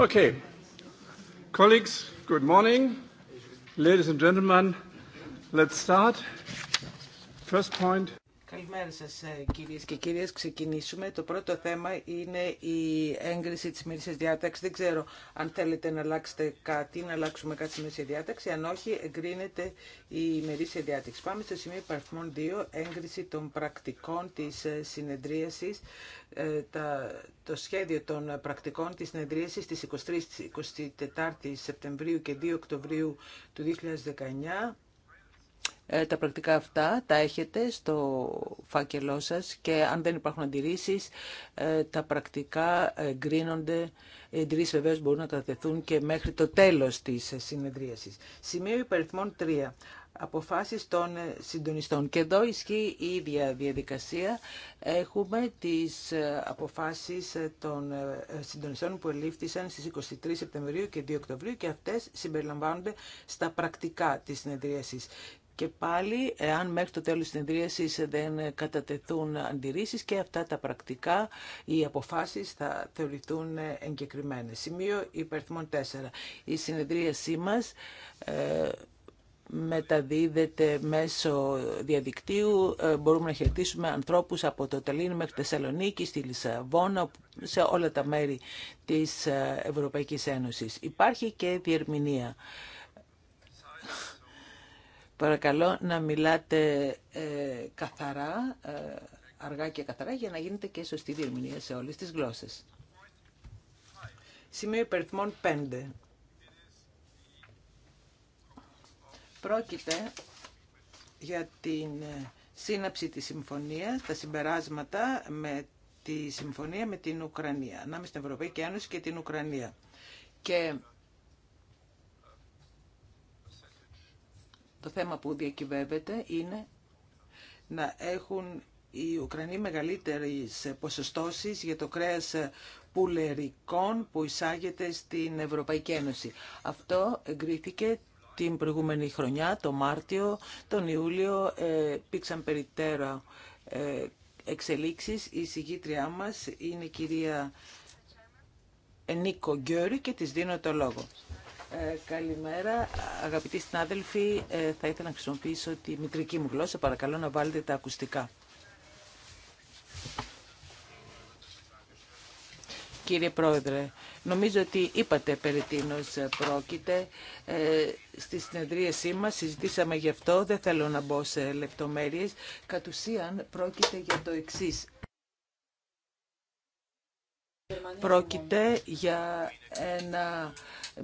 Okay. Colleagues, good morning. Ladies and gentlemen, let's start. First point. Καλημέρα σα, ε, κύριε και κύριοι. Ξεκινήσουμε. Το πρώτο θέμα είναι η έγκριση τη μερίσιας διάταξης. Δεν ξέρω αν θέλετε να αλλάξετε κάτι, να αλλάξουμε κάτι στη μερίσια διάταξη. Αν όχι, εγκρίνεται η μερίσια διάταξη. Πάμε στο σημείο υπαρθμών 2, έγκριση των πρακτικών της ε, συνεδρίασης. Ε, το σχέδιο των πρακτικών της συνεδρίασης της 23-24 Σεπτεμβρίου και 2 Οκτωβρίου του 2019 ε, τα πρακτικά αυτά τα έχετε στο φάκελό σας και αν δεν υπάρχουν αντιρρήσεις, ε, τα πρακτικά εγκρίνονται. Οι αντιρρήσεις βεβαίω μπορούν να καταθεθούν και μέχρι το τέλος της συνεδρίασης. Σημείο υπεριθμών 3 αποφάσεις των συντονιστών. Και εδώ ισχύει η ίδια διαδικασία. Έχουμε τις αποφάσεις των συντονιστών που ελήφθησαν στις 23 Σεπτεμβρίου και 2 Οκτωβρίου και αυτές συμπεριλαμβάνονται στα πρακτικά της συνεδρίασης. Και πάλι, εάν μέχρι το τέλος της συνεδρίασης δεν κατατεθούν αντιρρήσεις και αυτά τα πρακτικά, οι αποφάσεις θα θεωρηθούν εγκεκριμένες. Σημείο υπερθμών 4. Η συνεδρίασή μας ε, μεταδίδεται μέσω διαδικτύου. Ε, μπορούμε να χαιρετήσουμε ανθρώπους από το Τελίνο μέχρι τη Θεσσαλονίκη, στη Λισαβόνα, σε όλα τα μέρη της ε, Ευρωπαϊκής Ένωσης. Υπάρχει και διερμηνία. Παρακαλώ να μιλάτε ε, καθαρά, ε, αργά και καθαρά, για να γίνεται και σωστή διερμηνία σε όλες τις γλώσσες. Σημείο υπερθμών 5. Πρόκειται για την ε, σύναψη της συμφωνίας, τα συμπεράσματα με τη συμφωνία με την Ουκρανία, ανάμεσα στην Ευρωπαϊκή Ένωση και την Ουκρανία. το θέμα που διακυβεύεται είναι να έχουν οι Ουκρανοί μεγαλύτερες ποσοστώσεις για το κρέας πουλερικών που εισάγεται στην Ευρωπαϊκή Ένωση. Αυτό εγκρίθηκε την προηγούμενη χρονιά, το Μάρτιο, τον Ιούλιο, ε, πήξαν περιττέρα ε, εξελίξεις. Η συγγήτριά μας είναι η κυρία Νίκο Γκιόρη και της δίνω το λόγο. Ε, καλημέρα, αγαπητοί συνάδελφοι. Ε, θα ήθελα να χρησιμοποιήσω τη μητρική μου γλώσσα. Παρακαλώ να βάλετε τα ακουστικά. Κύριε Πρόεδρε, νομίζω ότι είπατε περί τίνος πρόκειται. Ε, στη συνεδρίασή μας συζητήσαμε γι' αυτό, δεν θέλω να μπω σε λεπτομέρειες. Κατ' ουσίαν πρόκειται για το εξής. Πρόκειται για ένα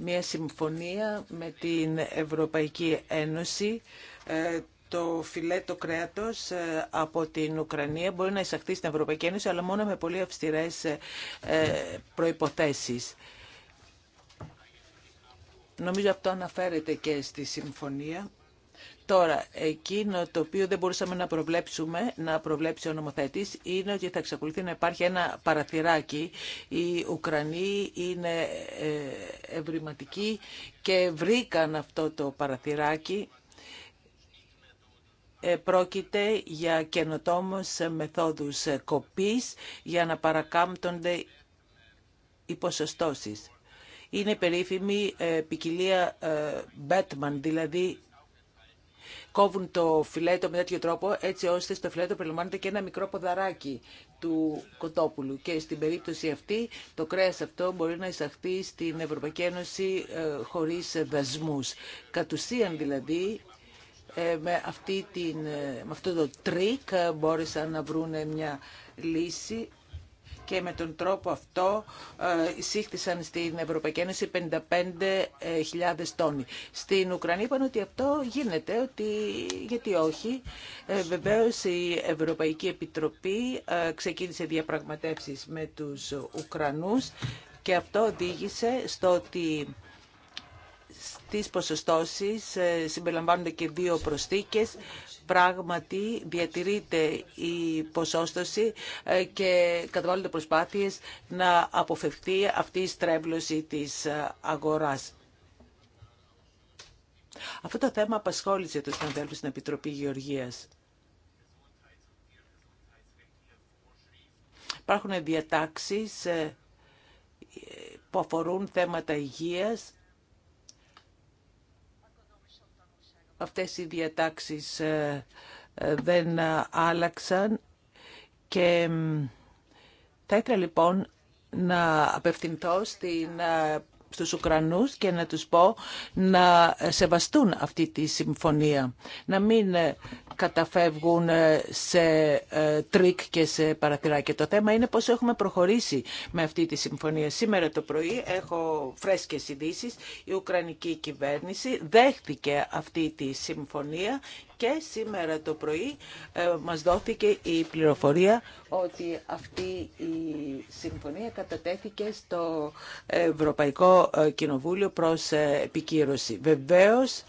μια συμφωνία με την Ευρωπαϊκή Ένωση ε, το φιλέτο κρέατος ε, από την Ουκρανία μπορεί να εισαχθεί στην Ευρωπαϊκή Ένωση, αλλά μόνο με πολύ αυστηρές ε, προϋποθέσεις. Νομίζω αυτό αναφέρεται και στη συμφωνία. Τώρα, εκείνο το οποίο δεν μπορούσαμε να προβλέψουμε, να προβλέψει ο νομοθέτης, είναι ότι θα εξακολουθεί να υπάρχει ένα παραθυράκι. Οι Ουκρανοί είναι ε, ευρηματικοί και βρήκαν αυτό το παραθυράκι ε, πρόκειται για καινοτόμους μεθόδους κοπής για να παρακάμπτονται οι ποσοστώσεις. Είναι περίφημη ε, ποικιλία Batman, δηλαδή κόβουν το φιλέτο με τέτοιο τρόπο έτσι ώστε στο φιλέτο περιλαμβάνεται και ένα μικρό ποδαράκι του κοτόπουλου και στην περίπτωση αυτή το κρέας αυτό μπορεί να εισαχθεί στην Ευρωπαϊκή Ένωση ε, χωρίς δασμούς. Κατ' ουσίαν δηλαδή ε, με, αυτή την, ε, με αυτό το τρίκ μπόρεσαν να βρουν μια λύση και με τον τρόπο αυτό ε, εισήχθησαν στην Ευρωπαϊκή Ένωση 55.000 τόνοι. Στην Ουκρανία είπαν ότι αυτό γίνεται, ότι γιατί όχι. Ε, βεβαίως η Ευρωπαϊκή Επιτροπή ε, ξεκίνησε διαπραγματεύσεις με τους Ουκρανούς και αυτό οδήγησε στο ότι τις ποσοστώσεις ε, συμπεριλαμβάνονται και δύο προστίκες. Πράγματι διατηρείται η ποσόστοση ε, και καταβάλλονται προσπάθειες να αποφευθεί αυτή η στρέβλωση της ε, αγοράς. Αυτό το θέμα απασχόλησε τους συναδέλφους στην Επιτροπή Γεωργίας. Υπάρχουν διατάξεις που αφορούν θέματα υγείας αυτές οι διατάξεις ε, ε, δεν ε, άλλαξαν και θα ήθελα λοιπόν να απευθυνθώ στην τους Ουκρανούς και να τους πω να σεβαστούν αυτή τη συμφωνία. Να μην ε, καταφεύγουν ε, σε ε, τρίκ και σε παραθυράκια. Το θέμα είναι πώς έχουμε προχωρήσει με αυτή τη συμφωνία. Σήμερα το πρωί έχω φρέσκες ειδήσει. Η Ουκρανική κυβέρνηση δέχτηκε αυτή τη συμφωνία και σήμερα το πρωί ε, μας δόθηκε η πληροφορία ότι αυτή η συμφωνία κατατέθηκε στο Ευρωπαϊκό ε, Κοινοβούλιο προς ε, επικύρωση. Βεβαίως,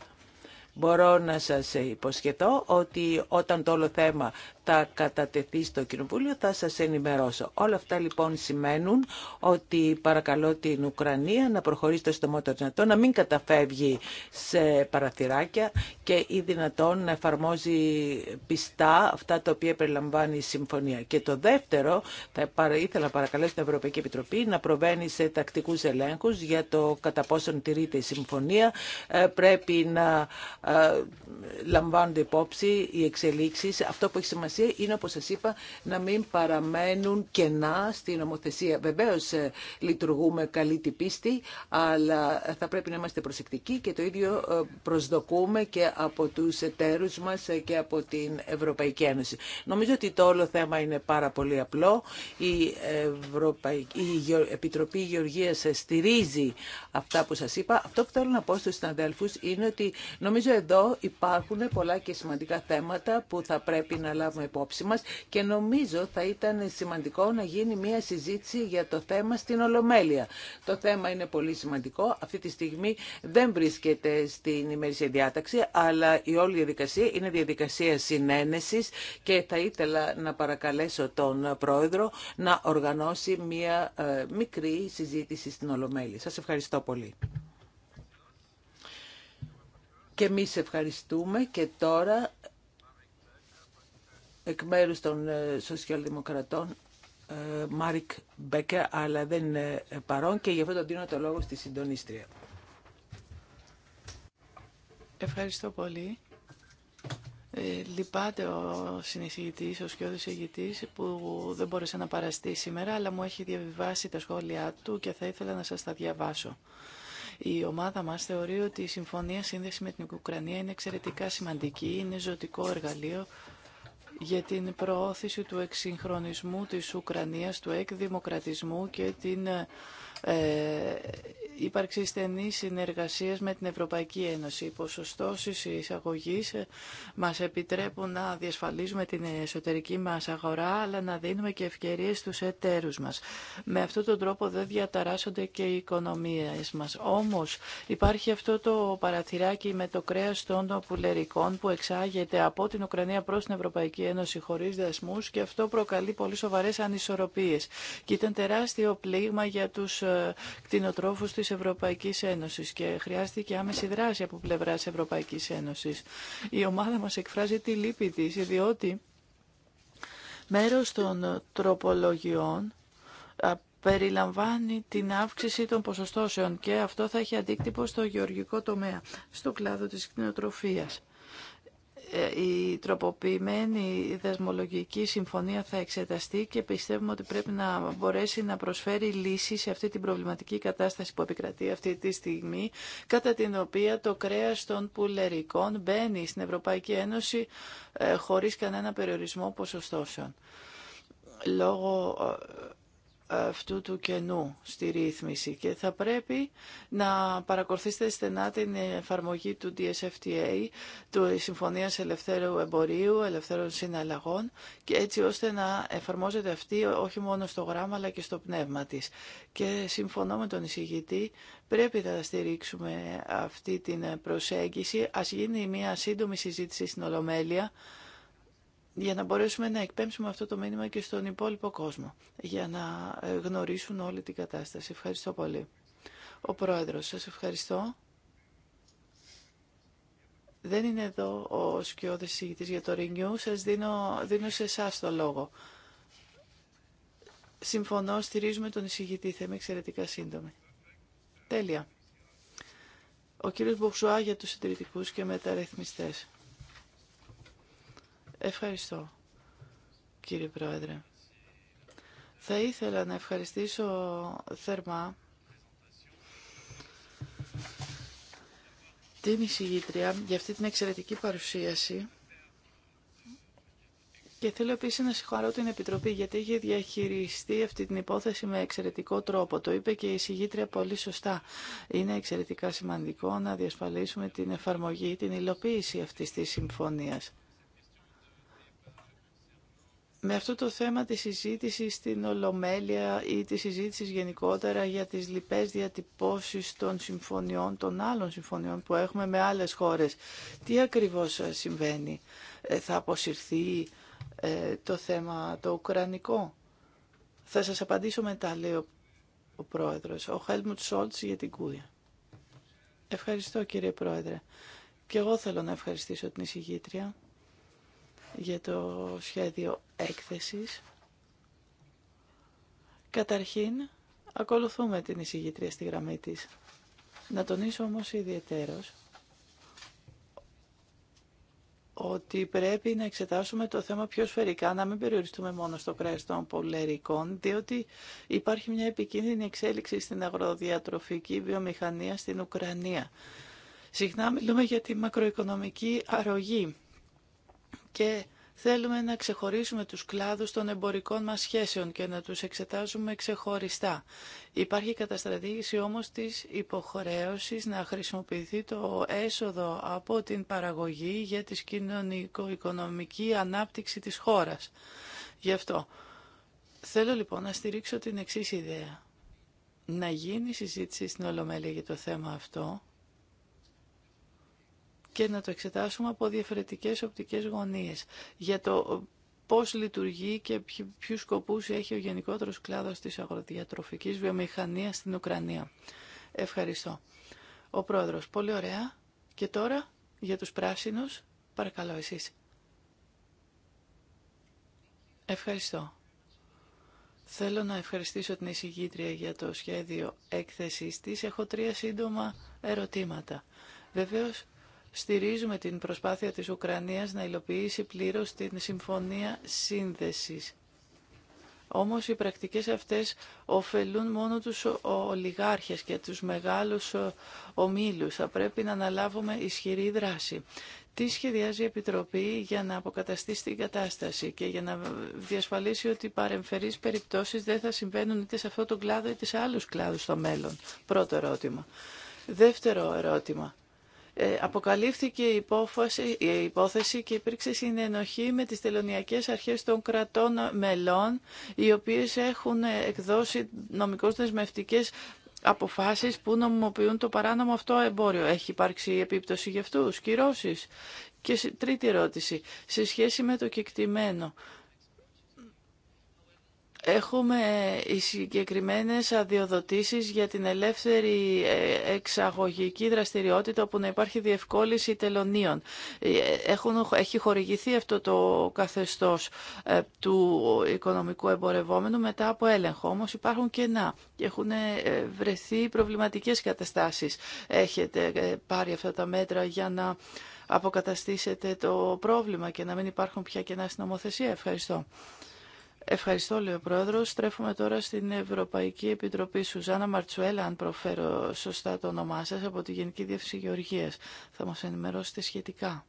Μπορώ να σας υποσχεθώ ότι όταν το όλο θέμα θα κατατεθεί στο Κοινοβούλιο, θα σας ενημερώσω. Όλα αυτά λοιπόν σημαίνουν ότι παρακαλώ την Ουκρανία να προχωρήσει το των δυνατών, να μην καταφεύγει σε παραθυράκια και ή δυνατόν να εφαρμόζει πιστά αυτά τα οποία περιλαμβάνει η συμφωνία. Και το δεύτερο, θα ήθελα να παρακαλέσω την Ευρωπαϊκή Επιτροπή να προβαίνει σε τακτικούς ελέγχους για το κατά πόσον τηρείται η συμφωνία. Ε, πρέπει να ε, λαμβάνονται υπόψη οι εξελίξεις. Αυτό που έχει σημασία είναι, όπως σας είπα, να μην παραμένουν κενά στην νομοθεσία. Βεβαίως ε, λειτουργούμε καλή την πίστη, αλλά θα πρέπει να είμαστε προσεκτικοί και το ίδιο ε, προσδοκούμε και από τους εταίρους μας ε, και από την Ευρωπαϊκή Ένωση. Νομίζω ότι το όλο θέμα είναι πάρα πολύ απλό. Η, Ευρωπαϊκή, η Επιτροπή Γεωργίας στηρίζει αυτά που σας είπα. Αυτό που θέλω να πω στους συναδέλφους είναι ότι νομίζω εδώ υπάρχουν πολλά και σημαντικά θέματα που θα πρέπει να λάβουμε μας και νομίζω θα ήταν σημαντικό να γίνει μια συζήτηση για το θέμα στην Ολομέλεια. Το θέμα είναι πολύ σημαντικό. Αυτή τη στιγμή δεν βρίσκεται στην ημερήσια διάταξη, αλλά η όλη διαδικασία είναι διαδικασία συνένεσης και θα ήθελα να παρακαλέσω τον Πρόεδρο να οργανώσει μια ε, μικρή συζήτηση στην Ολομέλεια. Σας ευχαριστώ πολύ. Και εμεί ευχαριστούμε και τώρα εκ μέρου των ε, σοσιαλδημοκρατών ε, Μάρικ Μπέκε, αλλά δεν είναι ε, παρόν και γι' αυτό τον δίνω το λόγο στη συντονίστρια. Ευχαριστώ πολύ. Ε, λυπάται ο συνεισηγητής, ο σκιώδης ηγητής που δεν μπόρεσε να παραστεί σήμερα, αλλά μου έχει διαβιβάσει τα σχόλιά του και θα ήθελα να σας τα διαβάσω. Η ομάδα μας θεωρεί ότι η Συμφωνία Σύνδεση με την Ουκρανία είναι εξαιρετικά σημαντική, είναι ζωτικό εργαλείο για την προώθηση του εξυγχρονισμού της Ουκρανίας, του εκδημοκρατισμού και την ε, ύπαρξη στενή συνεργασία με την Ευρωπαϊκή Ένωση. Οι ποσοστώσει εισαγωγή μα επιτρέπουν να διασφαλίζουμε την εσωτερική μα αγορά, αλλά να δίνουμε και ευκαιρίε στους εταίρου μα. Με αυτόν τον τρόπο δεν διαταράσσονται και οι οικονομίε μα. Όμω, υπάρχει αυτό το παραθυράκι με το κρέα των πουλερικών που εξάγεται από την Ουκρανία προ την Ευρωπαϊκή Ένωση χωρί δεσμού και αυτό προκαλεί πολύ σοβαρέ ανισορροπίε. Και ήταν τεράστιο πλήγμα για τους ε, κτηνοτρόφους Ευρωπαϊκής Ένωσης και χρειάστηκε άμεση δράση από πλευράς Ευρωπαϊκής Ένωσης. Η ομάδα μας εκφράζει τη λύπη της, διότι μέρος των τροπολογιών περιλαμβάνει την αύξηση των ποσοστώσεων και αυτό θα έχει αντίκτυπο στο γεωργικό τομέα, στο κλάδο της κτηνοτροφίας. Ε, η τροποποιημένη δεσμολογική συμφωνία θα εξεταστεί και πιστεύουμε ότι πρέπει να μπορέσει να προσφέρει λύση σε αυτή την προβληματική κατάσταση που επικρατεί αυτή τη στιγμή, κατά την οποία το κρέας των πουλερικών μπαίνει στην Ευρωπαϊκή Ένωση ε, χωρίς κανένα περιορισμό ποσοστώσεων. Λόγω ε, αυτού του κενού στη ρύθμιση και θα πρέπει να παρακολουθήσετε στενά την εφαρμογή του DSFTA, του Συμφωνίας Ελευθέρου Εμπορίου, Ελευθέρων Συναλλαγών και έτσι ώστε να εφαρμόζεται αυτή όχι μόνο στο γράμμα αλλά και στο πνεύμα της. Και συμφωνώ με τον εισηγητή, πρέπει να στηρίξουμε αυτή την προσέγγιση. Ας γίνει μια σύντομη συζήτηση στην Ολομέλεια για να μπορέσουμε να εκπέμψουμε αυτό το μήνυμα και στον υπόλοιπο κόσμο, για να ε, γνωρίσουν όλη την κατάσταση. Ευχαριστώ πολύ. Ο Πρόεδρος, σας ευχαριστώ. Δεν είναι εδώ ο σκιώδης συγητής για το Renew. Σας δίνω, δίνω σε εσά το λόγο. Συμφωνώ, στηρίζουμε τον εισηγητή. Θα είμαι εξαιρετικά σύντομη. Τέλεια. Ο κύριος Μποξουά για τους συντηρητικούς και μεταρρυθμιστές. Ευχαριστώ, κύριε Πρόεδρε. Θα ήθελα να ευχαριστήσω θερμά την εισηγήτρια για αυτή την εξαιρετική παρουσίαση και θέλω επίσης να συγχαρώ την Επιτροπή γιατί είχε διαχειριστεί αυτή την υπόθεση με εξαιρετικό τρόπο. Το είπε και η εισηγήτρια πολύ σωστά. Είναι εξαιρετικά σημαντικό να διασφαλίσουμε την εφαρμογή, την υλοποίηση αυτής της συμφωνίας με αυτό το θέμα της συζήτηση στην Ολομέλεια ή της συζήτηση γενικότερα για τις λοιπές διατυπώσεις των συμφωνιών, των άλλων συμφωνιών που έχουμε με άλλες χώρες. Τι ακριβώς συμβαίνει, ε, θα αποσυρθεί ε, το θέμα το ουκρανικό. Θα σας απαντήσω μετά, λέει ο, ο πρόεδρος, ο Χέλμουτ Σόλτς για την Κούρια. Ευχαριστώ κύριε πρόεδρε. Και εγώ θέλω να ευχαριστήσω την εισηγήτρια για το σχέδιο έκθεσης. Καταρχήν, ακολουθούμε την εισηγητρία στη γραμμή της. Να τονίσω όμως ιδιαιτέρως ότι πρέπει να εξετάσουμε το θέμα πιο σφαιρικά, να μην περιοριστούμε μόνο στο κρέας των πολερικών, διότι υπάρχει μια επικίνδυνη εξέλιξη στην αγροδιατροφική βιομηχανία στην Ουκρανία. Συχνά μιλούμε για τη μακροοικονομική αρρωγή και θέλουμε να ξεχωρίσουμε τους κλάδους των εμπορικών μας σχέσεων και να τους εξετάζουμε ξεχωριστά. Υπάρχει καταστρατήγηση όμως της υποχρέωσης να χρησιμοποιηθεί το έσοδο από την παραγωγή για τη κοινωνικο-οικονομική ανάπτυξη της χώρας. Γι' αυτό θέλω λοιπόν να στηρίξω την εξής ιδέα. Να γίνει συζήτηση στην Ολομέλεια για το θέμα αυτό, και να το εξετάσουμε από διαφορετικές οπτικές γωνίες για το πώς λειτουργεί και ποιους σκοπούς έχει ο γενικότερος κλάδος της αγροδιατροφικής βιομηχανίας στην Ουκρανία. Ευχαριστώ. Ο πρόεδρος, πολύ ωραία. Και τώρα για τους πράσινους, παρακαλώ εσείς. Ευχαριστώ. Θέλω να ευχαριστήσω την εισηγήτρια για το σχέδιο έκθεσής της. Έχω τρία σύντομα ερωτήματα. Βεβαίως στηρίζουμε την προσπάθεια της Ουκρανίας να υλοποιήσει πλήρως την Συμφωνία Σύνδεσης. Όμως οι πρακτικές αυτές ωφελούν μόνο τους ολιγάρχες και τους μεγάλους ομίλους. Θα πρέπει να αναλάβουμε ισχυρή δράση. Τι σχεδιάζει η Επιτροπή για να αποκαταστήσει την κατάσταση και για να διασφαλίσει ότι παρεμφερείς περιπτώσεις δεν θα συμβαίνουν είτε σε αυτόν τον κλάδο είτε σε άλλους κλάδους στο μέλλον. Πρώτο ερώτημα. Δεύτερο ερώτημα. Ε, αποκαλύφθηκε η υπόθεση, η υπόθεση και υπήρξε συνενοχή με τις τελωνιακές αρχές των κρατών μελών, οι οποίες έχουν εκδώσει νομικώς δεσμευτικές αποφάσεις που νομιμοποιούν το παράνομο αυτό εμπόριο. Έχει υπάρξει επίπτωση για αυτούς, κυρώσεις. Και τρίτη ερώτηση, σε σχέση με το κεκτημένο Έχουμε ε, συγκεκριμένε αδειοδοτήσεις για την ελεύθερη ε, εξαγωγική δραστηριότητα όπου να υπάρχει διευκόλυση τελωνίων. Ε, έχουν, έχει χορηγηθεί αυτό το καθεστώς του οικονομικού εμπορευόμενου μετά από έλεγχο. Όμως υπάρχουν κενά και έχουν βρεθεί προβληματικές καταστάσεις. Έχετε πάρει αυτά τα μέτρα για να αποκαταστήσετε το πρόβλημα και να μην υπάρχουν πια κενά στην νομοθεσία. Ευχαριστώ. Ευχαριστώ, λέει ο Πρόεδρο. Στρέφουμε τώρα στην Ευρωπαϊκή Επιτροπή. Σουζάνα Μαρτσουέλα, αν προφέρω σωστά το όνομά σα, από τη Γενική Διεύθυνση Γεωργία. Θα μα ενημερώσετε σχετικά.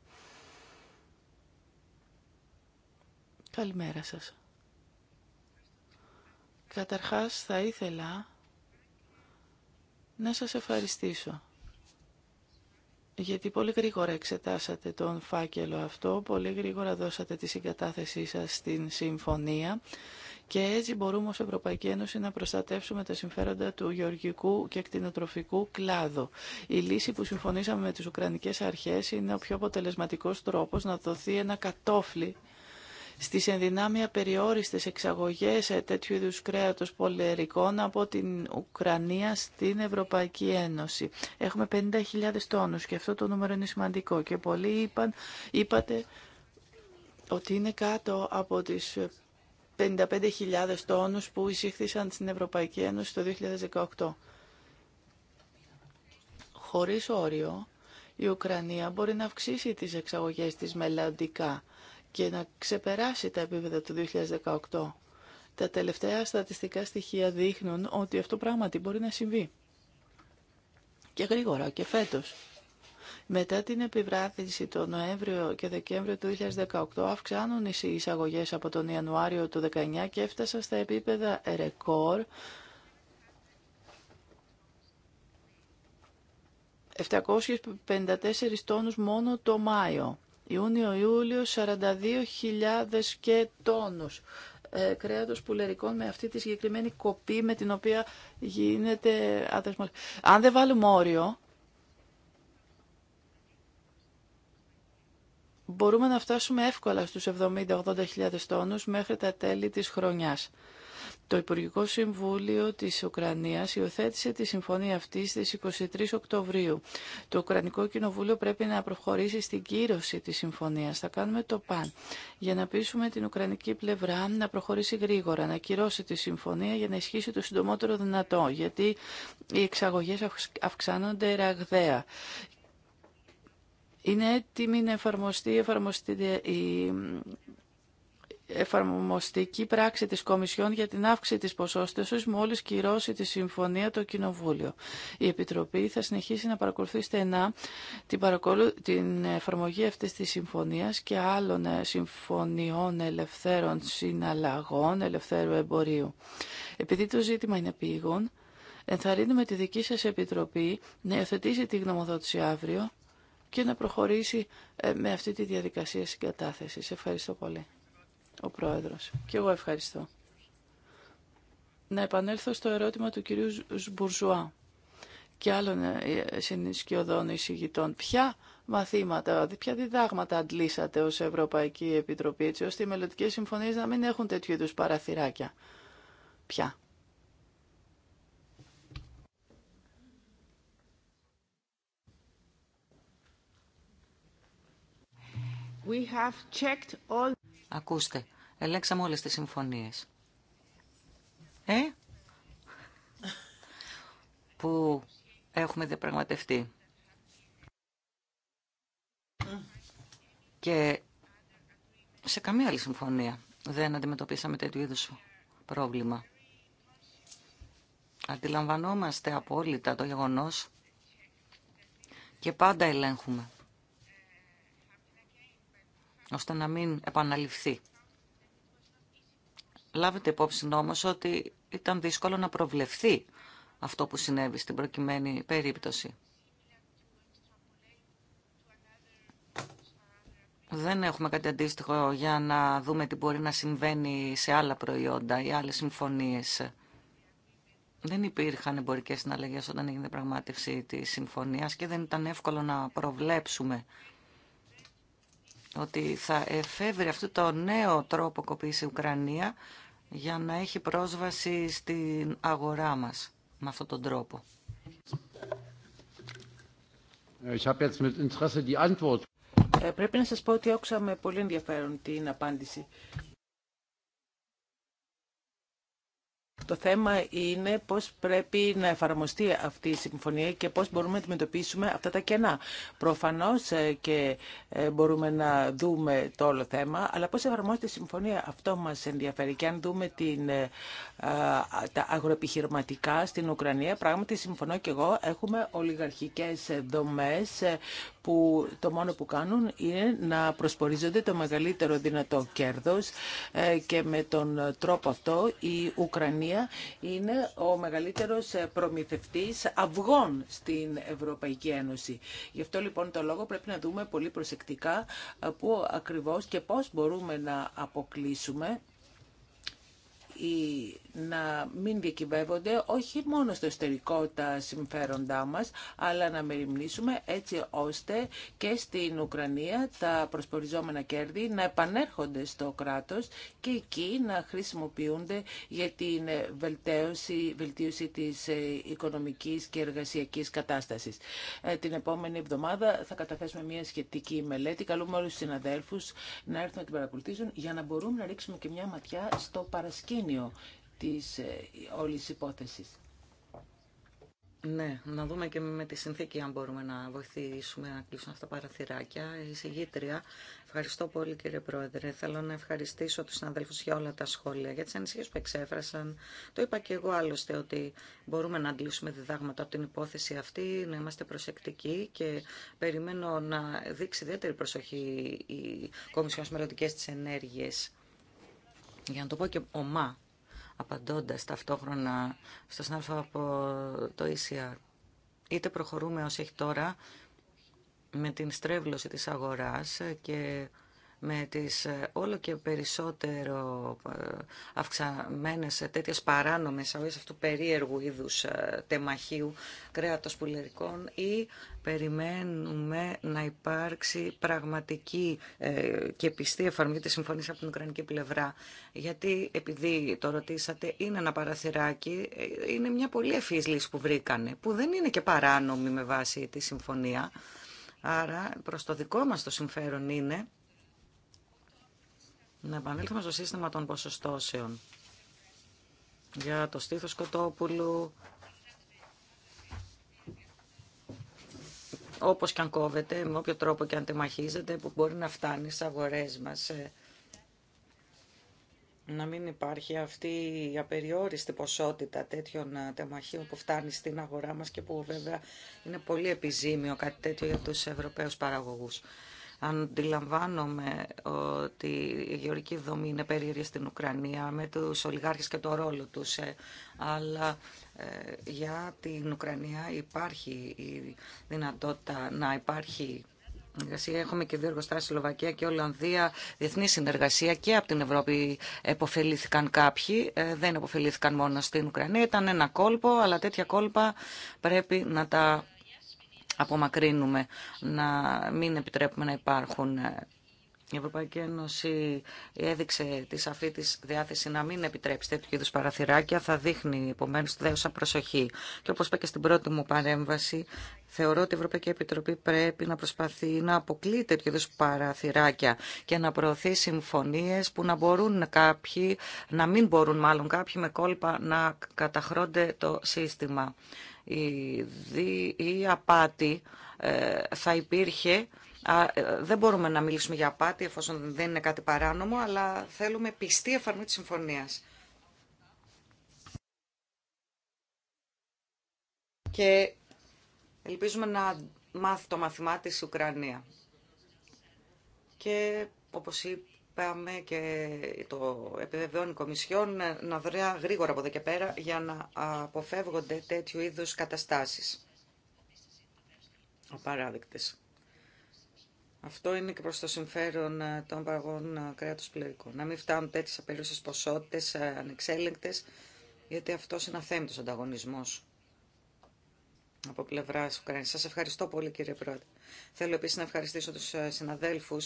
Καλημέρα σας. Καταρχάς θα ήθελα να σας ευχαριστήσω γιατί πολύ γρήγορα εξετάσατε τον φάκελο αυτό, πολύ γρήγορα δώσατε τη συγκατάθεσή σας στην συμφωνία και έτσι μπορούμε ως Ευρωπαϊκή Ένωση να προστατεύσουμε τα συμφέροντα του γεωργικού και κτηνοτροφικού κλάδου. Η λύση που συμφωνήσαμε με τις Ουκρανικές Αρχές είναι ο πιο αποτελεσματικός τρόπος να δοθεί ένα κατόφλι στις ενδυνάμια περιόριστες εξαγωγές ε, τέτοιου είδου κρέατος πολυερικών από την Ουκρανία στην Ευρωπαϊκή Ένωση. Έχουμε 50.000 τόνους και αυτό το νούμερο είναι σημαντικό και πολλοί είπαν, είπατε ότι είναι κάτω από τις 55.000 τόνους που εισήχθησαν στην Ευρωπαϊκή Ένωση το 2018. Χωρίς όριο, η Ουκρανία μπορεί να αυξήσει τις εξαγωγές της μελλοντικά και να ξεπεράσει τα επίπεδα του 2018. Τα τελευταία στατιστικά στοιχεία δείχνουν ότι αυτό πράγματι μπορεί να συμβεί. Και γρήγορα και φέτος. Μετά την επιβράθυνση το Νοέμβριο και Δεκέμβριο του 2018 αυξάνουν οι εισαγωγές από τον Ιανουάριο του 2019 και έφτασαν στα επίπεδα ρεκόρ 754 τόνους μόνο το Μάιο. Ιούνιο-Ιούλιο 42.000 και τόνους ε, κρέατος πουλερικών με αυτή τη συγκεκριμένη κοπή με την οποία γίνεται αδεσμός. Αν δεν βάλουμε όριο, μπορούμε να φτάσουμε εύκολα στους 70-80.000 τόνους μέχρι τα τέλη της χρονιάς. Το Υπουργικό Συμβούλιο της Ουκρανίας υιοθέτησε τη συμφωνία αυτή στις 23 Οκτωβρίου. Το Ουκρανικό Κοινοβούλιο πρέπει να προχωρήσει στην κύρωση της συμφωνίας. Θα κάνουμε το παν για να πείσουμε την Ουκρανική πλευρά να προχωρήσει γρήγορα, να κυρώσει τη συμφωνία για να ισχύσει το συντομότερο δυνατό, γιατί οι εξαγωγέ αυξάνονται ραγδαία είναι έτοιμη να εφαρμοστεί, εφαρμοστεί η εφαρμοστική πράξη της Κομισιόν για την αύξηση της ποσόστεσης μόλις κυρώσει τη συμφωνία το Κοινοβούλιο. Η Επιτροπή θα συνεχίσει να παρακολουθεί στενά την, παρακολου... εφαρμογή αυτής της συμφωνίας και άλλων ε, συμφωνιών ελευθέρων συναλλαγών, ελευθέρου εμπορίου. Επειδή το ζήτημα είναι πήγον, ενθαρρύνουμε τη δική σας Επιτροπή να υιοθετήσει τη γνωμοδότηση αύριο και να προχωρήσει ε, με αυτή τη διαδικασία συγκατάθεσης. Ευχαριστώ πολύ ο Πρόεδρος. Και εγώ ευχαριστώ. Να επανέλθω στο ερώτημα του κυρίου Σμπουρζουά και άλλων ε, συνεισκιωδών εισηγητών. Ποια μαθήματα, ποια διδάγματα αντλήσατε ως Ευρωπαϊκή Επιτροπή, έτσι ώστε οι μελλοντικέ συμφωνίες να μην έχουν τέτοιου είδους παραθυράκια. Ποια. We have checked all... Ακούστε, ελέγξαμε όλες τις συμφωνίες. Ε? που έχουμε διαπραγματευτεί. Και σε καμία άλλη συμφωνία δεν αντιμετωπίσαμε τέτοιου είδους πρόβλημα. Αντιλαμβανόμαστε απόλυτα το γεγονός και πάντα ελέγχουμε ώστε να μην επαναληφθεί. Λάβετε υπόψη όμως ότι ήταν δύσκολο να προβλεφθεί αυτό που συνέβη στην προκειμένη περίπτωση. Δεν έχουμε κάτι αντίστοιχο για να δούμε τι μπορεί να συμβαίνει σε άλλα προϊόντα ή άλλες συμφωνίες. Δεν υπήρχαν εμπορικέ συναλλαγές όταν έγινε η αλλες συμφωνιες δεν υπηρχαν εμπορικες συναλλαγες οταν εγινε η πραγματευση της συμφωνίας και δεν ήταν εύκολο να προβλέψουμε ότι θα εφεύρει αυτό το νέο τρόπο κοπής η Ουκρανία για να έχει πρόσβαση στην αγορά μας με αυτόν τον τρόπο. Ε, πρέπει να σας πω ότι άκουσα με πολύ ενδιαφέρον την απάντηση. Το θέμα είναι πώς πρέπει να εφαρμοστεί αυτή η συμφωνία και πώς μπορούμε να αντιμετωπίσουμε αυτά τα κενά. Προφανώς ε, και ε, μπορούμε να δούμε το όλο θέμα, αλλά πώς εφαρμόζεται η συμφωνία. Αυτό μας ενδιαφέρει. Και αν δούμε την, ε, τα αγροεπιχειρηματικά στην Ουκρανία, πράγματι συμφωνώ και εγώ, έχουμε ολιγαρχικές δομές που το μόνο που κάνουν είναι να προσπορίζονται το μεγαλύτερο δυνατό κέρδος ε, και με τον τρόπο αυτό η Ουκρανία είναι ο μεγαλύτερος ε, προμηθευτής αυγών στην Ευρωπαϊκή Ένωση. Γι' αυτό λοιπόν το λόγο πρέπει να δούμε πολύ προσεκτικά ε, πού ακριβώς και πώς μπορούμε να αποκλείσουμε να μην διακυβεύονται όχι μόνο στο εσωτερικό τα συμφέροντά μας, αλλά να μεριμνήσουμε έτσι ώστε και στην Ουκρανία τα προσποριζόμενα κέρδη να επανέρχονται στο κράτος και εκεί να χρησιμοποιούνται για την βελτίωση, βελτίωση της ε, οικονομικής και εργασιακής κατάστασης. Ε, την επόμενη εβδομάδα θα καταθέσουμε μια σχετική μελέτη. Καλούμε όλους τους συναδέλφους να έρθουν να την παρακολουθήσουν για να μπορούμε να ρίξουμε και μια ματιά στο παρασκήνιο της ε, όλης υπόθεσης. Ναι, να δούμε και με τη συνθήκη αν μπορούμε να βοηθήσουμε να κλείσουμε αυτά τα παραθυράκια. Η συγγήτρια, ευχαριστώ πολύ κύριε Πρόεδρε. Θέλω να ευχαριστήσω τους συναδέλφους για όλα τα σχόλια, για τις ανησυχίες που εξέφρασαν. Το είπα και εγώ άλλωστε ότι μπορούμε να αντλήσουμε διδάγματα από την υπόθεση αυτή, να είμαστε προσεκτικοί και περιμένω να δείξει ιδιαίτερη προσοχή η Κομισιόν στις μελλοντικές της ενέργειες. Για να το πω και ομά, απαντώντας ταυτόχρονα στο συνάδελφο από το ECR. Είτε προχωρούμε ως έχει τώρα με την στρέβλωση της αγοράς και με τις ε, όλο και περισσότερο ε, αυξαμένες ε, τέτοιες παράνομες αυτού αυτού περίεργου είδους τεμαχίου κρέατος πουλερικών ή περιμένουμε να υπάρξει πραγματική και πιστή εφαρμογή της συμφωνίας από την Ουκρανική πλευρά. Γιατί επειδή το ρωτήσατε είναι ένα παραθυράκι, είναι μια πολύ ευφύης λύση που βρήκανε, που δεν είναι και παράνομη με βάση τη συμφωνία. Άρα προς το δικό μας το συμφέρον είναι να επανέλθουμε στο σύστημα των ποσοστώσεων. Για το στήθος Κοτόπουλου, όπως και αν κόβεται, με όποιο τρόπο και αν τεμαχίζεται, που μπορεί να φτάνει στις αγορές μας. Ε, να μην υπάρχει αυτή η απεριόριστη ποσότητα τέτοιων ε, τεμαχίων που φτάνει στην αγορά μας και που βέβαια είναι πολύ επιζήμιο κάτι τέτοιο για τους Ευρωπαίους παραγωγούς. Αντιλαμβάνομαι ότι η γεωρική δομή είναι περίεργη στην Ουκρανία με τους ολιγάρχες και το ρόλο τους, ε, αλλά ε, για την Ουκρανία υπάρχει η δυνατότητα να υπάρχει Έχουμε και δύο στη Σλοβακία και Ολλανδία, διεθνή συνεργασία και από την Ευρώπη επωφελήθηκαν κάποιοι. Ε, δεν επωφελήθηκαν μόνο στην Ουκρανία. Ήταν ένα κόλπο, αλλά τέτοια κόλπα πρέπει να τα απομακρύνουμε, να μην επιτρέπουμε να υπάρχουν. Η Ευρωπαϊκή Ένωση έδειξε τη σαφή τη διάθεση να μην επιτρέψει τέτοιου είδου παραθυράκια. Θα δείχνει επομένω τη δέουσα προσοχή. Και όπω είπα και στην πρώτη μου παρέμβαση, θεωρώ ότι η Ευρωπαϊκή Επιτροπή πρέπει να προσπαθεί να αποκλεί τέτοιου είδου παραθυράκια και να προωθεί συμφωνίε που να μπορούν κάποιοι, να μην μπορούν μάλλον κάποιοι με κόλπα να καταχρώνται το σύστημα η, δι, η απάτη ε, θα υπήρχε. Ε, δεν μπορούμε να μιλήσουμε για απάτη εφόσον δεν είναι κάτι παράνομο, αλλά θέλουμε πιστή εφαρμογή της συμφωνίας. Και ελπίζουμε να μάθει το μαθημά της Ουκρανία. Και όπως είπε Πάμε και το επιβεβαιώνει η Κομισιόν να δωρεά γρήγορα από εδώ και πέρα για να αποφεύγονται τέτοιου είδους καταστάσεις. Απαράδεκτες. Αυτό είναι και προς το συμφέρον των παραγών κρέατος πληρικών. Να μην φτάνουν τέτοιες απεριούσες ποσότητες ανεξέλεγκτες, γιατί αυτό είναι αθέμητος ανταγωνισμός από πλευρά Ουκρανία. Σα ευχαριστώ πολύ, κύριε Πρόεδρε. Θέλω επίση να ευχαριστήσω του συναδέλφου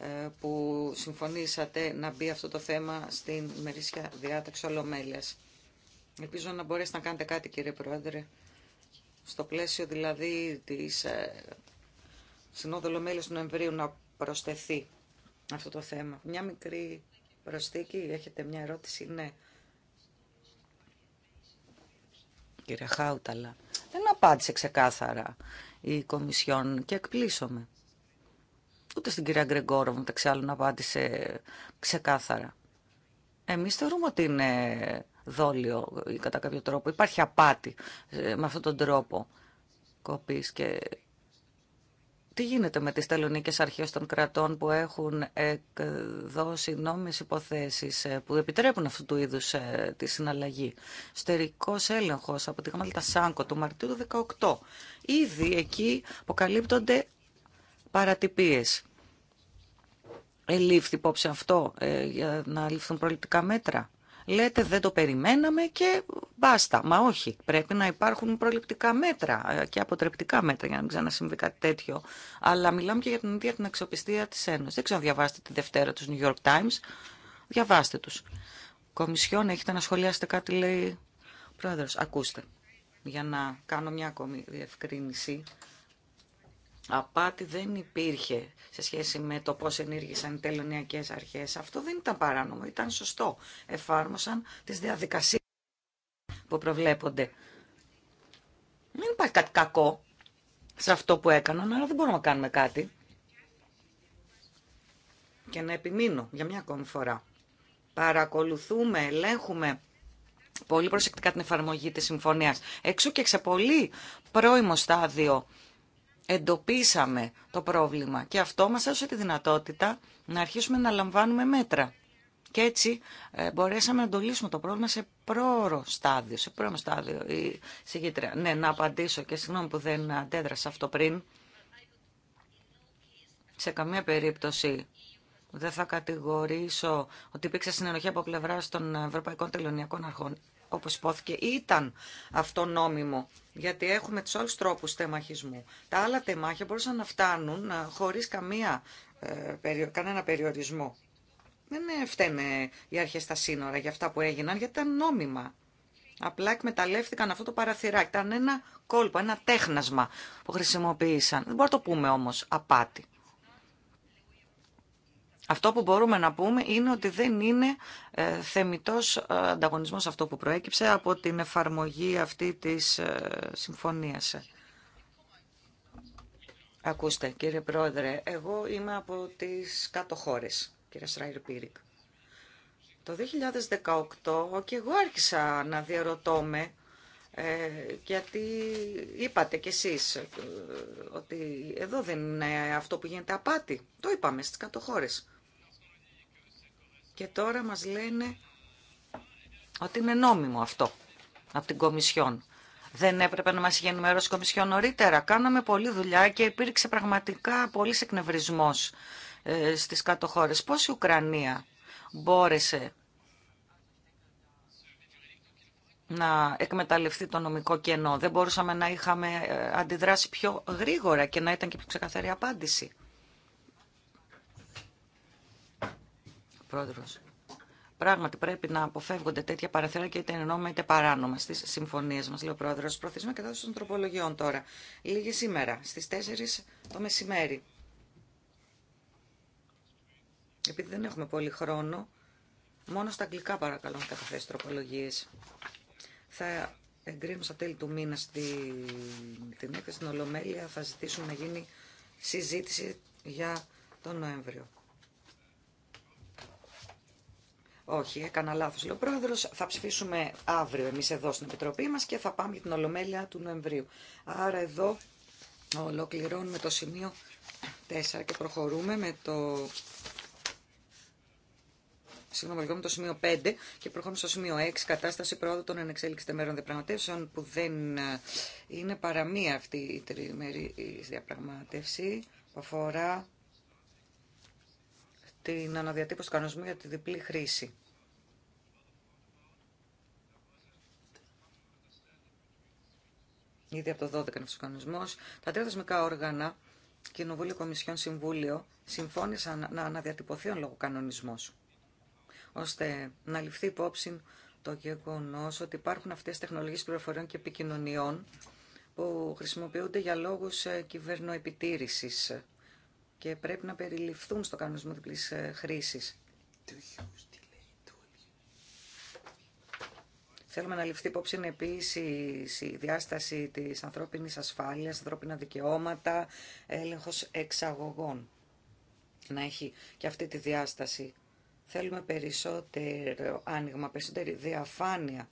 ε, που συμφωνήσατε να μπει αυτό το θέμα στην μερίσια διάταξη ολομέλειας. Ελπίζω να μπορέσετε να κάνετε κάτι κύριε Πρόεδρε, στο πλαίσιο δηλαδή της ε, Συνόδου Ολομέλειας του Νοεμβρίου να προσθεθεί αυτό το θέμα. Μια μικρή προσθήκη, έχετε μια ερώτηση, ναι. Κύριε Χάουταλα, δεν απάντησε ξεκάθαρα η Κομισιόν και εκπλήσωμε. Ούτε στην κυρία Γκρεγόρο, μεταξύ άλλων, απάντησε ξεκάθαρα. Εμείς θεωρούμε ότι είναι δόλιο ή κατά κάποιο τρόπο. Υπάρχει απάτη ε, με αυτόν τον τρόπο κοπής και τι γίνεται με τις τελωνίκες αρχές των κρατών που έχουν εκδώσει νόμιες υποθέσεις ε, που επιτρέπουν αυτού του είδους ε, τη συναλλαγή. Στερικός έλεγχος από τη Γαμάλτα Σάνκο του Μαρτίου του 18. Ήδη εκεί αποκαλύπτονται παρατυπίες. Ελήφθη υπόψη αυτό ε, για να ληφθούν προληπτικά μέτρα. Λέτε δεν το περιμέναμε και μπάστα. Μα όχι, πρέπει να υπάρχουν προληπτικά μέτρα ε, και αποτρεπτικά μέτρα για να μην ξανασυμβεί κάτι τέτοιο. Αλλά μιλάμε και για την ίδια την αξιοπιστία της Ένωσης. Δεν ξέρω αν διαβάσετε τη Δευτέρα του New York Times. Διαβάστε τους. Κομισιόν, έχετε να σχολιάσετε κάτι, λέει ο Πρόεδρος. Ακούστε, για να κάνω μια ακόμη διευκρίνηση απάτη δεν υπήρχε σε σχέση με το πώς ενήργησαν οι τελωνιακές αρχές. Αυτό δεν ήταν παράνομο, ήταν σωστό. Εφάρμοσαν τις διαδικασίες που προβλέπονται. Δεν υπάρχει κάτι κακό σε αυτό που έκαναν, αλλά δεν μπορούμε να κάνουμε κάτι. Και να επιμείνω για μια ακόμη φορά. Παρακολουθούμε, ελέγχουμε πολύ προσεκτικά την εφαρμογή της συμφωνίας. Έξω και σε πολύ πρώιμο στάδιο εντοπίσαμε το πρόβλημα και αυτό μας έδωσε τη δυνατότητα να αρχίσουμε να λαμβάνουμε μέτρα. Και έτσι ε, μπορέσαμε να το λύσουμε το πρόβλημα σε πρόωρο στάδιο. Σε πρόωρο στάδιο. Η Ναι, να απαντήσω και συγγνώμη που δεν αντέδρασα αυτό πριν. Σε καμία περίπτωση δεν θα κατηγορήσω ότι υπήρξε συνενοχή από πλευρά των Ευρωπαϊκών Τελωνιακών Αρχών όπως υπόθηκε, ήταν αυτό νόμιμο, γιατί έχουμε τους άλλους τρόπους τεμαχισμού. Τα άλλα τεμάχια μπορούσαν να φτάνουν ε, χωρίς καμία, ε, κανένα περιορισμό. Δεν φταίνε οι αρχές στα σύνορα για αυτά που έγιναν, γιατί ήταν νόμιμα. Απλά εκμεταλλεύτηκαν αυτό το παραθυράκι. Ήταν ένα κόλπο, ένα τέχνασμα που χρησιμοποίησαν. Δεν μπορούμε να το πούμε όμως απάτη. Αυτό που μπορούμε να πούμε είναι ότι δεν είναι ε, θεμητός ε, ανταγωνισμός αυτό που προέκυψε από την εφαρμογή αυτή της ε, συμφωνίας. Ακούστε, κύριε Πρόεδρε, εγώ είμαι από τις κάτω χώρες, κύριε Σράιρ Πύρικ. Το 2018 και εγώ άρχισα να διαρωτώ ε, γιατί είπατε κι εσείς ότι εδώ δεν είναι αυτό που γίνεται απάτη. Το είπαμε στις κάτω και τώρα μας λένε ότι είναι νόμιμο αυτό από την Κομισιόν. Δεν έπρεπε να μας είχε ενημερώσει η Κομισιόν νωρίτερα. Κάναμε πολλή δουλειά και υπήρξε πραγματικά πολύ εκνευρισμός ε, στις κάτω χώρες. Πώς η Ουκρανία μπόρεσε να εκμεταλλευτεί το νομικό κενό. Δεν μπορούσαμε να είχαμε ε, αντιδράσει πιο γρήγορα και να ήταν και πιο ξεκαθαρή απάντηση. Πράγματι πρέπει να αποφεύγονται τέτοια παραθυρά και είτε εννοούμε είτε παράνομα στι συμφωνίε μα, λέει ο πρόεδρο. Προθεσμία κατά των τροπολογιών τώρα. Λίγη σήμερα, στι 4 το μεσημέρι. Επειδή δεν έχουμε πολύ χρόνο, μόνο στα αγγλικά παρακαλώ να καταθέσει τροπολογίε. Θα εγκρίνουμε στα τέλη του μήνα στη, την έκθεση στην Ολομέλεια. Θα ζητήσουμε να γίνει συζήτηση για τον Νοέμβριο. Όχι, έκανα λάθο λέει ο Θα ψηφίσουμε αύριο εμεί εδώ στην Επιτροπή μα και θα πάμε για την Ολομέλεια του Νοεμβρίου. Άρα εδώ ολοκληρώνουμε το σημείο 4 και προχωρούμε με το... Συγγνώμη, το σημείο 5 και προχωρούμε στο σημείο 6, κατάσταση πρόοδου των ανεξέλιξης μέρων διαπραγματεύσεων, που δεν ε, είναι παρά μία αυτή η τριμερή διαπραγμάτευση που αφορά την αναδιατύπωση κανονισμού για τη διπλή χρήση. Ήδη από το 12 είναι ο κανονισμό. Τα τρία θεσμικά όργανα, Κοινοβούλιο, Κομισιόν, Συμβούλιο, συμφώνησαν να αναδιατυπωθεί ο λόγο κανονισμό, ώστε να ληφθεί υπόψη το γεγονό ότι υπάρχουν αυτέ τι τεχνολογίε πληροφοριών και επικοινωνιών που χρησιμοποιούνται για λόγους ε, κυβερνοεπιτήρησης και πρέπει να περιληφθούν στο κανονισμό διπλής ε, χρήση. Θέλουμε να ληφθεί υπόψη επίση η διάσταση τη ανθρώπινη ασφάλεια, ανθρώπινα δικαιώματα, έλεγχο εξαγωγών. Να έχει και αυτή τη διάσταση. Θέλουμε περισσότερο άνοιγμα, περισσότερη διαφάνεια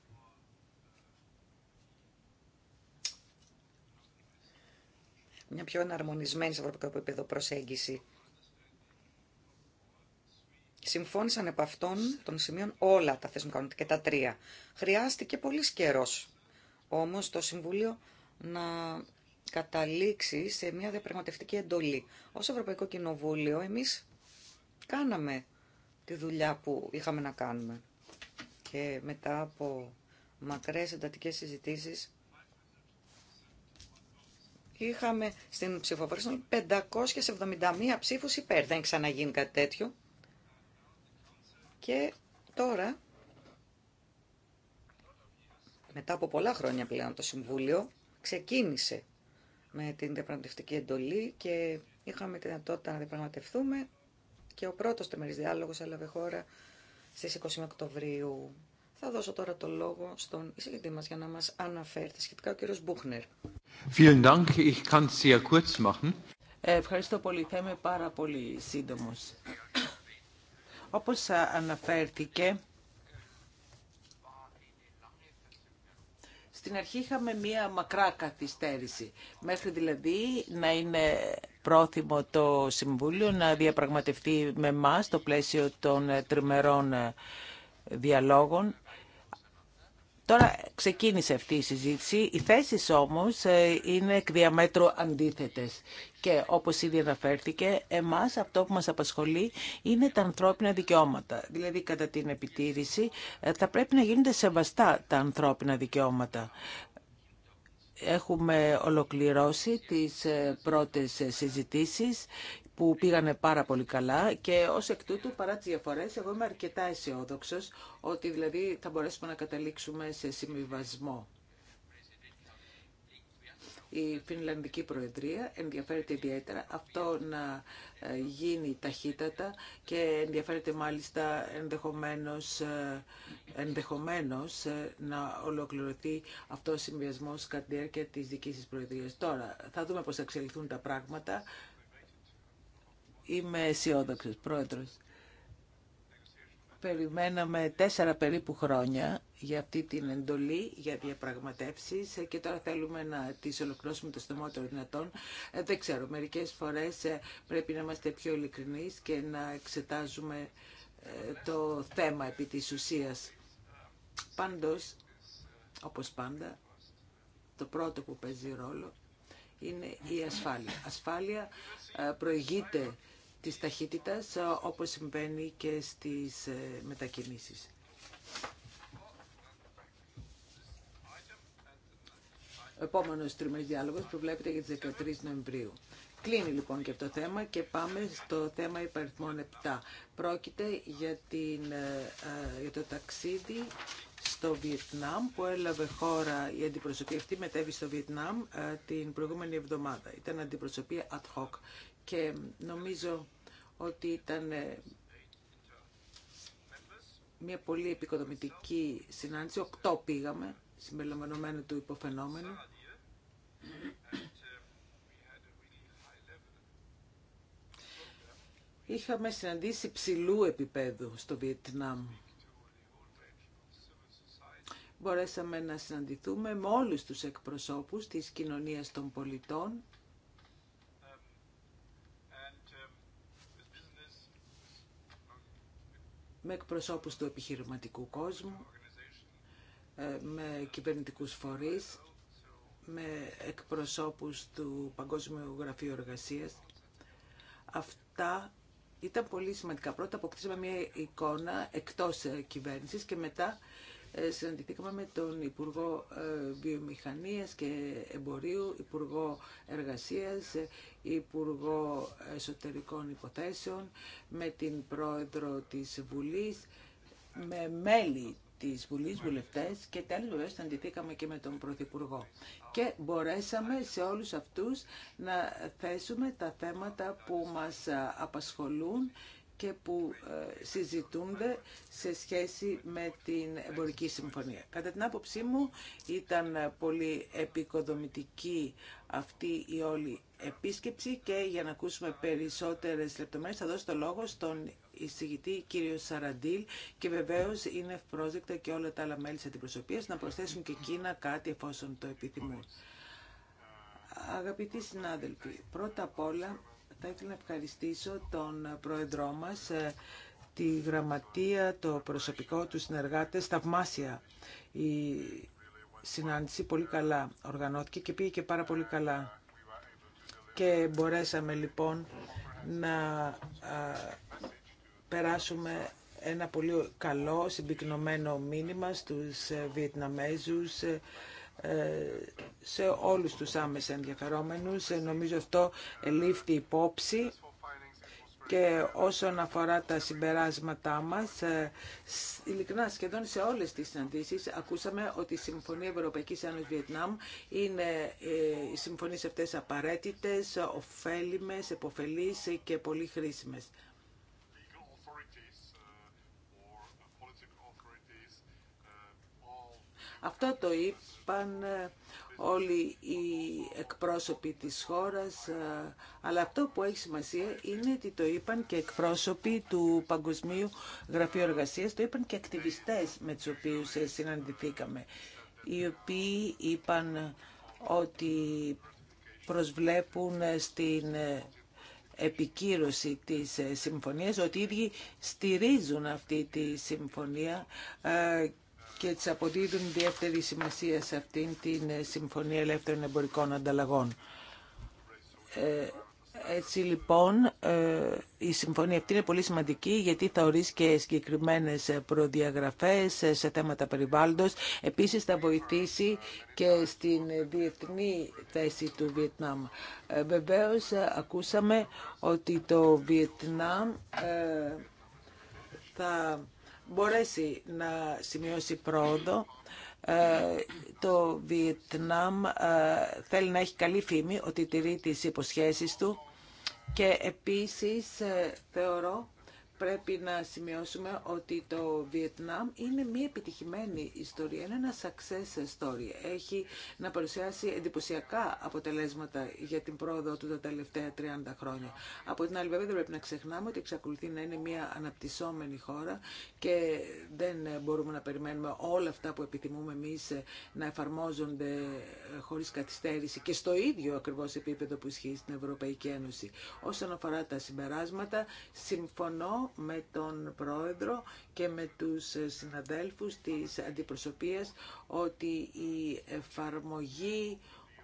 μια πιο εναρμονισμένη σε ευρωπαϊκό επίπεδο προσέγγιση. Συμφώνησαν επ' αυτών των σημείων όλα τα θεσμικά και τα τρία. Χρειάστηκε πολύ καιρό όμως το Συμβούλιο να καταλήξει σε μια διαπραγματευτική εντολή. Ω Ευρωπαϊκό Κοινοβούλιο εμείς κάναμε τη δουλειά που είχαμε να κάνουμε. Και μετά από μακρές εντατικές συζητήσεις είχαμε στην ψηφοφορία 571 ψήφους υπέρ. Δεν ξαναγίνει κάτι τέτοιο. Και τώρα, μετά από πολλά χρόνια πλέον το Συμβούλιο, ξεκίνησε με την διαπραγματευτική εντολή και είχαμε τη δυνατότητα να διαπραγματευτούμε και ο πρώτος τεμερής διάλογος έλαβε χώρα στις 20 Οκτωβρίου θα δώσω τώρα το λόγο στον εισηγητή μα για να μα αναφέρει σχετικά ο κύριος Μπούχνερ. Ε, ευχαριστώ πολύ. Θα είμαι πάρα πολύ σύντομο. Όπω αναφέρθηκε, στην αρχή είχαμε μία μακρά καθυστέρηση, μέχρι δηλαδή να είναι πρόθυμο το Συμβούλιο να διαπραγματευτεί με εμά το πλαίσιο των τριμερών διαλόγων. Τώρα ξεκίνησε αυτή η συζήτηση. Οι θέσει όμως ε, είναι εκ διαμέτρου αντίθετες. Και όπως ήδη αναφέρθηκε, εμάς αυτό που μα απασχολεί είναι τα ανθρώπινα δικαιώματα. Δηλαδή, κατά την επιτήρηση, ε, θα πρέπει να γίνονται σεβαστά τα ανθρώπινα δικαιώματα. Έχουμε ολοκληρώσει τις ε, πρώτες συζητήσεις που πήγανε πάρα πολύ καλά και ως εκ τούτου παρά τις διαφορές εγώ είμαι αρκετά αισιόδοξο ότι δηλαδή θα μπορέσουμε να καταλήξουμε σε συμβιβασμό. Η Φινλανδική Προεδρία ενδιαφέρεται ιδιαίτερα αυτό να ε, γίνει ταχύτατα και ενδιαφέρεται μάλιστα ενδεχομένως, ε, ενδεχομένως ε, να ολοκληρωθεί αυτό ο συμβιασμός κατά τη διάρκεια της δικής της Προεδρίας. Τώρα θα δούμε πώς θα εξελιχθούν τα πράγματα. Είμαι αισιόδοξο πρόεδρος. Περιμέναμε τέσσερα περίπου χρόνια για αυτή την εντολή για διαπραγματεύσει. και τώρα θέλουμε να τι ολοκληρώσουμε το των δυνατών. Ε, δεν ξέρω, μερικές φορές ε, πρέπει να είμαστε πιο ειλικρινεί και να εξετάζουμε ε, το θέμα επί της ουσίας. Πάντως, όπως πάντα, το πρώτο που παίζει ρόλο είναι η ασφάλεια. Ασφάλεια προηγείται της ταχύτητας, ε, όπως συμβαίνει και στις ε, μετακινήσεις. Ο επόμενος τριμμένος διάλογος προβλέπεται για τις 13 Νοεμβρίου. Κλείνει λοιπόν και το θέμα και πάμε στο θέμα υπαριθμών 7. Πρόκειται για, την, ε, για το ταξίδι στο Βιετνάμ που έλαβε χώρα η αντιπροσωπή αυτή μετέβη στο Βιετνάμ την προηγούμενη εβδομάδα. Ήταν αντιπροσωπή ad hoc και νομίζω ότι ήταν ε, μια πολύ επικοδομητική συνάντηση. Οκτώ πήγαμε, συμπεριλαμβανομένου του υποφαινόμενου. Είχαμε συναντήσει ψηλού επίπεδου στο Βιετνάμ. Μπορέσαμε να συναντηθούμε με όλους τους εκπροσώπους της κοινωνίας των πολιτών με εκπροσώπους του επιχειρηματικού κόσμου, ε, με κυβερνητικούς φορείς, με εκπροσώπους του Παγκόσμιου Γραφείου Εργασίας. Αυτά ήταν πολύ σημαντικά. Πρώτα αποκτήσαμε μια εικόνα εκτός ε, κυβέρνησης και μετά ε, συναντηθήκαμε με τον Υπουργό ε, Βιομηχανίας και Εμπορίου, Υπουργό Εργασίας, ε, Υπουργό Εσωτερικών Υποθέσεων, με την Πρόεδρο της Βουλής, με μέλη της Βουλής Βουλευτές και τέλος συναντηθήκαμε και με τον Πρωθυπουργό. Και μπορέσαμε σε όλους αυτούς να θέσουμε τα θέματα που μας απασχολούν και που ε, συζητούνται σε σχέση με την εμπορική συμφωνία. Κατά την άποψή μου ήταν πολύ επικοδομητική αυτή η όλη επίσκεψη και για να ακούσουμε περισσότερες λεπτομέρειες θα δώσω το λόγο στον εισηγητή κύριο Σαραντήλ και βεβαίως είναι ευπρόσδεκτα και όλα τα άλλα μέλη της να προσθέσουν και εκείνα κάτι εφόσον το επιθυμούν. Αγαπητοί συνάδελφοι, πρώτα απ' όλα θα ήθελα να ευχαριστήσω τον πρόεδρό μας, ε, τη γραμματεία, το προσωπικό του συνεργάτες, Σταυμάσια η συνάντηση πολύ καλά οργανώθηκε και πήγε και πάρα πολύ καλά. Και μπορέσαμε λοιπόν να περάσουμε ένα πολύ καλό συμπυκνωμένο μήνυμα στους ε, Βιετναμέζους, ε, ε, σε όλους τους άμεσα ενδιαφερόμενους. Ε, νομίζω αυτό λήφθη υπόψη και όσον αφορά τα συμπεράσματά μας, ε, ειλικρινά σχεδόν σε όλες τις συναντήσεις ακούσαμε ότι η Συμφωνία Ευρωπαϊκής Ένωσης Βιετνάμ είναι οι συμφωνίες αυτές απαραίτητες, ωφέλιμες, επωφελείς και πολύ χρήσιμες. Αυτό το είπε είπαν όλοι οι εκπρόσωποι της χώρας, ε, αλλά αυτό που έχει σημασία είναι ότι το είπαν και εκπρόσωποι του Παγκοσμίου Γραφείου Εργασίας, το είπαν και ακτιβιστές με τους οποίους ε, συναντηθήκαμε, οι οποίοι είπαν ότι προσβλέπουν ε, στην επικύρωση της συμφωνίας, ότι οι στηρίζουν αυτή τη συμφωνία και τις αποδίδουν ιδιαίτερη σημασία σε αυτήν την ε, Συμφωνία Ελεύθερων Εμπορικών Ανταλλαγών. Ε, έτσι λοιπόν ε, η συμφωνία αυτή είναι πολύ σημαντική γιατί θα ορίσει και συγκεκριμένε προδιαγραφές σε θέματα περιβάλλοντος. Επίσης θα βοηθήσει και στην διεθνή θέση του Βιετνάμ. Βεβαίω ακούσαμε ότι το Βιετνάμ θα μπορέσει να σημειώσει πρόοδο. Ε, το Βιετνάμ ε, θέλει να έχει καλή φήμη ότι τηρεί τις υποσχέσεις του και επίσης ε, θεωρώ πρέπει να σημειώσουμε ότι το Βιετνάμ είναι μια επιτυχημένη ιστορία, είναι ένα success story. Έχει να παρουσιάσει εντυπωσιακά αποτελέσματα για την πρόοδο του τα τελευταία 30 χρόνια. Από την άλλη βέβαια δεν πρέπει να ξεχνάμε ότι εξακολουθεί να είναι μια αναπτυσσόμενη χώρα και δεν μπορούμε να περιμένουμε όλα αυτά που επιθυμούμε εμείς να εφαρμόζονται χωρίς καθυστέρηση και στο ίδιο ακριβώς επίπεδο που ισχύει στην Ευρωπαϊκή Ένωση. Όσον αφορά τα συμπεράσματα, συμφωνώ με τον Πρόεδρο και με τους ε, συναδέλφους της αντιπροσωπείας ότι η εφαρμογή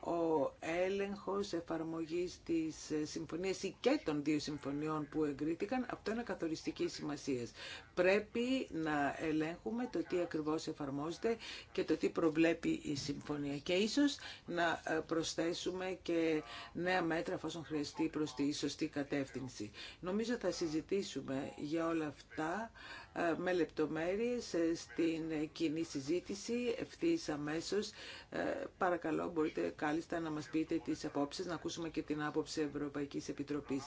ο έλεγχος εφαρμογής της συμφωνίας ή και των δύο συμφωνιών που εγκρίθηκαν, αυτό είναι καθοριστική σημασία. Πρέπει να ελέγχουμε το τι ακριβώς εφαρμόζεται και το τι προβλέπει η συμφωνία και ίσως να ε, προσθέσουμε και νέα μέτρα εφόσον χρειαστεί προς τη σωστή κατεύθυνση. Νομίζω θα συζητήσουμε για όλα αυτά ε, με λεπτομέρειες ε, στην κοινή συζήτηση ευθύς αμέσως. Ε, παρακαλώ, μπορείτε κάλλιστα να μας πείτε τις απόψεις, να ακούσουμε και την άποψη Ευρωπαϊκής Επιτροπής.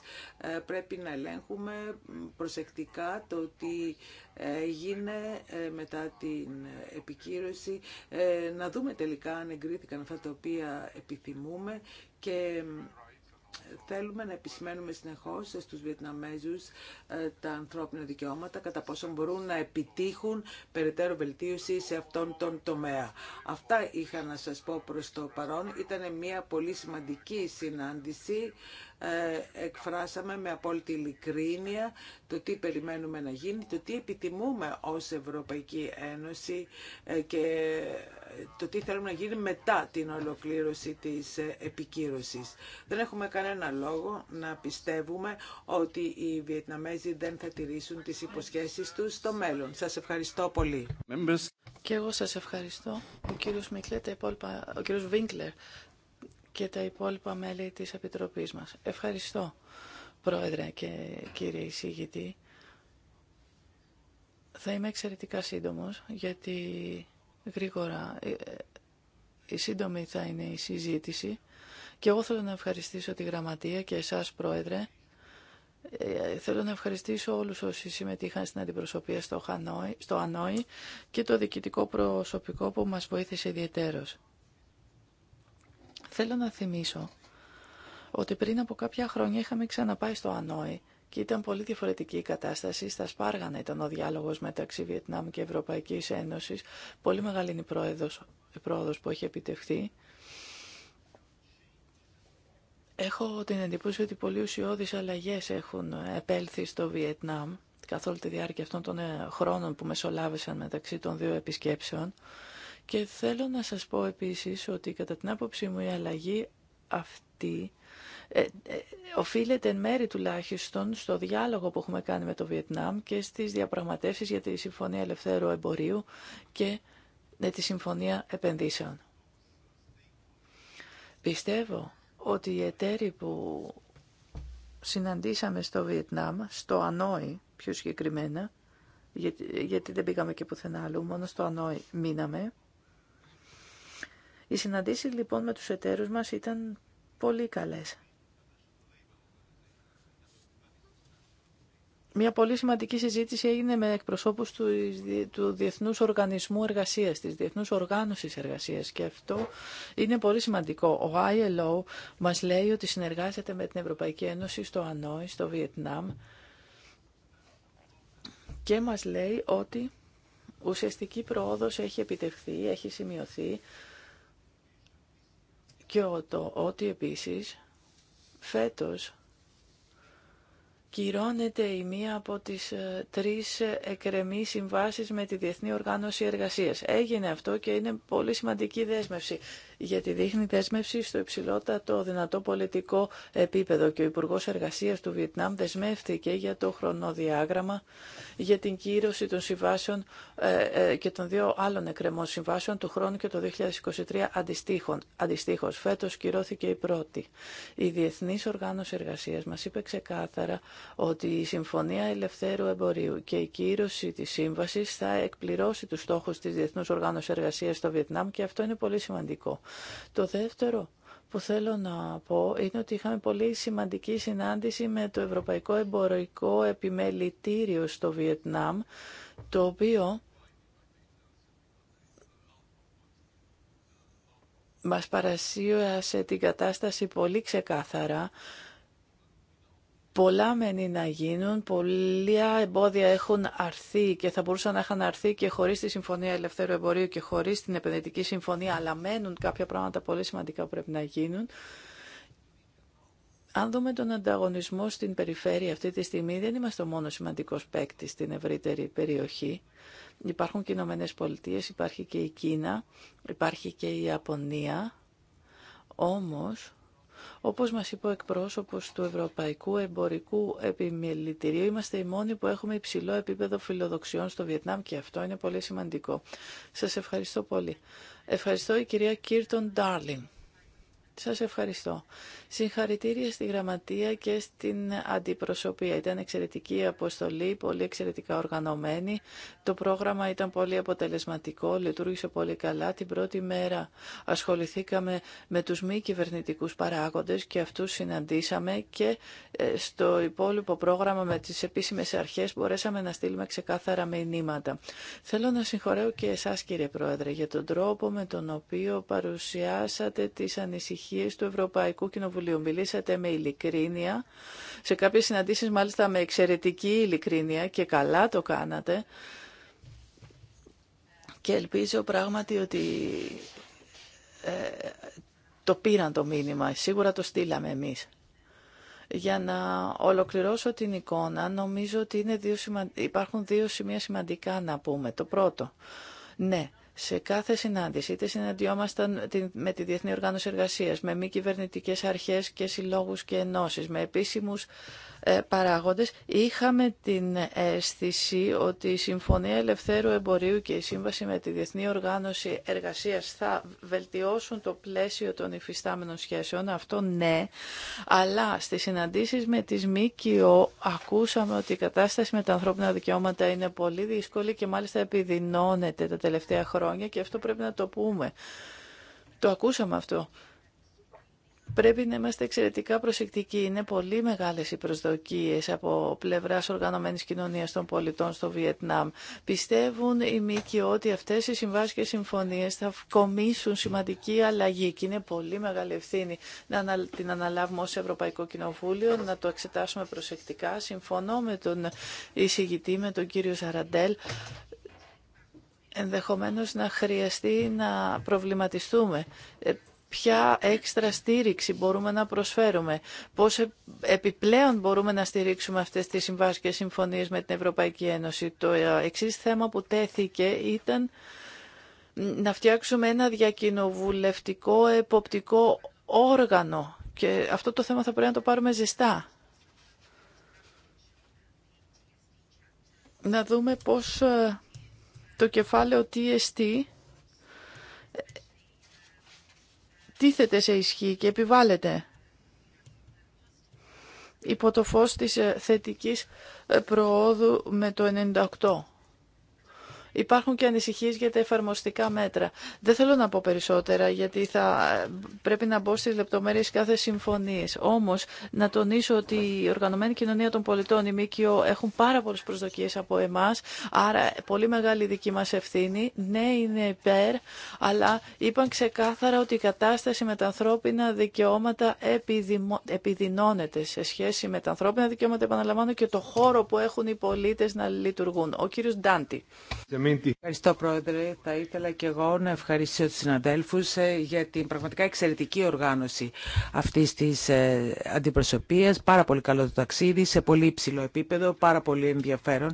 Πρέπει να ελέγχουμε προσεκτικά το ότι έγινε μετά την επικύρωση, να δούμε τελικά αν εγκρίθηκαν αυτά τα οποία επιθυμούμε και θέλουμε να επισημαίνουμε συνεχώς στους Βιετναμέζους ε, τα ανθρώπινα δικαιώματα, κατά πόσο μπορούν να επιτύχουν περαιτέρω βελτίωση σε αυτόν τον τομέα. Αυτά είχα να σας πω προς το παρόν. Ήταν μια πολύ σημαντική συνάντηση. Ε, εκφράσαμε με απόλυτη ειλικρίνεια το τι περιμένουμε να γίνει, το τι επιτιμούμε ως Ευρωπαϊκή Ένωση ε, το τι θέλουμε να γίνει μετά την ολοκλήρωση της ε, επικύρωσης. Δεν έχουμε κανένα λόγο να πιστεύουμε ότι οι Βιετναμέζοι δεν θα τηρήσουν τις υποσχέσεις τους στο μέλλον. Σας ευχαριστώ πολύ. Και εγώ σας ευχαριστώ. Ο κύριος, Μικλέ, ο κύριος Βίνκλερ και τα υπόλοιπα μέλη της Επιτροπής μας. Ευχαριστώ, Πρόεδρε και κύριε εισηγητή. Θα είμαι εξαιρετικά σύντομος, γιατί γρήγορα ε, ε, η σύντομη θα είναι η συζήτηση και εγώ θέλω να ευχαριστήσω τη Γραμματεία και εσάς Πρόεδρε. Ε, θέλω να ευχαριστήσω όλους όσοι συμμετείχαν στην αντιπροσωπεία στο, Χανόη, στο Ανόη και το διοικητικό προσωπικό που μας βοήθησε ιδιαιτέρως. Θέλω να θυμίσω ότι πριν από κάποια χρόνια είχαμε ξαναπάει στο Ανόη και ήταν πολύ διαφορετική η κατάσταση. Στα Σπάργανα ήταν ο διάλογο μεταξύ Βιετνάμ και Ευρωπαϊκής Ένωσης. Πολύ μεγάλη είναι η πρόοδο που έχει επιτευχθεί. Έχω την εντύπωση ότι πολλοί ουσιώδεις αλλαγές έχουν επέλθει στο Βιετνάμ καθ' όλη τη διάρκεια αυτών των ε, χρόνων που μεσολάβησαν μεταξύ των δύο επισκέψεων. Και θέλω να σας πω επίσης ότι κατά την άποψή μου η αλλαγή αυτή ε, ε, οφείλεται εν μέρη τουλάχιστον στο διάλογο που έχουμε κάνει με το Βιετνάμ και στις διαπραγματεύσεις για τη Συμφωνία Ελευθέρου Εμπορίου και ναι, τη Συμφωνία Επενδύσεων. Πιστεύω ότι οι εταίροι που συναντήσαμε στο Βιετνάμ, στο Ανόη πιο συγκεκριμένα, γιατί, γιατί δεν πήγαμε και πουθενά αλλού, μόνο στο Ανόη μείναμε. Οι συναντήσεις λοιπόν με τους εταίρους μας ήταν πολύ καλές. Μια πολύ σημαντική συζήτηση έγινε με εκπροσώπους του, του Διεθνούς Οργανισμού Εργασίας, της Διεθνούς Οργάνωσης Εργασίας και αυτό είναι πολύ σημαντικό. Ο ILO μας λέει ότι συνεργάζεται με την Ευρωπαϊκή Ένωση στο Ανόη, στο Βιετνάμ και μας λέει ότι ουσιαστική πρόοδος έχει επιτευχθεί, έχει σημειωθεί και ότι επίσης φέτος κυρώνεται η μία από τις ε, τρεις ε, εκρεμείς συμβάσεις με τη Διεθνή Οργάνωση Εργασίας. Έγινε αυτό και είναι πολύ σημαντική δέσμευση γιατί δείχνει δέσμευση στο υψηλότατο δυνατό πολιτικό επίπεδο και ο Υπουργό Εργασία του Βιετνάμ δεσμεύτηκε για το χρονοδιάγραμμα για την κύρωση των συμβάσεων ε, ε, και των δύο άλλων εκκρεμών συμβάσεων του χρόνου και το 2023 αντιστοίχω. Φέτο κυρώθηκε η πρώτη. Η Διεθνή Οργάνωση Εργασία μα είπε ξεκάθαρα ότι η Συμφωνία Ελευθέρου Εμπορίου και η κύρωση τη σύμβαση θα εκπληρώσει του στόχου τη Διεθνού Οργάνωση Εργασία στο Βιετνάμ και αυτό είναι πολύ σημαντικό. Το δεύτερο που θέλω να πω είναι ότι είχαμε πολύ σημαντική συνάντηση με το Ευρωπαϊκό εμπορικό Επιμελητήριο στο Βιετνάμ, το οποίο μας παρασύωσε την κατάσταση πολύ ξεκάθαρα Πολλά μένει να γίνουν, πολλά εμπόδια έχουν αρθεί και θα μπορούσαν να είχαν αρθεί και χωρίς τη Συμφωνία Ελευθέρου Εμπορίου και χωρίς την Επενδυτική Συμφωνία, αλλά μένουν κάποια πράγματα πολύ σημαντικά που πρέπει να γίνουν. Αν δούμε τον ανταγωνισμό στην περιφέρεια αυτή τη στιγμή, δεν είμαστε ο μόνο σημαντικός παίκτη στην ευρύτερη περιοχή. Υπάρχουν και οι Ηνωμένε Πολιτείε, υπάρχει και η Κίνα, υπάρχει και η Ιαπωνία. Όμως, όπως μας είπε ο εκπρόσωπος του Ευρωπαϊκού Εμπορικού Επιμελητηρίου, είμαστε οι μόνοι που έχουμε υψηλό επίπεδο φιλοδοξιών στο Βιετνάμ και αυτό είναι πολύ σημαντικό. Σας ευχαριστώ πολύ. Ευχαριστώ η κυρία Κίρτον Ντάρλιν. Σας ευχαριστώ. Συγχαρητήρια στη Γραμματεία και στην Αντιπροσωπεία. Ήταν εξαιρετική αποστολή, πολύ εξαιρετικά οργανωμένη. Το πρόγραμμα ήταν πολύ αποτελεσματικό, λειτουργήσε πολύ καλά. Την πρώτη μέρα ασχοληθήκαμε με τους μη κυβερνητικούς παράγοντες και αυτούς συναντήσαμε και ε, στο υπόλοιπο πρόγραμμα με τις επίσημες αρχές μπορέσαμε να στείλουμε ξεκάθαρα μηνύματα. Θέλω να συγχωρέω και εσάς κύριε Πρόεδρε για τον τρόπο με τον οποίο παρουσιάσατε τις ανησυχίες Αρχής του Ευρωπαϊκού Κοινοβουλίου. Μιλήσατε με ειλικρίνεια, σε κάποιες συναντήσεις μάλιστα με εξαιρετική ειλικρίνεια και καλά το κάνατε. Και ελπίζω πράγματι ότι ε, το πήραν το μήνυμα, σίγουρα το στείλαμε εμείς. Για να ολοκληρώσω την εικόνα, νομίζω ότι είναι δύο υπάρχουν δύο σημεία σημαντικά να πούμε. Το πρώτο, ναι, σε κάθε συνάντηση, είτε συναντιόμασταν με τη Διεθνή Οργάνωση Εργασίας, με μη κυβερνητικέ αρχές και συλλόγους και ενώσεις, με επίσημους ε, παράγοντες είχαμε την αίσθηση ότι η Συμφωνία Ελευθέρου Εμπορίου και η Σύμβαση με τη Διεθνή Οργάνωση Εργασίας θα βελτιώσουν το πλαίσιο των υφιστάμενων σχέσεων. Αυτό ναι, αλλά στις συναντήσεις με τις ΜΚΟ ακούσαμε ότι η κατάσταση με τα ανθρώπινα δικαιώματα είναι πολύ δύσκολη και μάλιστα επιδεινώνεται τα τελευταία χρόνια και αυτό πρέπει να το πούμε. Το ακούσαμε αυτό Πρέπει να είμαστε εξαιρετικά προσεκτικοί. Είναι πολύ μεγάλες οι προσδοκίες από πλευράς οργανωμένης κοινωνίας των πολιτών στο Βιετνάμ. Πιστεύουν οι ΜΚΙ ότι αυτές οι συμβάσεις και συμφωνίες θα κομίσουν σημαντική αλλαγή και είναι πολύ μεγάλη ευθύνη να την αναλάβουμε ως Ευρωπαϊκό Κοινοβούλιο, να το εξετάσουμε προσεκτικά. Συμφωνώ με τον εισηγητή, με τον κύριο Ζαραντέλ ενδεχομένως να χρειαστεί να προβληματιστούμε ε, ποια έξτρα στήριξη μπορούμε να προσφέρουμε, πώς επιπλέον μπορούμε να στηρίξουμε αυτές τις συμβάσεις και συμφωνίες με την Ευρωπαϊκή Ένωση. Το ε, εξή θέμα που τέθηκε ήταν να φτιάξουμε ένα διακοινοβουλευτικό εποπτικό όργανο και αυτό το θέμα θα πρέπει να το πάρουμε ζεστά. Να δούμε πώς ε, το κεφάλαιο TST τίθεται σε ισχύ και επιβάλλεται υπό το φως της ε, θετικής ε, προόδου με το 98 υπάρχουν και ανησυχίες για τα εφαρμοστικά μέτρα. Δεν θέλω να πω περισσότερα γιατί θα πρέπει να μπω στις λεπτομέρειες κάθε συμφωνίας. Όμως να τονίσω ότι η οργανωμένη κοινωνία των πολιτών, η ΜΚΟ, έχουν πάρα πολλές προσδοκίες από εμάς, άρα πολύ μεγάλη δική μας ευθύνη. Ναι, είναι υπέρ, αλλά είπαν ξεκάθαρα ότι η κατάσταση με τα ανθρώπινα δικαιώματα επιδεινώνεται σε σχέση με τα ανθρώπινα δικαιώματα, επαναλαμβάνω, και το χώρο που έχουν οι πολίτες να λειτουργούν. Ο κύριος Ντάντι. Ευχαριστώ Πρόεδρε. Θα ήθελα και εγώ να ευχαριστήσω τους συναδέλφους ε, για την πραγματικά εξαιρετική οργάνωση αυτής της ε, αντιπροσωπείας. Πάρα πολύ καλό το ταξίδι, σε πολύ υψηλό επίπεδο, πάρα πολύ ενδιαφέρον.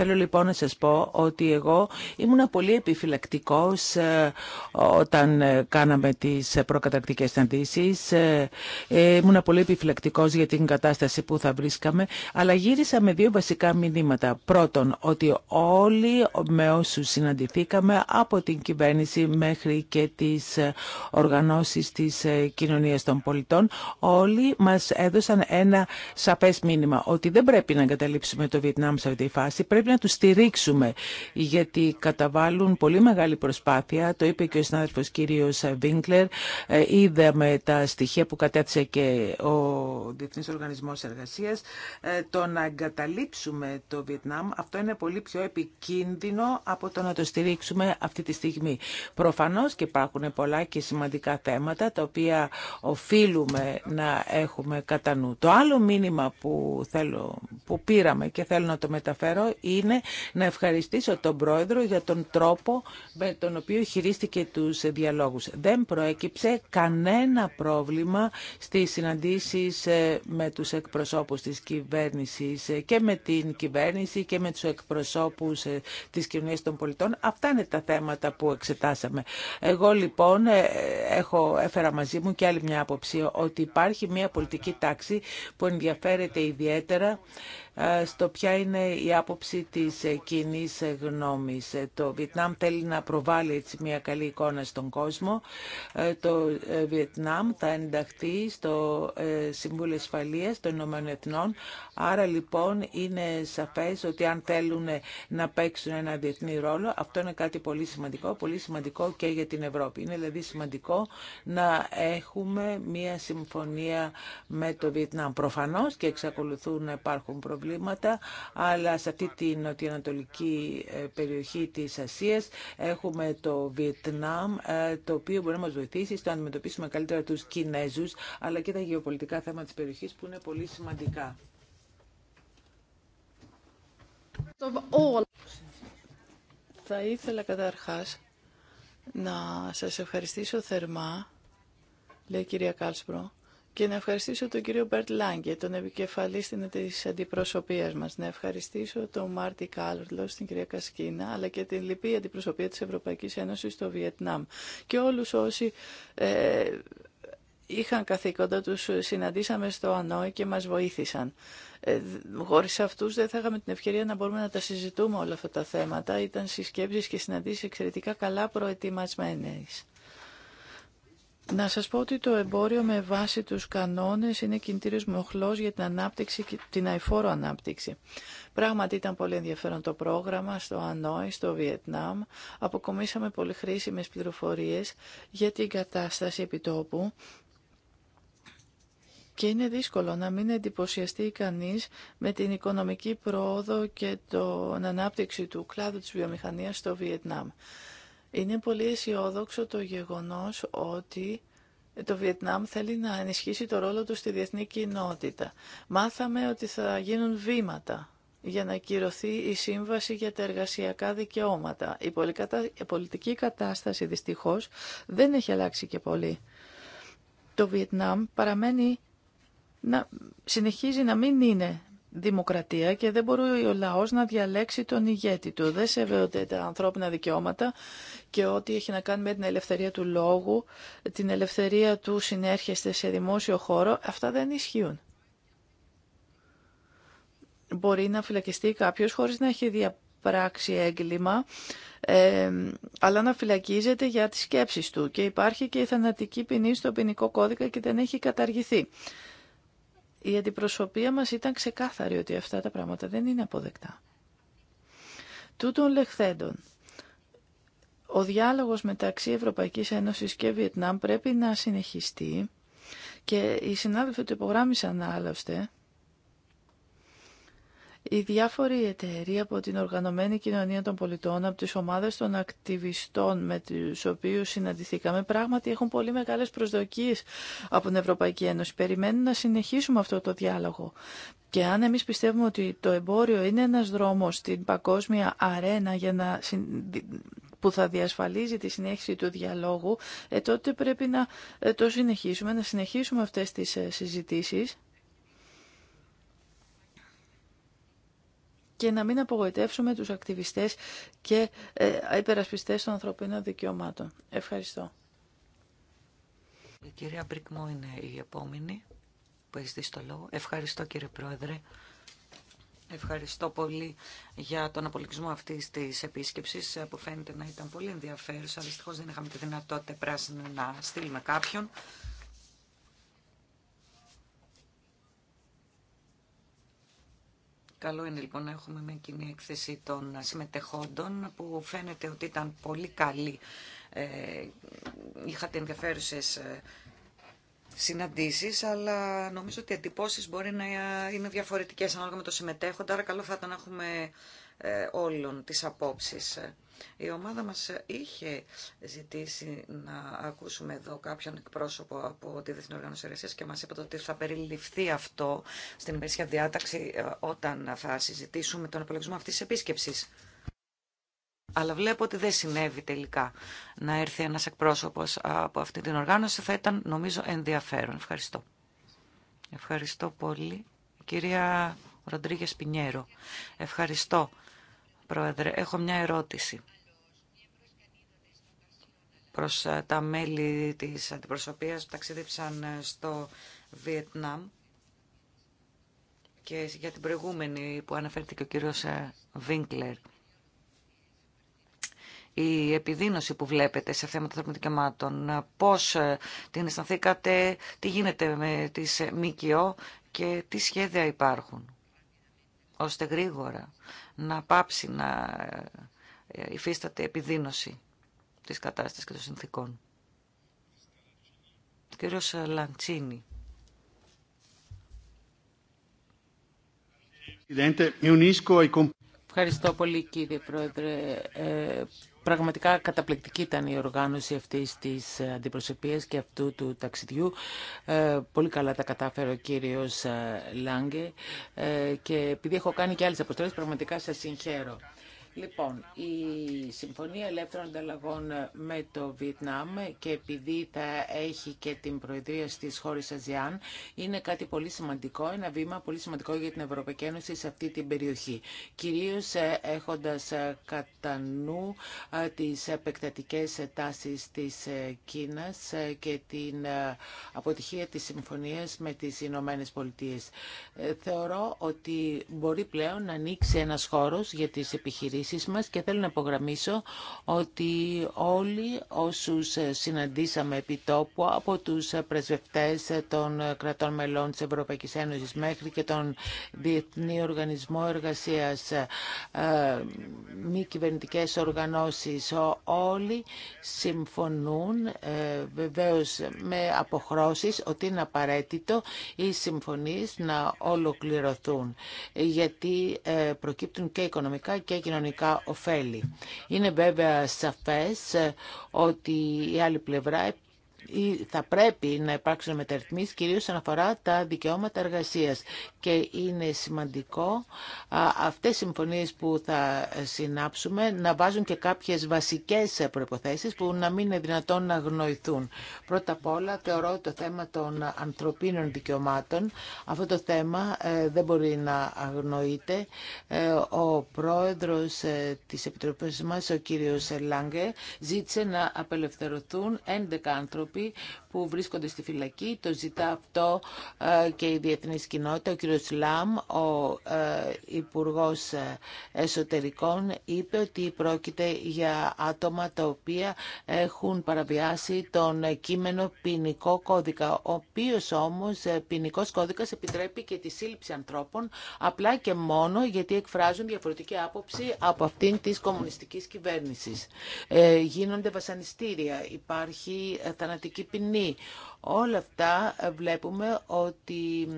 Θέλω λοιπόν να σας πω ότι εγώ ήμουν πολύ επιφυλακτικός ε, όταν κάναμε τις προκαταρκτικές συναντήσεις. Ήμουν πολύ επιφυλακτικός για την κατάσταση που θα βρίσκαμε, αλλά γύρισα με δύο βασικά μηνύματα. Πρώτον, ότι όλοι με όσου όσους συναντηθήκαμε από την κυβέρνηση μέχρι και τις ε, οργανώσεις της ε, κοινωνίας των πολιτών. Όλοι μας έδωσαν ένα σαφές μήνυμα ότι δεν πρέπει να εγκαταλείψουμε το Βιετνάμ σε αυτή τη φάση, πρέπει να τους στηρίξουμε γιατί καταβάλουν πολύ μεγάλη προσπάθεια, το είπε και ο συνάδελφος κύριος Βίνκλερ, ε, είδαμε τα στοιχεία που κατέθεσε και ο Διεθνής Οργανισμός Εργασίας, το να εγκαταλείψουμε το Βιετνάμ, αυτό είναι πολύ πιο επικίνδυνο από το να το στηρίξουμε αυτή τη στιγμή. Προφανώς και υπάρχουν πολλά και σημαντικά θέματα τα οποία οφείλουμε να έχουμε κατά νου. Το άλλο μήνυμα που, θέλω, που πήραμε και θέλω να το μεταφέρω είναι να ευχαριστήσω τον Πρόεδρο για τον τρόπο με τον οποίο χειρίστηκε τους διαλόγους. Δεν προέκυψε κανένα πρόβλημα στις συναντήσεις ε, με τους εκπροσώπους της κυβέρνησης ε, και με την κυβέρνηση και με τους εκπροσώπους ε, της κοινωνίας των πολιτών. Αυτά είναι τα θέματα που εξετάσαμε. Εγώ λοιπόν ε, έχω, έφερα μαζί μου και άλλη μια άποψη ότι υπάρχει μια πολιτική τάξη που ενδιαφέρεται ιδιαίτερα ε, στο ποια είναι η άποψη της ε, κοινή ε, γνώμης. Το Βιετνάμ θέλει να προβάλλει μια καλή εικόνα στον κόσμο. Το Βιετνάμ θα ενταχθεί στο Συμβούλιο ασφαλεία των Ηνωμένων Εθνών. Άρα λοιπόν είναι σαφές ότι αν θέλουν να παίξουν ένα διεθνή ρόλο, αυτό είναι κάτι πολύ σημαντικό, πολύ σημαντικό και για την Ευρώπη. Είναι δηλαδή σημαντικό να έχουμε μια συμφωνία με το Βιετνάμ. Προφανώς και εξακολουθούν να υπάρχουν προβλήματα αλλά σε αυτή την νοτιοανατολική ε, περιοχή της Ασίας έχουμε το Βιετνάμ, ε, το οποίο μπορεί να μας βοηθήσει στο να αντιμετωπίσουμε καλύτερα τους Κινέζους, αλλά και τα γεωπολιτικά θέματα της περιοχής που είναι πολύ σημαντικά. Θα ήθελα καταρχάς να σας ευχαριστήσω θερμά, λέει η κυρία Κάλσπρο, και να ευχαριστήσω τον κύριο Μπέρτ Λάγκε, τον επικεφαλή τη αντιπροσωπεία μα, Να ευχαριστήσω τον Μάρτι Κάλρλο, την κυρία Κασκίνα, αλλά και την λυπή αντιπροσωπεία τη Ευρωπαϊκή Ένωση στο Βιετνάμ. Και όλου όσοι ε, είχαν καθήκοντα, του συναντήσαμε στο Ανόη και μας βοήθησαν. Ε, Χωρί αυτούς δεν θα είχαμε την ευκαιρία να μπορούμε να τα συζητούμε όλα αυτά τα θέματα. Ήταν συσκέψει και συναντήσει εξαιρετικά καλά προετοιμασμένε. Να σας πω ότι το εμπόριο με βάση τους κανόνες είναι κινητήριος μοχλός για την ανάπτυξη και την αηφόρο ανάπτυξη. Πράγματι ήταν πολύ ενδιαφέρον το πρόγραμμα στο Ανόη, στο Βιετνάμ. Αποκομίσαμε πολύ χρήσιμες πληροφορίες για την κατάσταση επιτόπου και είναι δύσκολο να μην εντυπωσιαστεί κανείς με την οικονομική πρόοδο και την ανάπτυξη του κλάδου της βιομηχανίας στο Βιετνάμ. Είναι πολύ αισιόδοξο το γεγονός ότι το Βιετνάμ θέλει να ενισχύσει το ρόλο του στη διεθνή κοινότητα. Μάθαμε ότι θα γίνουν βήματα για να κυρωθεί η Σύμβαση για τα Εργασιακά Δικαιώματα. Η πολιτική κατάσταση δυστυχώς δεν έχει αλλάξει και πολύ. Το Βιετνάμ παραμένει να συνεχίζει να μην είναι δημοκρατία και δεν μπορεί ο λαός να διαλέξει τον ηγέτη του. Δεν σέβεται τα ανθρώπινα δικαιώματα και ό,τι έχει να κάνει με την ελευθερία του λόγου, την ελευθερία του συνέρχεστε σε δημόσιο χώρο, αυτά δεν ισχύουν. Μπορεί να φυλακιστεί κάποιος χωρίς να έχει διαπράξει έγκλημα, αλλά να φυλακίζεται για τις σκέψεις του και υπάρχει και η θανατική ποινή στο ποινικό κώδικα και δεν έχει καταργηθεί η αντιπροσωπεία μας ήταν ξεκάθαρη ότι αυτά τα πράγματα δεν είναι αποδεκτά. Τούτων λεχθέντων, ο διάλογος μεταξύ Ευρωπαϊκής Ένωσης και Βιετνάμ πρέπει να συνεχιστεί και οι συνάδελφοι του υπογράμμισαν άλλωστε οι διάφοροι εταιροί από την οργανωμένη κοινωνία των πολιτών, από τις ομάδες των ακτιβιστών με τους οποίους συναντηθήκαμε, πράγματι έχουν πολύ μεγάλες προσδοκίες από την Ευρωπαϊκή Ένωση. Περιμένουν να συνεχίσουμε αυτό το διάλογο. Και αν εμείς πιστεύουμε ότι το εμπόριο είναι ένας δρόμος στην παγκόσμια αρένα για να που θα διασφαλίζει τη συνέχιση του διαλόγου, ε, τότε πρέπει να ε, το συνεχίσουμε, να συνεχίσουμε αυτές τις ε, συζητήσεις. και να μην απογοητεύσουμε τους ακτιβιστές και ε, υπερασπιστές των ανθρωπίνων δικαιωμάτων. Ευχαριστώ. Η κυρία Μπρικμό είναι η επόμενη που έχει στο το λόγο. Ευχαριστώ κύριε Πρόεδρε. Ευχαριστώ πολύ για τον απολογισμό αυτή τη επίσκεψη που φαίνεται να ήταν πολύ ενδιαφέρουσα. Δυστυχώ δεν είχαμε τη δυνατότητα πράσινη να στείλουμε κάποιον. Καλό είναι λοιπόν να έχουμε μια κοινή έκθεση των συμμετεχόντων που φαίνεται ότι ήταν πολύ καλή. Ε, είχατε ενδιαφέρουσες ε, συναντήσεις, αλλά νομίζω ότι οι εντυπώσεις μπορεί να είναι διαφορετικές ανάλογα με το συμμετέχοντα, άρα καλό θα ήταν να έχουμε ε, όλων τις απόψεις. Η ομάδα μας είχε ζητήσει να ακούσουμε εδώ κάποιον εκπρόσωπο από τη Διεθνή Οργάνωση Εργασίας και μας είπε ότι θα περιληφθεί αυτό στην ημερήσια διάταξη ε, όταν θα συζητήσουμε τον απολογισμό αυτής της επίσκεψης. Αλλά βλέπω ότι δεν συνέβη τελικά να έρθει ένας εκπρόσωπος από αυτή την οργάνωση. Θα ήταν νομίζω ενδιαφέρον. Ευχαριστώ. Ευχαριστώ πολύ. Κυρία Ροντρίγε Πινιέρο. Ευχαριστώ. Πρόεδρε, έχω μια ερώτηση προς ε, τα μέλη της αντιπροσωπείας που ταξίδεψαν ε, στο Βιετνάμ και για την προηγούμενη που αναφέρθηκε ο κύριος Βίνκλερ. Η επιδείνωση που βλέπετε σε θέματα των δικαιωμάτων, ε, πώς την αισθανθήκατε, τι γίνεται με τις ΜΚΟ και τι σχέδια υπάρχουν ώστε γρήγορα να πάψει να ε, υφίσταται επιδείνωση της κατάστασης και των συνθήκων. Κύριο κύριος Λαντσίνη. Ευχαριστώ πολύ κύριε Πρόεδρε. Ε, Πραγματικά καταπληκτική ήταν η οργάνωση αυτής της αντιπροσωπείας και αυτού του ταξιδιού. Ε, πολύ καλά τα κατάφερε ο κύριος ε, Λάγκε ε, και επειδή έχω κάνει και άλλες αποστολές πραγματικά σας συγχαίρω. Λοιπόν, η Συμφωνία Ελεύθερων Ανταλλαγών με το Βιετνάμ και επειδή θα έχει και την Προεδρία στις χώρες Αζιάν είναι κάτι πολύ σημαντικό, ένα βήμα πολύ σημαντικό για την Ευρωπαϊκή Ένωση σε αυτή την περιοχή. Κυρίως ε, έχοντας ε, κατά νου ε, τις επεκτατικές τάσεις της Κίνας και την αποτυχία της συμφωνίας με τις Ηνωμένε Πολιτείε. Θεωρώ ότι μπορεί πλέον να ανοίξει ένας χώρος για τις επιχειρήσεις και θέλω να υπογραμμίσω ότι όλοι όσους συναντήσαμε επί τόπου από τους πρεσβευτές των κρατών μελών της Ευρωπαϊκής Ένωσης μέχρι και τον Διεθνή Οργανισμό Εργασίας, ε, μη κυβερνητικέ οργανώσεις, όλοι συμφωνούν ε, βεβαίως με αποχρώσεις ότι είναι απαραίτητο οι συμφωνίες να ολοκληρωθούν γιατί ε, προκύπτουν και οικονομικά και κοινωνικά Κα ωφέλη. Είναι βέβαια σαφές ε, ότι η άλλη πλευρά θα πρέπει να υπάρξουν μεταρρυθμίσεις κυρίως όσον αφορά τα δικαιώματα εργασίας και είναι σημαντικό αυτές οι συμφωνίες που θα συνάψουμε να βάζουν και κάποιες βασικές προϋποθέσεις που να μην είναι δυνατόν να γνωηθούν. Πρώτα απ' όλα θεωρώ το θέμα των ανθρωπίνων δικαιωμάτων. Αυτό το θέμα ε, δεν μπορεί να αγνοείται. Ε, ο πρόεδρος ε, της Επιτροπής μας, ο κύριος Λάγκε, ζήτησε να απελευθερωθούν 11 άνθρωποι που βρίσκονται στη φυλακή. Το ζητά αυτό ε, και η διεθνή κοινότητα. Ο κ. Λάμ, ο ε, Υπουργό Εσωτερικών, είπε ότι πρόκειται για άτομα τα οποία έχουν παραβιάσει τον κείμενο ποινικό κώδικα, ο οποίο όμως ε, ποινικό κώδικα επιτρέπει και τη σύλληψη ανθρώπων απλά και μόνο γιατί εκφράζουν διαφορετική άποψη από αυτήν τη κυβέρνηση. κυβέρνηση. γίνονται βασανιστήρια, υπάρχει θανατική ποινή. Όλα αυτά βλέπουμε ότι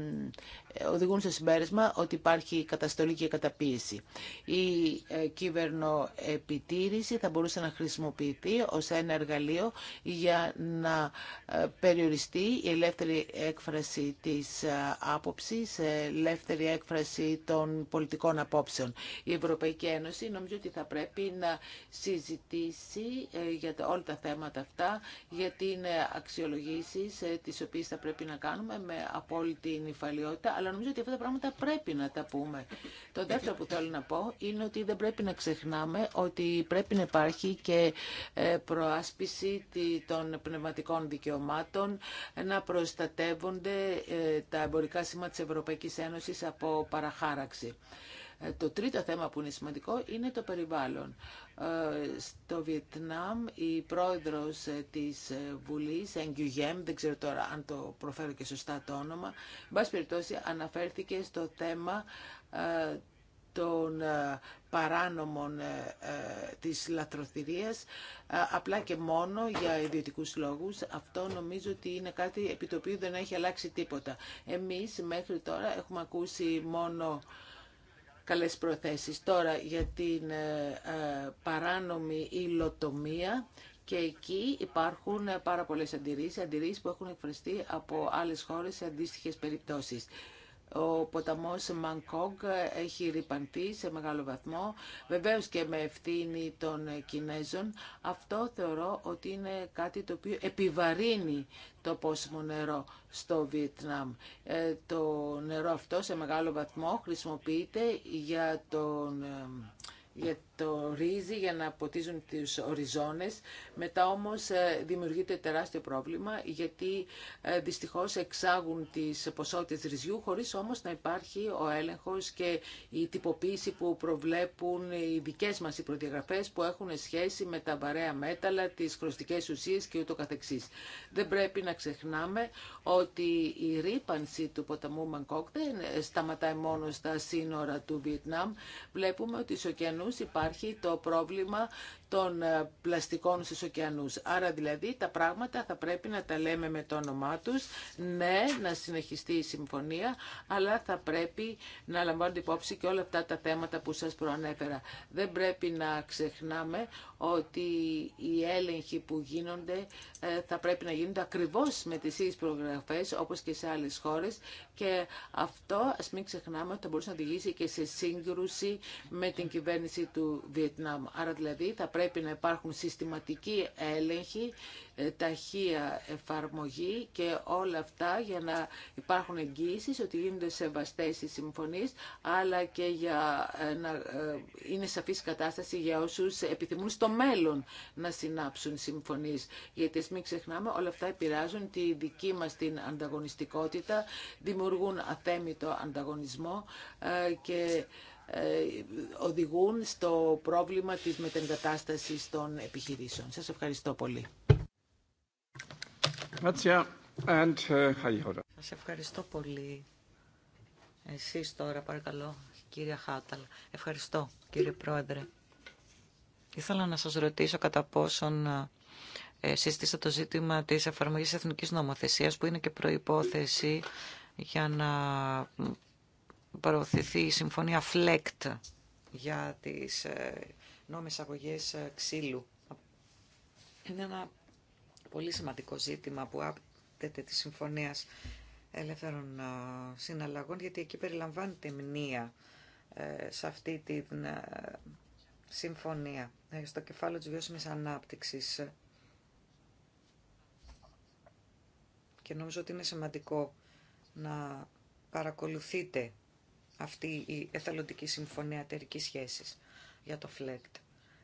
ε, οδηγούν σε συμπέρασμα ότι υπάρχει καταστολή και καταπίεση. Η ε, κυβερνοεπιτήρηση θα μπορούσε να χρησιμοποιηθεί ως ένα εργαλείο για να ε, περιοριστεί η ελεύθερη έκφραση της άποψης, ελεύθερη έκφραση των πολιτικών απόψεων. Η Ευρωπαϊκή Ένωση νομίζω ότι θα πρέπει να συζητήσει για όλα τα θέματα αυτά, γιατί είναι αξιολογήσει σε ε, τις οποίες θα πρέπει να κάνουμε με απόλυτη νυφαλιότητα, αλλά νομίζω ότι αυτά τα πράγματα πρέπει να τα πούμε. Το δεύτερο που θέλω να πω είναι ότι δεν πρέπει να ξεχνάμε ότι πρέπει να υπάρχει και ε, προάσπιση των πνευματικών δικαιωμάτων, να προστατεύονται ε, τα εμπορικά σήμα της Ευρωπαϊκής Ένωσης από παραχάραξη. Το τρίτο θέμα που είναι σημαντικό είναι το περιβάλλον. Ε, στο Βιετνάμ η πρόεδρος ε, της ε, Βουλής, Εγγιουγέμ, δεν ξέρω τώρα αν το προφέρω και σωστά το όνομα, εν περιπτώσει αναφέρθηκε στο θέμα των παράνομων της λαθροθυρίας απλά και μόνο για ιδιωτικούς λόγους. Αυτό νομίζω ότι είναι κάτι επί το οποίο δεν έχει αλλάξει τίποτα. Εμείς μέχρι τώρα έχουμε ακούσει μόνο καλές προθέσεις. Τώρα για την ε, ε, παράνομη υλοτομία και εκεί υπάρχουν ε, πάρα πολλές αντιρρήσεις, αντιρρήσεις που έχουν εκφραστεί από άλλες χώρες σε αντίστοιχες περιπτώσεις. Ο ποταμός Μανκόγκ έχει ρηπανθεί σε μεγάλο βαθμό, βεβαίως και με ευθύνη των Κινέζων. Αυτό θεωρώ ότι είναι κάτι το οποίο επιβαρύνει το πόσιμο νερό στο Βιετνάμ. Ε, το νερό αυτό σε μεγάλο βαθμό χρησιμοποιείται για τον ε, το ρύζι για να ποτίζουν τους οριζόνες. Μετά όμως ε, δημιουργείται τεράστιο πρόβλημα γιατί ε, δυστυχώς εξάγουν τις ποσότητες ρυζιού χωρίς όμως να υπάρχει ο έλεγχος και η τυποποίηση που προβλέπουν οι δικές μας οι που έχουν σχέση με τα βαρέα μέταλλα, τις χρωστικές ουσίες και ούτω καθεξής. Δεν πρέπει να ξεχνάμε ότι η ρήπανση του ποταμού Μανκόκ δεν σταματάει μόνο στα σύνορα του Βιετνάμ. Βλέπουμε ότι στους ωκεανούς υπάρχει υπάρχει το πρόβλημα των ε, πλαστικών στους ωκεανούς. Άρα δηλαδή τα πράγματα θα πρέπει να τα λέμε με το όνομά τους, ναι, να συνεχιστεί η συμφωνία, αλλά θα πρέπει να λαμβάνονται υπόψη και όλα αυτά τα θέματα που σας προανέφερα. Δεν πρέπει να ξεχνάμε ότι οι έλεγχοι που γίνονται ε, θα πρέπει να γίνονται ακριβώς με τις ίδιες προγραφές όπως και σε άλλες χώρες και αυτό ας μην ξεχνάμε ότι θα μπορούσε να οδηγήσει και σε σύγκρουση με την κυβέρνηση του Βιετνάμ. Άρα δηλαδή θα πρέπει να υπάρχουν συστηματικοί έλεγχοι, ε, ταχεία εφαρμογή και όλα αυτά για να υπάρχουν εγγύησεις ότι γίνονται σεβαστές οι συμφωνίες, αλλά και για ε, να ε, είναι σαφής κατάσταση για όσους επιθυμούν στο μέλλον να συνάψουν συμφωνίες. Γιατί μην ξεχνάμε, όλα αυτά επηρεάζουν τη δική μας την ανταγωνιστικότητα, δημιουργούν αθέμητο ανταγωνισμό ε, οδηγούν στο πρόβλημα της μετεγκατάστασης των επιχειρήσεων. Σας ευχαριστώ πολύ. Ε, σας ευχαριστώ πολύ. Εσείς τώρα παρακαλώ, κύριε Χάταλ. Ευχαριστώ, κύριε Πρόεδρε. Ήθελα να σας ρωτήσω κατά πόσον ε, συστήσα το ζήτημα της εφαρμογής εθνικής νομοθεσίας που είναι και προϋπόθεση για να προωθηθεί η συμφωνία FLECT για τις ε, νόμες αγωγές ε, ξύλου. Είναι ένα πολύ σημαντικό ζήτημα που άπτεται τη συμφωνίας ελεύθερων ε, συναλλαγών, γιατί εκεί περιλαμβάνεται μνήα σε αυτή τη συμφωνία, στο κεφάλαιο της βιώσιμης ανάπτυξης. Και νομίζω ότι είναι σημαντικό να παρακολουθείτε αυτή η εθελοντική συμφωνία εταιρική σχέσης για το ΦΛΕΚΤ.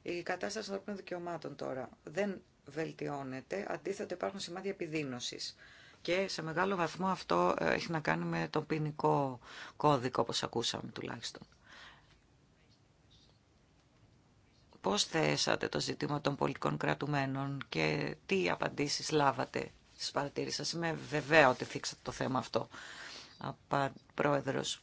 Η κατάσταση των δικαιωμάτων τώρα δεν βελτιώνεται, αντίθετα υπάρχουν σημάδια επιδείνωση. Και σε μεγάλο βαθμό αυτό ε, έχει να κάνει με τον ποινικό κώδικο, όπως ακούσαμε τουλάχιστον. Πώς θέσατε το ζήτημα των πολιτικών κρατουμένων και τι απαντήσεις λάβατε στις παρατήρησεις σας. Είμαι βεβαία ότι θίξατε το θέμα αυτό, Πρόεδρος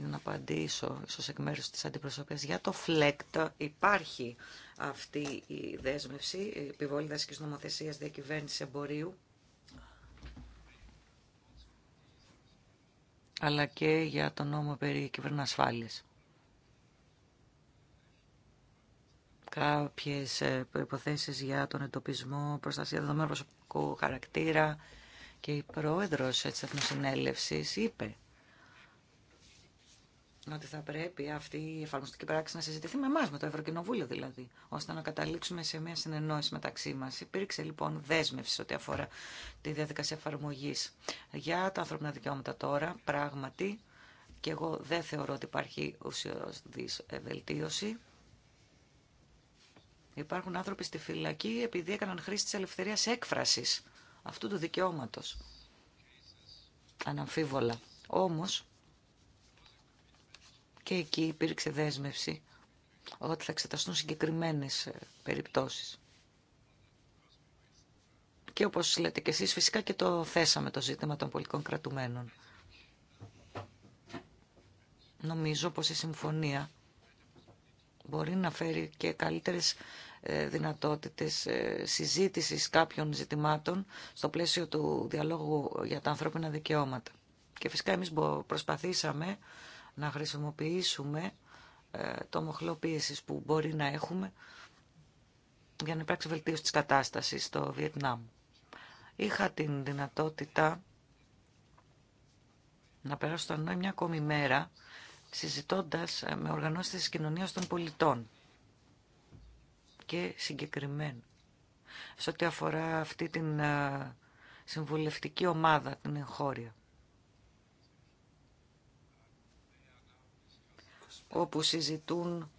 είναι να απαντήσω ίσως εκ της αντιπροσωπείας. Για το ΦΛΕΚΤ υπάρχει αυτή η δέσμευση, η επιβόλη δασικής νομοθεσίας διακυβέρνηση εμπορίου, αλλά και για τον νόμο περί κυβερνασφάλειας, Κάποιες υποθέσεις ε, για τον εντοπισμό, προστασία δεδομένου προσωπικού χαρακτήρα και η πρόεδρος ε, της Εθνοσυνέλευσης είπε ότι θα πρέπει αυτή η εφαρμοστική πράξη να συζητηθεί με εμά, με το Ευρωκοινοβούλιο δηλαδή, ώστε να καταλήξουμε σε μια συνεννόηση μεταξύ μα. Υπήρξε λοιπόν δέσμευση ό,τι αφορά τη διαδικασία εφαρμογή για τα ανθρώπινα δικαιώματα τώρα, πράγματι. Και εγώ δεν θεωρώ ότι υπάρχει ουσιαστική βελτίωση. Υπάρχουν άνθρωποι στη φυλακή επειδή έκαναν χρήση τη ελευθερία έκφραση αυτού του δικαιώματο. Αναμφίβολα. Όμως, και εκεί υπήρξε δέσμευση ότι θα εξεταστούν συγκεκριμένες ε, περιπτώσεις. Και όπως λέτε και εσείς, φυσικά και το θέσαμε το ζήτημα των πολιτικών κρατουμένων. Νομίζω πως η συμφωνία μπορεί να φέρει και καλύτερες ε, δυνατότητες ε, συζήτησης κάποιων ζητημάτων στο πλαίσιο του διαλόγου για τα ανθρώπινα δικαιώματα. Και φυσικά εμείς προσπαθήσαμε να χρησιμοποιήσουμε ε, το μοχλό πίεση που μπορεί να έχουμε για να υπάρξει βελτίωση της κατάστασης στο Βιετνάμ. Είχα την δυνατότητα να περάσω το ΝΟΗ μια ακόμη μέρα συζητώντας ε, με οργανώσεις της κοινωνίας των πολιτών και συγκεκριμένα σε ό,τι αφορά αυτή την ε, συμβουλευτική ομάδα, την εγχώρια. όπου συζητούν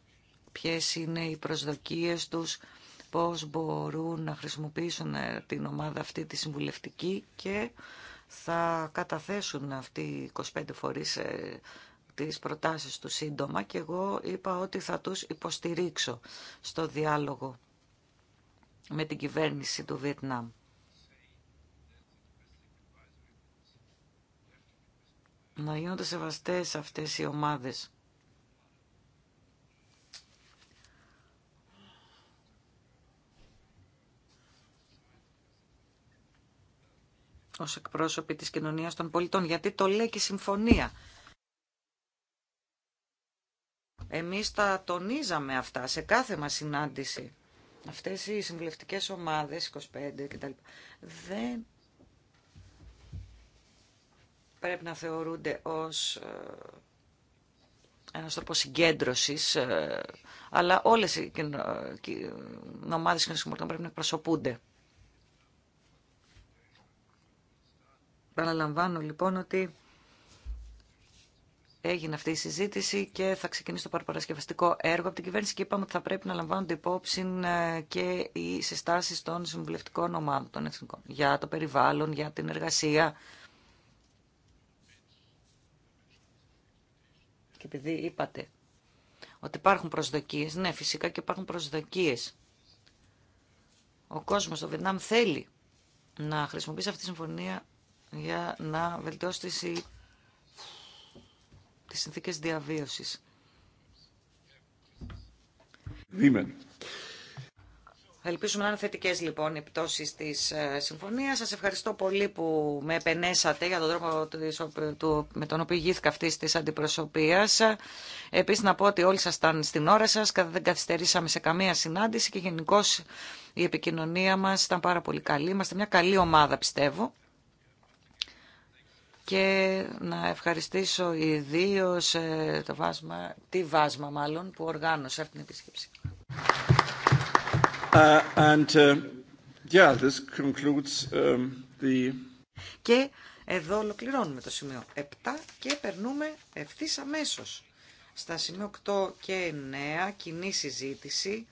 ποιες είναι οι προσδοκίες τους, πώς μπορούν να χρησιμοποιήσουν ε, την ομάδα αυτή τη συμβουλευτική και θα καταθέσουν αυτοί οι 25 φορείς ε, τις προτάσεις του σύντομα και εγώ είπα ότι θα τους υποστηρίξω στο διάλογο με την κυβέρνηση του Βιετνάμ. Να γίνονται σεβαστές αυτές οι ομάδες ως εκπρόσωποι της κοινωνίας των πολιτών, γιατί το λέει και η συμφωνία. Εμείς τα τονίζαμε αυτά σε κάθε μας συνάντηση. Αυτές οι συμβουλευτικές ομάδες, 25 κτλ. Δεν πρέπει να θεωρούνται ως ε, ένας τρόπος συγκέντρωσης, ε, αλλά όλες οι ε, ομάδες κοινωνικών πρέπει να εκπροσωπούνται. Παραλαμβάνω λοιπόν ότι έγινε αυτή η συζήτηση και θα ξεκινήσει το παραπαρασκευαστικό έργο από την κυβέρνηση και είπαμε ότι θα πρέπει να λαμβάνονται υπόψη ε, και οι συστάσει των συμβουλευτικών ομάδων των εθνικών για το περιβάλλον, για την εργασία. Και επειδή είπατε ότι υπάρχουν προσδοκίες, ναι φυσικά και υπάρχουν προσδοκίες. Ο κόσμος στο Βιετνάμ θέλει να χρησιμοποιήσει αυτή τη συμφωνία για να βελτιώσει τις συνθήκες διαβίωσης. Δήμεν. Ελπίζουμε να είναι θετικές λοιπόν οι πτώσεις της ε, συμφωνίας. Σας ευχαριστώ πολύ που με επενέσατε για τον τρόπο με τον οποίο γύθηκα αυτή της αντιπροσωπείας. Επίσης να πω ότι όλοι σας ήταν στην ώρα σας, δεν καθυστερήσαμε σε καμία συνάντηση και γενικώ η επικοινωνία μας ήταν πάρα πολύ καλή. Είμαστε μια καλή ομάδα πιστεύω και να ευχαριστήσω ιδίω ε, το βάσμα, τη Βάσμα μάλλον που οργάνωσε αυτή την επίσκεψη. Ε, and, ε, yeah, this concludes, um, the... Και εδώ ολοκληρώνουμε το σημείο 7 και περνούμε ευθύ αμέσω στα σημείο 8 και 9 κοινή συζήτηση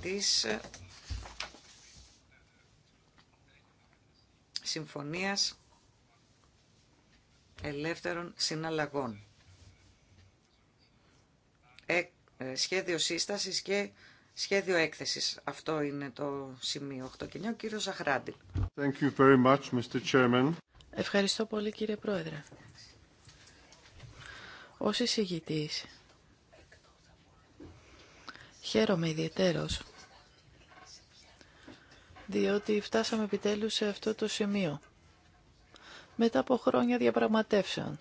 της συμφωνίας ελεύθερων συναλλαγών. Ε, ε, σχέδιο σύστασης και σχέδιο έκθεσης. Αυτό είναι το σημείο 8 και 9. κύριος Ζαχράντη. Thank you very much, Mr. Chairman. Ευχαριστώ πολύ κύριε Πρόεδρε. Ως εισηγητής χαίρομαι ιδιαιτέρως διότι φτάσαμε επιτέλους σε αυτό το σημείο μετά από χρόνια διαπραγματεύσεων.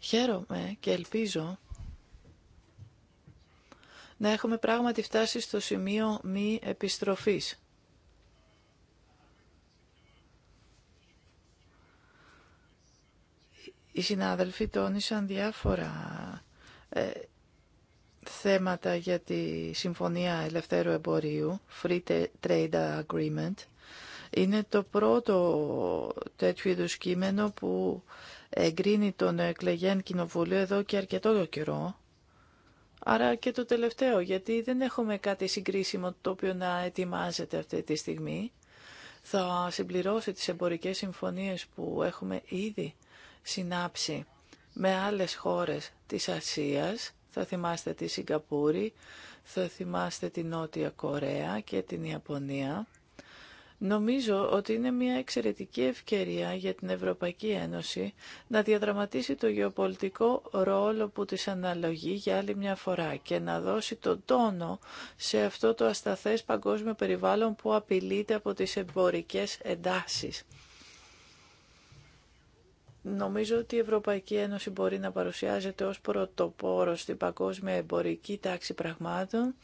Χαίρομαι και ελπίζω να έχουμε πράγματι φτάσει στο σημείο μη επιστροφής. Οι συνάδελφοι τόνισαν διάφορα ε, θέματα για τη Συμφωνία Ελευθέρου Εμπορίου, Free Trade Agreement, είναι το πρώτο τέτοιου είδου κείμενο που εγκρίνει τον εκλεγέν κοινοβούλιο εδώ και αρκετό καιρό. Άρα και το τελευταίο, γιατί δεν έχουμε κάτι συγκρίσιμο το οποίο να ετοιμάζεται αυτή τη στιγμή. Θα συμπληρώσει τις εμπορικές συμφωνίες που έχουμε ήδη συνάψει με άλλες χώρες της Ασίας. Θα θυμάστε τη Σιγκαπούρη, θα θυμάστε τη Νότια Κορέα και την Ιαπωνία. Νομίζω ότι είναι μια εξαιρετική ευκαιρία για την Ευρωπαϊκή Ένωση να διαδραματίσει το γεωπολιτικό ρόλο που της αναλογεί για άλλη μια φορά και να δώσει τον τόνο σε αυτό το ασταθές παγκόσμιο περιβάλλον που απειλείται από τις εμπορικές εντάσεις. Νομίζω ότι η Ευρωπαϊκή Ένωση μπορεί να παρουσιάζεται ως πρωτοπόρο στην παγκόσμια εμπορική τάξη πραγμάτων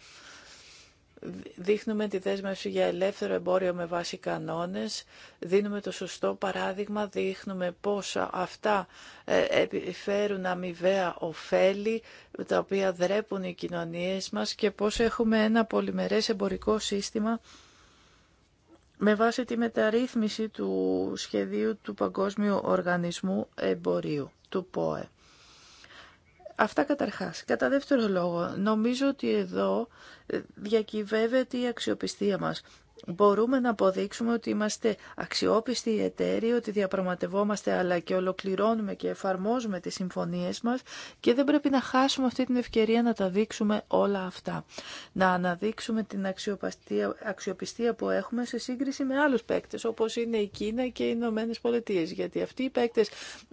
δείχνουμε τη δέσμευση για ελεύθερο εμπόριο με βάση κανόνες, δίνουμε το σωστό παράδειγμα, δείχνουμε πόσα αυτά ε, επιφέρουν αμοιβαία ωφέλη, τα οποία δρέπουν οι κοινωνίες μας και πώς έχουμε ένα πολυμερές εμπορικό σύστημα με βάση τη μεταρρύθμιση του σχεδίου του Παγκόσμιου Οργανισμού Εμπορίου, του ΠΟΕ. Αυτά καταρχάς. Κατά δεύτερο λόγο, νομίζω ότι εδώ ε, διακυβεύεται η αξιοπιστία μας μπορούμε να αποδείξουμε ότι είμαστε αξιόπιστοι εταίροι, ότι διαπραγματευόμαστε αλλά και ολοκληρώνουμε και εφαρμόζουμε τις συμφωνίες μας και δεν πρέπει να χάσουμε αυτή την ευκαιρία να τα δείξουμε όλα αυτά. Να αναδείξουμε την αξιοπιστία, που έχουμε σε σύγκριση με άλλους παίκτες όπως είναι η Κίνα και οι Ηνωμένε Πολιτείε. γιατί αυτοί οι παίκτες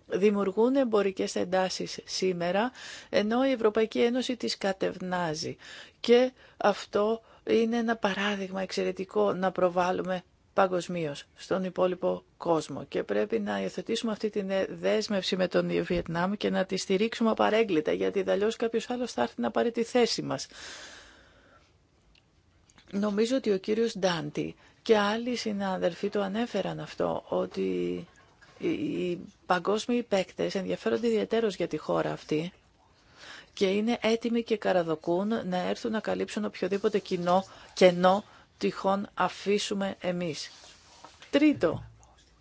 δημιουργούν εμπορικές εντάσεις σήμερα ενώ η Ευρωπαϊκή Ένωση τις κατευνάζει και αυτό είναι ένα παράδειγμα εξαιρετικό να προβάλλουμε παγκοσμίω στον υπόλοιπο κόσμο και πρέπει να υιοθετήσουμε αυτή τη ε, δέσμευση με τον Βιετνάμ και να τη στηρίξουμε απαρέγκλητα γιατί αλλιώ κάποιο άλλο θα έρθει να πάρει τη θέση μα. Νομίζω ότι ο κύριος Ντάντι και άλλοι συνάδελφοι το ανέφεραν αυτό, ότι οι παγκόσμιοι παίκτες ενδιαφέρονται ιδιαίτερως για τη χώρα αυτή και είναι έτοιμοι και καραδοκούν να έρθουν να καλύψουν οποιοδήποτε κοινό, κενό τυχόν αφήσουμε εμείς. Τρίτο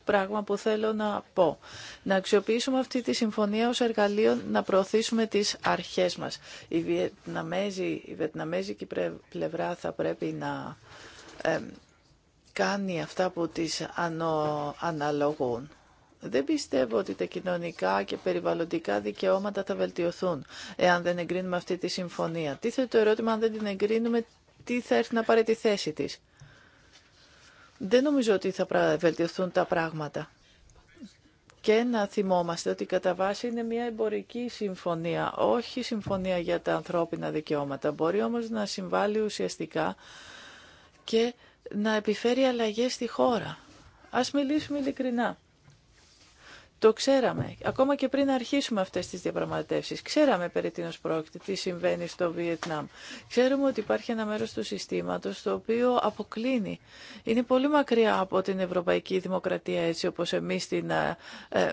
πράγμα που θέλω να πω. Να αξιοποιήσουμε αυτή τη συμφωνία ως εργαλείο να προωθήσουμε τις αρχές μας. Η, Βιετναμέζη, η Βιετναμέζικη πλευρά θα πρέπει να κάνει αυτά που τις αναλογούν. Δεν πιστεύω ότι τα κοινωνικά και περιβαλλοντικά δικαιώματα θα βελτιωθούν εάν δεν εγκρίνουμε αυτή τη συμφωνία. Τι θέλει το ερώτημα αν δεν την εγκρίνουμε, τι θα έρθει να πάρει τη θέση της. Δεν νομίζω ότι θα βελτιωθούν τα πράγματα. Και να θυμόμαστε ότι κατά βάση είναι μια εμπορική συμφωνία, όχι συμφωνία για τα ανθρώπινα δικαιώματα. Μπορεί όμως να συμβάλλει ουσιαστικά και να επιφέρει αλλαγές στη χώρα. Ας μιλήσουμε ειλικρινά. Το ξέραμε, ακόμα και πριν αρχίσουμε αυτές τις διαπραγματεύσεις. Ξέραμε περί τίνο πρόκειται, τι συμβαίνει στο Βιετνάμ. Ξέρουμε ότι υπάρχει ένα μέρος του συστήματος το οποίο αποκλίνει. Είναι πολύ μακριά από την ευρωπαϊκή δημοκρατία έτσι όπως εμείς την ε, ε,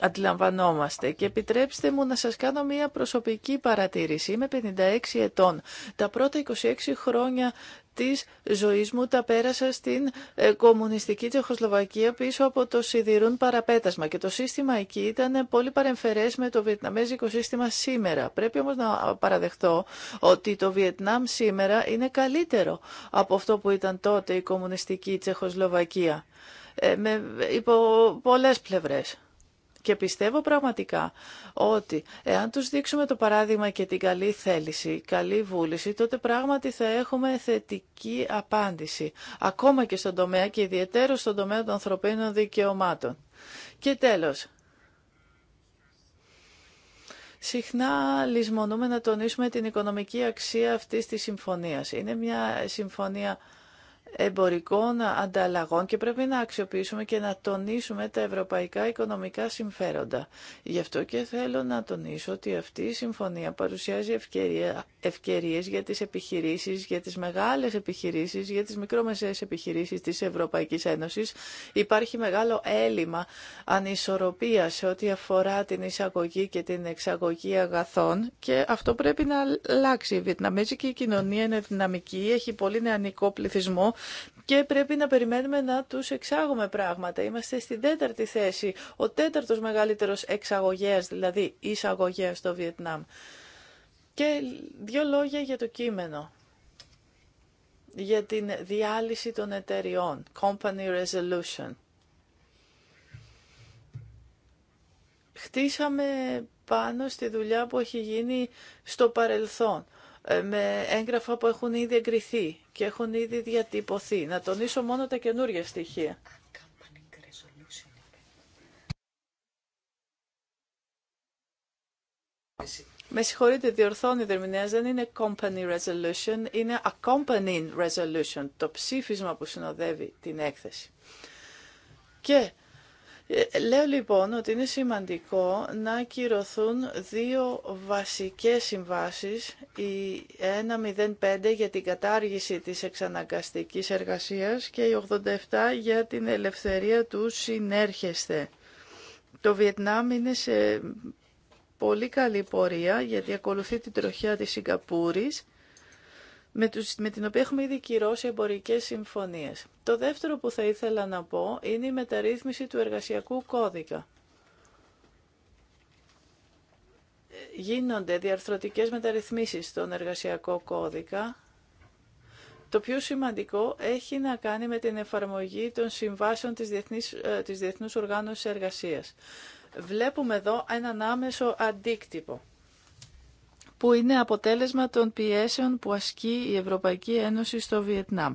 αντιλαμβανόμαστε. Και επιτρέψτε μου να σας κάνω μία προσωπική παρατήρηση. Είμαι 56 ετών. Τα πρώτα 26 χρόνια της ζωής μου τα πέρασα στην ε, κομμουνιστική Τσεχοσλοβακία πίσω από το σιδηρούν παραπέτασμα και το σύστημα εκεί ήταν πολύ παρεμφερές με το βιετναμέζικο σύστημα σήμερα. Πρέπει όμως να παραδεχτώ ότι το Βιετνάμ σήμερα είναι καλύτερο από αυτό που ήταν τότε η κομμουνιστική Τσεχοσλοβακία. Ε, με, υπό πολλές πλευρές. Και πιστεύω πραγματικά ότι εάν τους δείξουμε το παράδειγμα και την καλή θέληση, καλή βούληση, τότε πράγματι θα έχουμε θετική απάντηση, ακόμα και στον τομέα και ιδιαίτερο στον τομέα των ανθρωπίνων δικαιωμάτων. Και τέλος, Συχνά λησμονούμε να τονίσουμε την οικονομική αξία αυτής της συμφωνίας. Είναι μια συμφωνία εμπορικών ανταλλαγών και πρέπει να αξιοποιήσουμε και να τονίσουμε τα ευρωπαϊκά οικονομικά συμφέροντα. Γι' αυτό και θέλω να τονίσω ότι αυτή η συμφωνία παρουσιάζει ευκαιρία, ευκαιρίες για τις επιχειρήσεις, για τις μεγάλες επιχειρήσεις, για τις μικρομεσαίες επιχειρήσεις της Ευρωπαϊκής Ένωσης. Υπάρχει μεγάλο έλλειμμα ανισορροπία σε ό,τι αφορά την εισαγωγή και την εξαγωγή αγαθών και αυτό πρέπει να αλλάξει. Η Βιετναμέζικη κοινωνία είναι δυναμική, έχει πολύ νεανικό πληθυσμό και πρέπει να περιμένουμε να τους εξάγουμε πράγματα. Είμαστε στην τέταρτη θέση, ο τέταρτος μεγαλύτερος εξαγωγέας, δηλαδή εισαγωγέας στο Βιετνάμ. Και δύο λόγια για το κείμενο για την διάλυση των εταιριών, Company Resolution. Χτίσαμε πάνω στη δουλειά που έχει γίνει στο παρελθόν. Ε, με έγγραφα που έχουν ήδη εγκριθεί και έχουν ήδη διατυπωθεί. Να τονίσω μόνο τα καινούργια στοιχεία. Με συγχωρείτε, διορθώνει η δερμηνέας, δεν είναι company resolution, είναι accompanying resolution, το ψήφισμα που συνοδεύει την έκθεση. Και ε, λέω λοιπόν ότι είναι σημαντικό να ακυρωθούν δύο βασικές συμβάσεις, η 1.05 για την κατάργηση της εξαναγκαστικής εργασίας και η 87 για την ελευθερία του συνέρχεσθε. Το Βιετνάμ είναι σε πολύ καλή πορεία γιατί ακολουθεί την τροχιά της Σιγκαπούρης με, την οποία έχουμε ήδη κυρώσει εμπορικές συμφωνίες. Το δεύτερο που θα ήθελα να πω είναι η μεταρρύθμιση του εργασιακού κώδικα. Γίνονται διαρθρωτικές μεταρρυθμίσεις στον εργασιακό κώδικα. Το πιο σημαντικό έχει να κάνει με την εφαρμογή των συμβάσεων της, Διεθνής, ε, της Διεθνούς Οργάνωσης Εργασίας. Βλέπουμε εδώ έναν άμεσο αντίκτυπο που είναι αποτέλεσμα των πιέσεων που ασκεί η Ευρωπαϊκή Ένωση στο Βιετνάμ.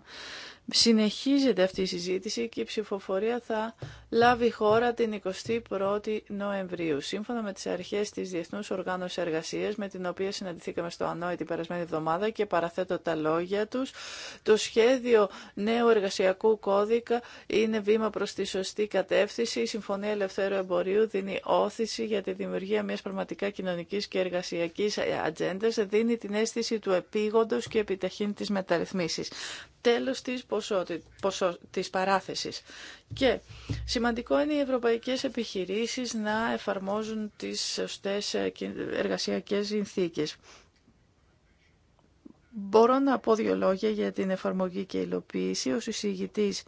Συνεχίζεται αυτή η συζήτηση και η ψηφοφορία θα λάβει χώρα την 21η Νοεμβρίου. Σύμφωνα με τις αρχές της Διεθνούς Οργάνωσης Εργασίας, με την οποία συναντηθήκαμε στο ΑΝΟΗ την περασμένη εβδομάδα και παραθέτω τα λόγια τους, το σχέδιο νέου εργασιακού κώδικα είναι βήμα προς τη σωστή κατεύθυνση. Η Συμφωνία Ελευθέρω Εμπορίου δίνει όθηση για τη δημιουργία μιας πραγματικά κοινωνικής και εργασιακής ατζέντα, δίνει την αίσθηση του επίγοντος και επιταχύνει τις μεταρρυθμίσεις. Τέλος της ποσό, ποσό της παράθεσης. Και σημαντικό είναι οι ευρωπαϊκές επιχειρήσεις να εφαρμόζουν τις σωστές ε, εργασιακές συνθήκες. Μπορώ να πω δύο λόγια για την εφαρμογή και υλοποίηση. Ο συζητητής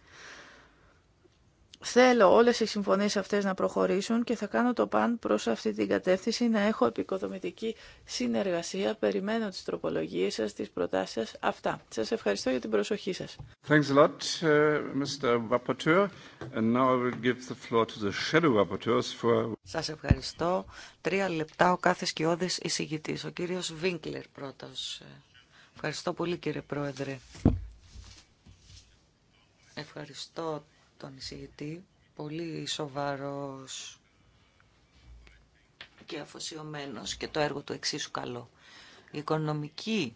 Θέλω όλες οι συμφωνίες αυτές να προχωρήσουν και θα κάνω το παν προς αυτή την κατεύθυνση να έχω επικοδομητική συνεργασία. Περιμένω τις τροπολογίες σας, τις προτάσεις σας. Αυτά. Σας ευχαριστώ για την προσοχή σας. Thanks Σας ευχαριστώ. Τρία λεπτά ο κάθε σκιώδης εισηγητής. Ο κύριος Βίνκλερ πρώτος. Ευχαριστώ πολύ κύριε Πρόεδρε. Ευχαριστώ τον εισηγητή, πολύ σοβαρός και αφοσιωμένος και το έργο του εξίσου καλό. Η οικονομική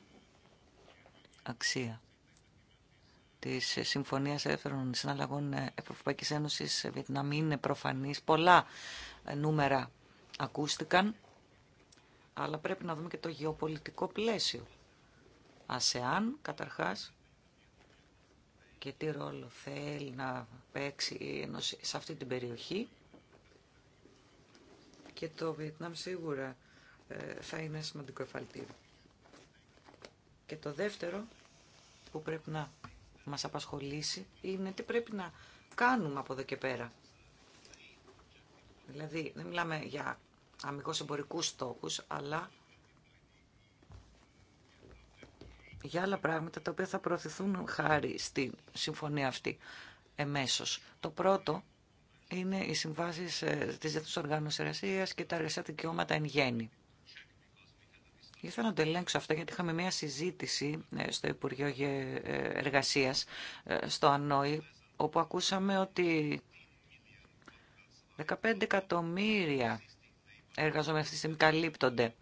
αξία της Συμφωνίας Έφερων Συναλλαγών Ευρωπαϊκής Ένωσης Βιετναμ είναι προφανής. Πολλά νούμερα ακούστηκαν, αλλά πρέπει να δούμε και το γεωπολιτικό πλαίσιο. ΑΣΕΑΝ, καταρχάς, γιατί ρόλο θέλει να παίξει η σε αυτή την περιοχή. Και το Βιετνάμ σίγουρα ε, θα είναι σημαντικό εφαλτήριο. Και το δεύτερο που πρέπει να μας απασχολήσει είναι τι πρέπει να κάνουμε από εδώ και πέρα. Δηλαδή, δεν μιλάμε για αμυγός εμπορικούς στόχους, αλλά για άλλα πράγματα τα οποία θα προωθηθούν χάρη στη συμφωνία αυτή εμέσως. Το πρώτο είναι οι συμβάσει ε, τη Διεθνού Οργάνωση Εργασία και τα εργασία δικαιώματα εν γέννη. Ήθελα να το ελέγξω αυτό γιατί είχαμε μια συζήτηση ε, στο Υπουργείο ε, Εργασία στο Ανόη, όπου ακούσαμε ότι 15 εκατομμύρια εργαζόμενοι αυτή τη στιγμή καλύπτονται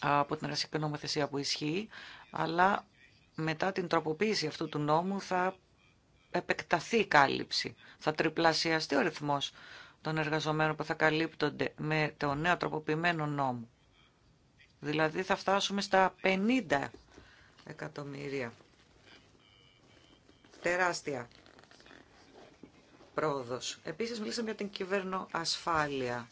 από την εργασιακή νομοθεσία που ισχύει, αλλά μετά την τροποποίηση αυτού του νόμου θα επεκταθεί η κάλυψη. Θα τριπλασιαστεί ο ρυθμός των εργαζομένων που θα καλύπτονται με το νέο τροποποιημένο νόμο. Δηλαδή θα φτάσουμε στα 50 εκατομμύρια. Τεράστια πρόοδος. Επίσης μιλήσαμε για την κυβέρνο ασφάλεια.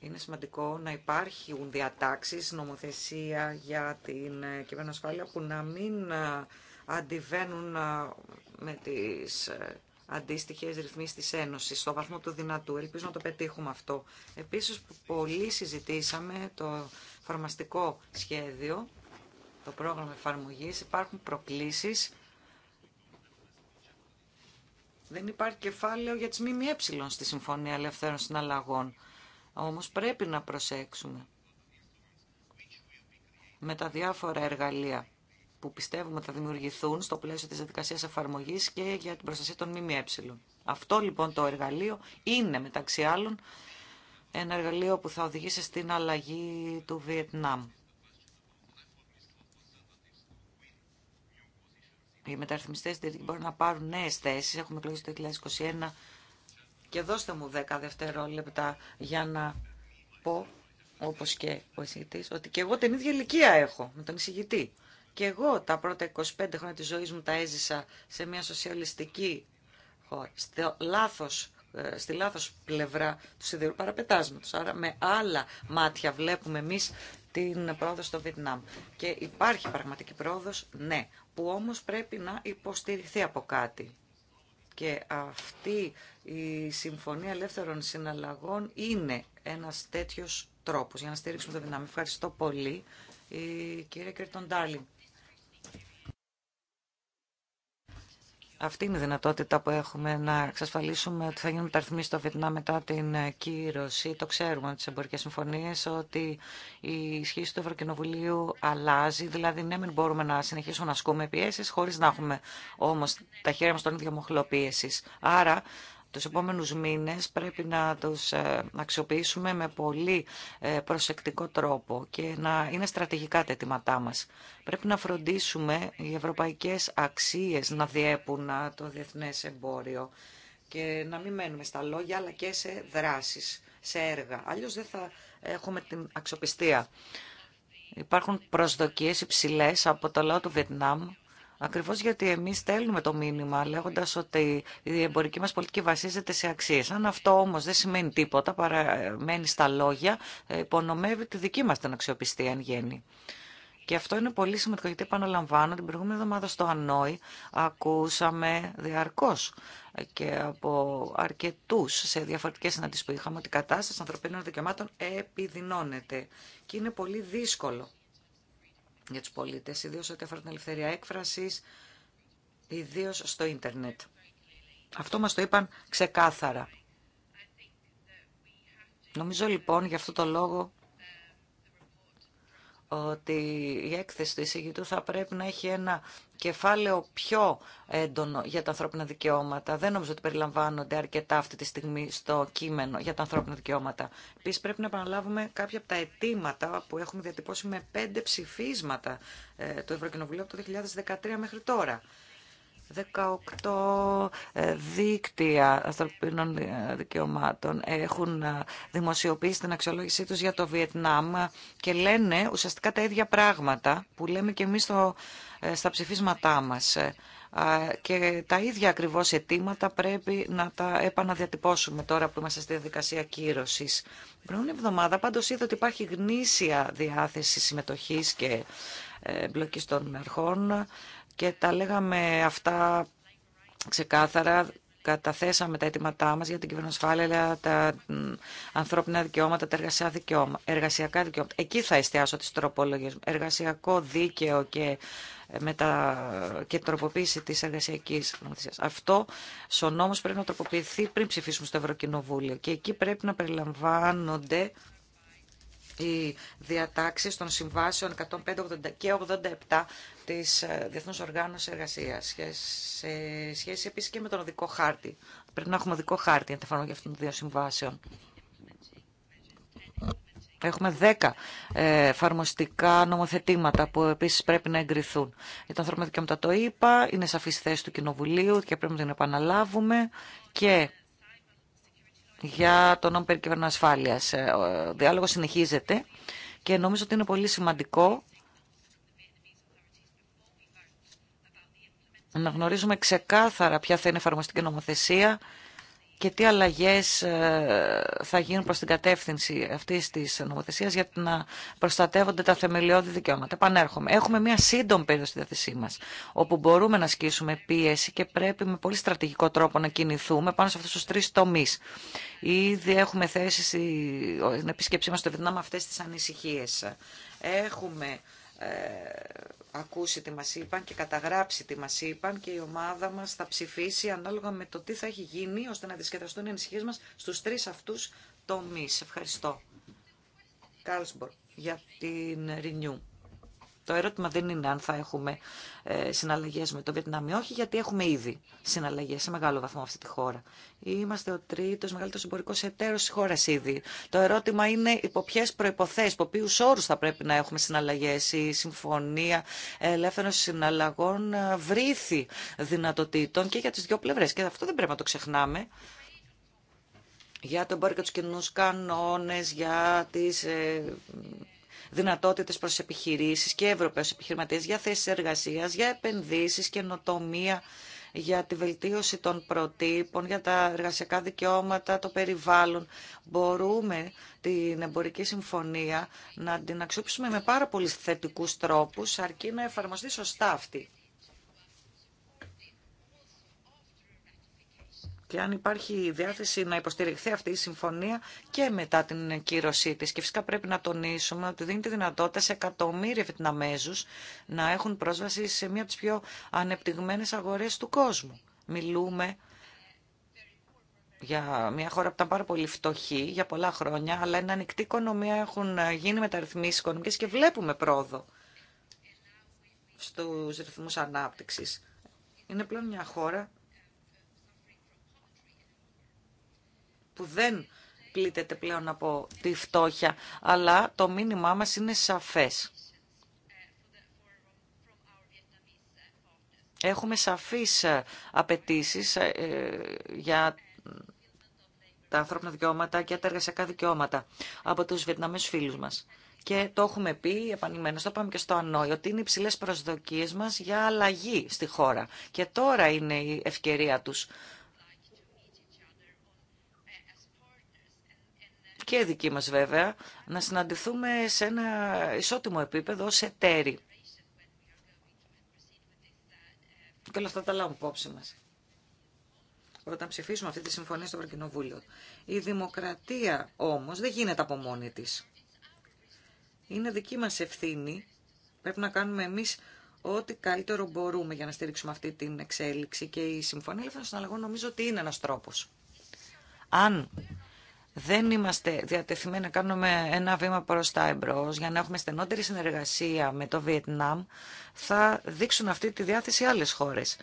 Είναι σημαντικό να υπάρχουν διατάξεις, νομοθεσία για την ε, ασφάλεια που να μην ε, αντιβαίνουν ε, με τις αντίστοιχες ρυθμίσεις της Ένωσης στο βαθμό του δυνατού. Ελπίζω να το πετύχουμε αυτό. Επίσης, πολύ συζητήσαμε το φαρμαστικό σχέδιο, το πρόγραμμα εφαρμογής. Υπάρχουν προκλήσεις. Δεν υπάρχει κεφάλαιο για τις ΜΜΕ στη Συμφωνία Ελευθέρων Συναλλαγών. Όμως πρέπει να προσέξουμε με τα διάφορα εργαλεία που πιστεύουμε θα δημιουργηθούν στο πλαίσιο της διαδικασίας εφαρμογής και για την προστασία των ΜΜΕ. Αυτό λοιπόν το εργαλείο είναι μεταξύ άλλων ένα εργαλείο που θα οδηγήσει στην αλλαγή του Βιετνάμ. Οι μεταρρυθμιστές μπορούν να πάρουν νέες θέσεις. Έχουμε εκλογές το 2021 και δώστε μου 10 δευτερόλεπτα για να πω, όπως και ο εισηγητής, ότι και εγώ την ίδια ηλικία έχω με τον εισηγητή. Και εγώ τα πρώτα 25 χρόνια της ζωής μου τα έζησα σε μια σοσιαλιστική χώρα, λάθος, ε, στη λάθος πλευρά του σιδηρού παραπετάσματος. Άρα με άλλα μάτια βλέπουμε εμείς την πρόοδο στο Βιετνάμ. Και υπάρχει πραγματική πρόοδος, ναι, που όμως πρέπει να υποστηριχθεί από κάτι. Και αυτή η Συμφωνία Ελεύθερων Συναλλαγών είναι ένας τέτοιος τρόπος για να στηρίξουμε το δυνάμει. Ευχαριστώ πολύ. Η κυρία Αυτή είναι η δυνατότητα που έχουμε να εξασφαλίσουμε ότι θα γίνουν μεταρρυθμίσει στο Βιετνάμ μετά την ε, κύρωση. Το ξέρουμε από τι εμπορικέ συμφωνίε ότι η ισχύση του Ευρωκοινοβουλίου αλλάζει. Δηλαδή, ναι, μην μπορούμε να συνεχίσουμε να ασκούμε πιέσει χωρί να έχουμε όμω τα χέρια μα στον ίδιο μοχλό Άρα, τους επόμενους μήνες πρέπει να τους ε, αξιοποιήσουμε με πολύ ε, προσεκτικό τρόπο και να είναι στρατηγικά τα αιτήματά μας. Πρέπει να φροντίσουμε οι ευρωπαϊκές αξίες να διέπουν ε, το διεθνές εμπόριο και να μην μένουμε στα λόγια αλλά και σε δράσεις, σε έργα. Αλλιώς δεν θα έχουμε την αξιοπιστία. Υπάρχουν προσδοκίες υψηλές από το λαό του Βιετνάμ Ακριβώ γιατί εμεί στέλνουμε το μήνυμα λέγοντα ότι η εμπορική μα πολιτική βασίζεται σε αξίε. Αν αυτό όμω δεν σημαίνει τίποτα, παραμένει στα λόγια, υπονομεύει τη δική μα την αξιοπιστία εν γέννη. Και αυτό είναι πολύ σημαντικό γιατί επαναλαμβάνω την προηγούμενη εβδομάδα στο Ανόη ακούσαμε διαρκώς και από αρκετούς σε διαφορετικές συναντήσεις που είχαμε ότι η κατάσταση ανθρωπίνων δικαιωμάτων επιδεινώνεται και είναι πολύ δύσκολο για τους πολίτες, ιδίως ό,τι αφορά την ελευθερία έκφρασης, ιδίως στο ίντερνετ. Αυτό μας το είπαν ξεκάθαρα. Νομίζω λοιπόν για αυτό το λόγο ότι η έκθεση του εισηγητού θα πρέπει να έχει ένα κεφάλαιο πιο έντονο για τα ανθρώπινα δικαιώματα. Δεν νομίζω ότι περιλαμβάνονται αρκετά αυτή τη στιγμή στο κείμενο για τα ανθρώπινα δικαιώματα. Επίση, πρέπει να επαναλάβουμε κάποια από τα αιτήματα που έχουμε διατυπώσει με πέντε ψηφίσματα ε, του Ευρωκοινοβουλίου από το 2013 μέχρι τώρα. 18 ε, δίκτυα ανθρωπίνων ε, δικαιωμάτων έχουν ε, δημοσιοποιήσει την αξιολόγησή τους για το Βιετνάμ και λένε ουσιαστικά τα ίδια πράγματα που λέμε και εμείς στα ψηφίσματά μας. Και τα ίδια ακριβώς αιτήματα πρέπει να τα επαναδιατυπώσουμε τώρα που είμαστε στη διαδικασία κύρωσης. Πριν εβδομάδα πάντως είδα ότι υπάρχει γνήσια διάθεση συμμετοχής και εμπλοκής των αρχών και τα λέγαμε αυτά ξεκάθαρα καταθέσαμε τα αιτήματά μας για την κυβερνοσφάλεια, τα ανθρώπινα δικαιώματα, τα εργασιακά δικαιώματα. Εκεί θα εστιάσω τις τροπολογίες μου. Εργασιακό δίκαιο και, ε, μετα... και τροποποίηση της εργασιακής νομοθεσίας. Αυτό στον νόμος πρέπει να τροποποιηθεί πριν ψηφίσουμε στο Ευρωκοινοβούλιο και εκεί πρέπει να περιλαμβάνονται οι διατάξεις των συμβάσεων 105 και 87 της ε, Διεθνούς Οργάνωσης Εργασίας σε σχέση επίσης και με τον οδικό χάρτη. Πρέπει να έχουμε οδικό χάρτη για την αυτών των δύο συμβάσεων. Έχουμε 10 ε, εφαρμοστικά νομοθετήματα που επίσης πρέπει να εγκριθούν. Για το και δικαιώματα το είπα, είναι σαφής θέση του Κοινοβουλίου και πρέπει να την επαναλάβουμε και για τον νόμο περί κυβερνοασφάλειας. Ε, ο διάλογος συνεχίζεται και νομίζω ότι είναι πολύ σημαντικό να γνωρίζουμε ξεκάθαρα ποια θα είναι η εφαρμοστική νομοθεσία και τι αλλαγές ε, θα γίνουν προς την κατεύθυνση αυτής της νομοθεσίας για να προστατεύονται τα θεμελιώδη δικαιώματα. Επανέρχομαι. Έχουμε μια σύντομη περίοδο στη διάθεσή μας, όπου μπορούμε να ασκήσουμε πίεση και πρέπει με πολύ στρατηγικό τρόπο να κινηθούμε πάνω σε αυτούς τους τρεις τομείς. Ήδη έχουμε θέσει στην επίσκεψή μας στο Βιετνάμ αυτές τις ανησυχίες. Έχουμε ε, ακούσει τι μας είπαν και καταγράψει τι μας είπαν και η ομάδα μας θα ψηφίσει ανάλογα με το τι θα έχει γίνει ώστε να δισκεδαστούν οι ανησυχίες μας στους τρεις αυτούς τομείς. Ευχαριστώ. Κάλσμπορ για την Renew. Το ερώτημα δεν είναι αν θα έχουμε ε, συναλλαγέ με το Βιετνάμ ή όχι, γιατί έχουμε ήδη συναλλαγέ σε μεγάλο βαθμό αυτή τη χώρα. Είμαστε ο τρίτο μεγαλύτερο εμπορικό εταίρο τη χώρα ήδη. Το ερώτημα είναι υπό ποιε προποθέσει, υπό ποιου όρου θα πρέπει να έχουμε συναλλαγέ. Η Συμφωνία Ελεύθερων Συναλλαγών ε, βρήθη δυνατοτήτων και για τι δύο πλευρέ. Και αυτό δεν πρέπει να το ξεχνάμε για τον εμπόριο και τους κοινού για τι. Ε, δυνατότητε προ επιχειρήσει και Ευρωπαίου επιχειρηματίε για θέσει εργασία, για επενδύσει, καινοτομία, για τη βελτίωση των προτύπων, για τα εργασιακά δικαιώματα, το περιβάλλον. Μπορούμε την εμπορική συμφωνία να την αξιοποιήσουμε με πάρα πολλού θετικού τρόπου, αρκεί να εφαρμοστεί σωστά αυτή. και αν υπάρχει διάθεση να υποστηριχθεί αυτή η συμφωνία και μετά την κύρωσή της. Και φυσικά πρέπει να τονίσουμε ότι δίνει τη δυνατότητα σε εκατομμύρια Βιτναμέζους να έχουν πρόσβαση σε μία από τις πιο ανεπτυγμένες αγορές του κόσμου. Μιλούμε για μια χώρα που ήταν πάρα πολύ φτωχή για πολλά χρόνια, αλλά είναι ανοιχτή οικονομία, έχουν γίνει μεταρρυθμίσεις οικονομικές και βλέπουμε πρόοδο στους ρυθμούς ανάπτυξης. Είναι πλέον μια χώρα που δεν πλήττεται πλέον από τη φτώχεια, αλλά το μήνυμά μας είναι σαφές. Έχουμε σαφείς ε, απαιτήσει ε, ε, για τα ανθρώπινα δικαιώματα και τα εργασιακά δικαιώματα από τους Βιετναμίους φίλους μας. Και το έχουμε πει επανειμένως, το είπαμε και στο Ανόη, ότι είναι υψηλές προσδοκίες μας για αλλαγή στη χώρα. Και τώρα είναι η ευκαιρία τους και δική μας βέβαια, να συναντηθούμε σε ένα ισότιμο επίπεδο ως εταίροι. Και όλα αυτά τα λάβουμε υπόψη μας. Όταν ψηφίσουμε αυτή τη συμφωνία στο Ευρωκοινοβούλιο. Η δημοκρατία όμως δεν γίνεται από μόνη της. Είναι δική μας ευθύνη. Πρέπει να κάνουμε εμείς ό,τι καλύτερο μπορούμε για να στηρίξουμε αυτή την εξέλιξη και η Συμφωνία Ελεύθερων Συναλλαγών νομίζω ότι είναι ένας τρόπος. Αν δεν είμαστε διατεθειμένοι να κάνουμε ένα βήμα προς τα εμπρός για να έχουμε στενότερη συνεργασία με το Βιετνάμ, θα δείξουν αυτή τη διάθεση άλλες χώρες.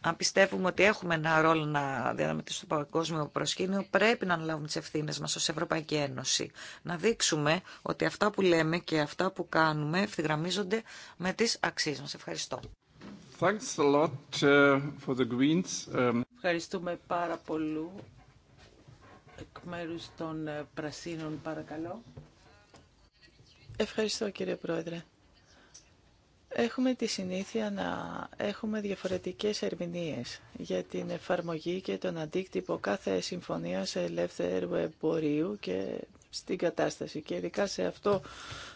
Αν πιστεύουμε ότι έχουμε ένα ρόλο να διαδραματίσουμε στο παγκόσμιο προσκήνιο, πρέπει να αναλάβουμε τι ευθύνε μα ω Ευρωπαϊκή Ένωση. Να δείξουμε ότι αυτά που λέμε και αυτά που κάνουμε ευθυγραμμίζονται με τι αξίε μα. Ευχαριστώ. Uh, um, Ευχαριστούμε πάρα πολύ εκ μέρου των ε, Πρασίνων, παρακαλώ. Ευχαριστώ, κύριε Πρόεδρε. Έχουμε τη συνήθεια να έχουμε διαφορετικές ερμηνείες για την εφαρμογή και τον αντίκτυπο κάθε σε ελεύθερου εμπορίου και στην κατάσταση και ειδικά σε αυτό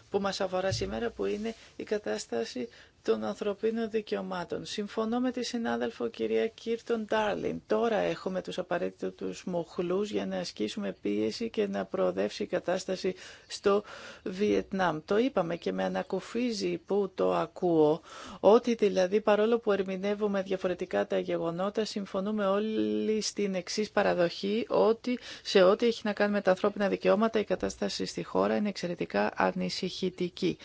που μας αφορά σήμερα που είναι η κατάσταση των ανθρωπίνων δικαιωμάτων. Συμφωνώ με τη συνάδελφο κυρία Κίρτον Ντάρλιν. Τώρα έχουμε τους απαραίτητους μοχλούς για να ασκήσουμε πίεση και να προοδεύσει η κατάσταση στο Βιετνάμ. Το είπαμε και με ανακουφίζει που το ακούω, ότι δηλαδή παρόλο που ερμηνεύουμε διαφορετικά τα γεγονότα, συμφωνούμε όλοι στην εξή παραδοχή ότι σε ό,τι έχει να κάνει με τα ανθρώπινα δικαιώματα η κατάσταση στη χώρα είναι εξαιρετικά ανησυχητική.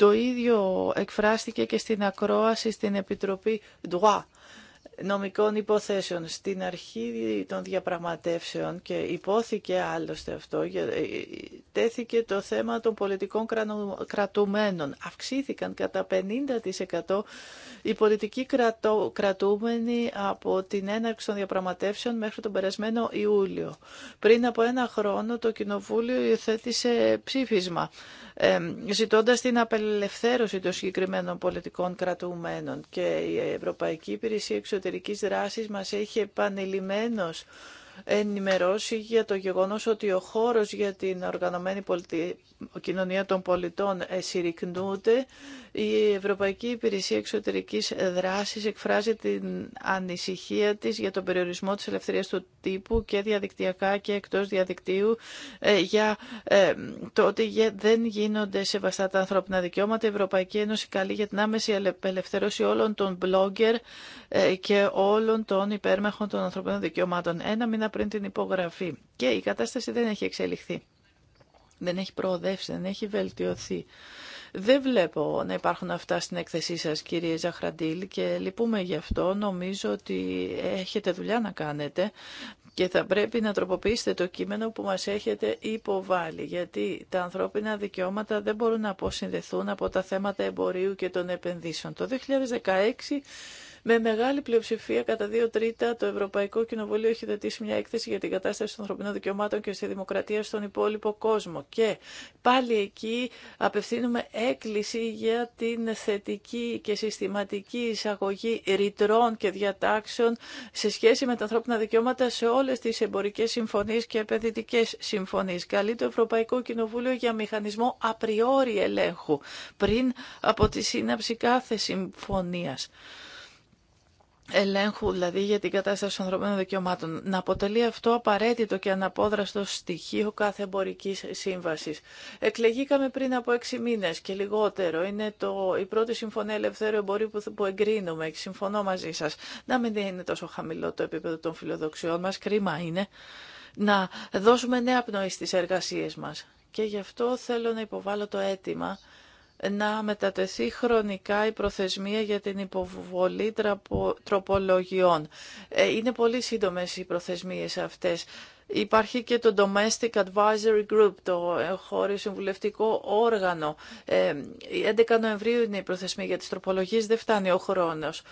Το ίδιο εκφράστηκε και στην ακρόαση στην Επιτροπή ΔΟΑ νομικών υποθέσεων. Στην αρχή των διαπραγματεύσεων και υπόθηκε άλλωστε αυτό, ε, ε, τέθηκε το θέμα των πολιτικών κρατουμένων. Αυξήθηκαν κατά 50% οι πολιτικοί κρατούμενοι από την έναρξη των διαπραγματεύσεων μέχρι τον περασμένο Ιούλιο. Πριν από ένα χρόνο το Κοινοβούλιο υιοθέτησε ψήφισμα ζητώντας την απελευθέρωση των συγκεκριμένων πολιτικών κρατουμένων. Και η Ευρωπαϊκή Υπηρεσία Εξωτερικής Δράσης μας έχει επανειλημμένως ενημερώσει για το γεγονός ότι ο χώρος για την οργανωμένη κοινωνία των πολιτών συρρυκνούνται. Η Ευρωπαϊκή Υπηρεσία Εξωτερικής Δράσης εκφράζει την ανησυχία της για τον περιορισμό της ελευθερίας του τύπου και διαδικτυακά και εκτός διαδικτύου ε, για ε, το ότι δεν γίνονται σεβαστά τα ανθρώπινα δικαιώματα. Η Ευρωπαϊκή Ένωση καλεί για την άμεση απελευθέρωση όλων των blogger ε, και όλων των υπέρμαχων των ανθρωπίνων δικαιωμάτων. Ένα μήνα πριν την υπογραφή. Και η κατάσταση δεν έχει εξελιχθεί. Δεν έχει προοδεύσει, δεν έχει βελτιωθεί. Δεν βλέπω να υπάρχουν αυτά στην έκθεσή σας, κύριε Ζαχραντήλ, και λυπούμε γι' αυτό. Νομίζω ότι έχετε δουλειά να κάνετε και θα πρέπει να τροποποιήσετε το κείμενο που μας έχετε υποβάλει, γιατί τα ανθρώπινα δικαιώματα δεν μπορούν να αποσυνδεθούν από τα θέματα εμπορίου και των επενδύσεων. Το 2016 με μεγάλη πλειοψηφία, κατά δύο τρίτα, το Ευρωπαϊκό Κοινοβούλιο έχει δοτήσει μια έκθεση για την κατάσταση των ανθρωπινών δικαιωμάτων και στη δημοκρατία στον υπόλοιπο κόσμο. Και πάλι εκεί απευθύνουμε έκκληση για την θετική και συστηματική εισαγωγή ρητρών και διατάξεων σε σχέση με τα ανθρώπινα δικαιώματα σε όλε τι εμπορικέ συμφωνίε και επενδυτικέ συμφωνίε. Καλεί το Ευρωπαϊκό Κοινοβούλιο για μηχανισμό απριόρι ελέγχου πριν από τη σύναψη κάθε συμφωνία ελέγχου δηλαδή για την κατάσταση των ανθρωπίνων δικαιωμάτων. Να αποτελεί αυτό απαραίτητο και αναπόδραστο στοιχείο κάθε εμπορική σύμβαση. Εκλεγήκαμε πριν από έξι μήνε και λιγότερο. Είναι το, η πρώτη συμφωνία ελευθέρου εμπορίου που, που εγκρίνουμε και συμφωνώ μαζί σα. Να μην είναι τόσο χαμηλό το επίπεδο των φιλοδοξιών μα. Κρίμα είναι. Να δώσουμε νέα πνοή στι εργασίε μα. Και γι' αυτό θέλω να υποβάλω το αίτημα να μετατεθεί χρονικά η προθεσμία για την υποβολή τροπολογιών. Ε, είναι πολύ σύντομες οι προθεσμίες αυτές. Υπάρχει και το Domestic Advisory Group, το χώριο συμβουλευτικό όργανο. 11 ε, Νοεμβρίου είναι η προθεσμία για τις τροπολογίες, δεν φτάνει ο χρόνος.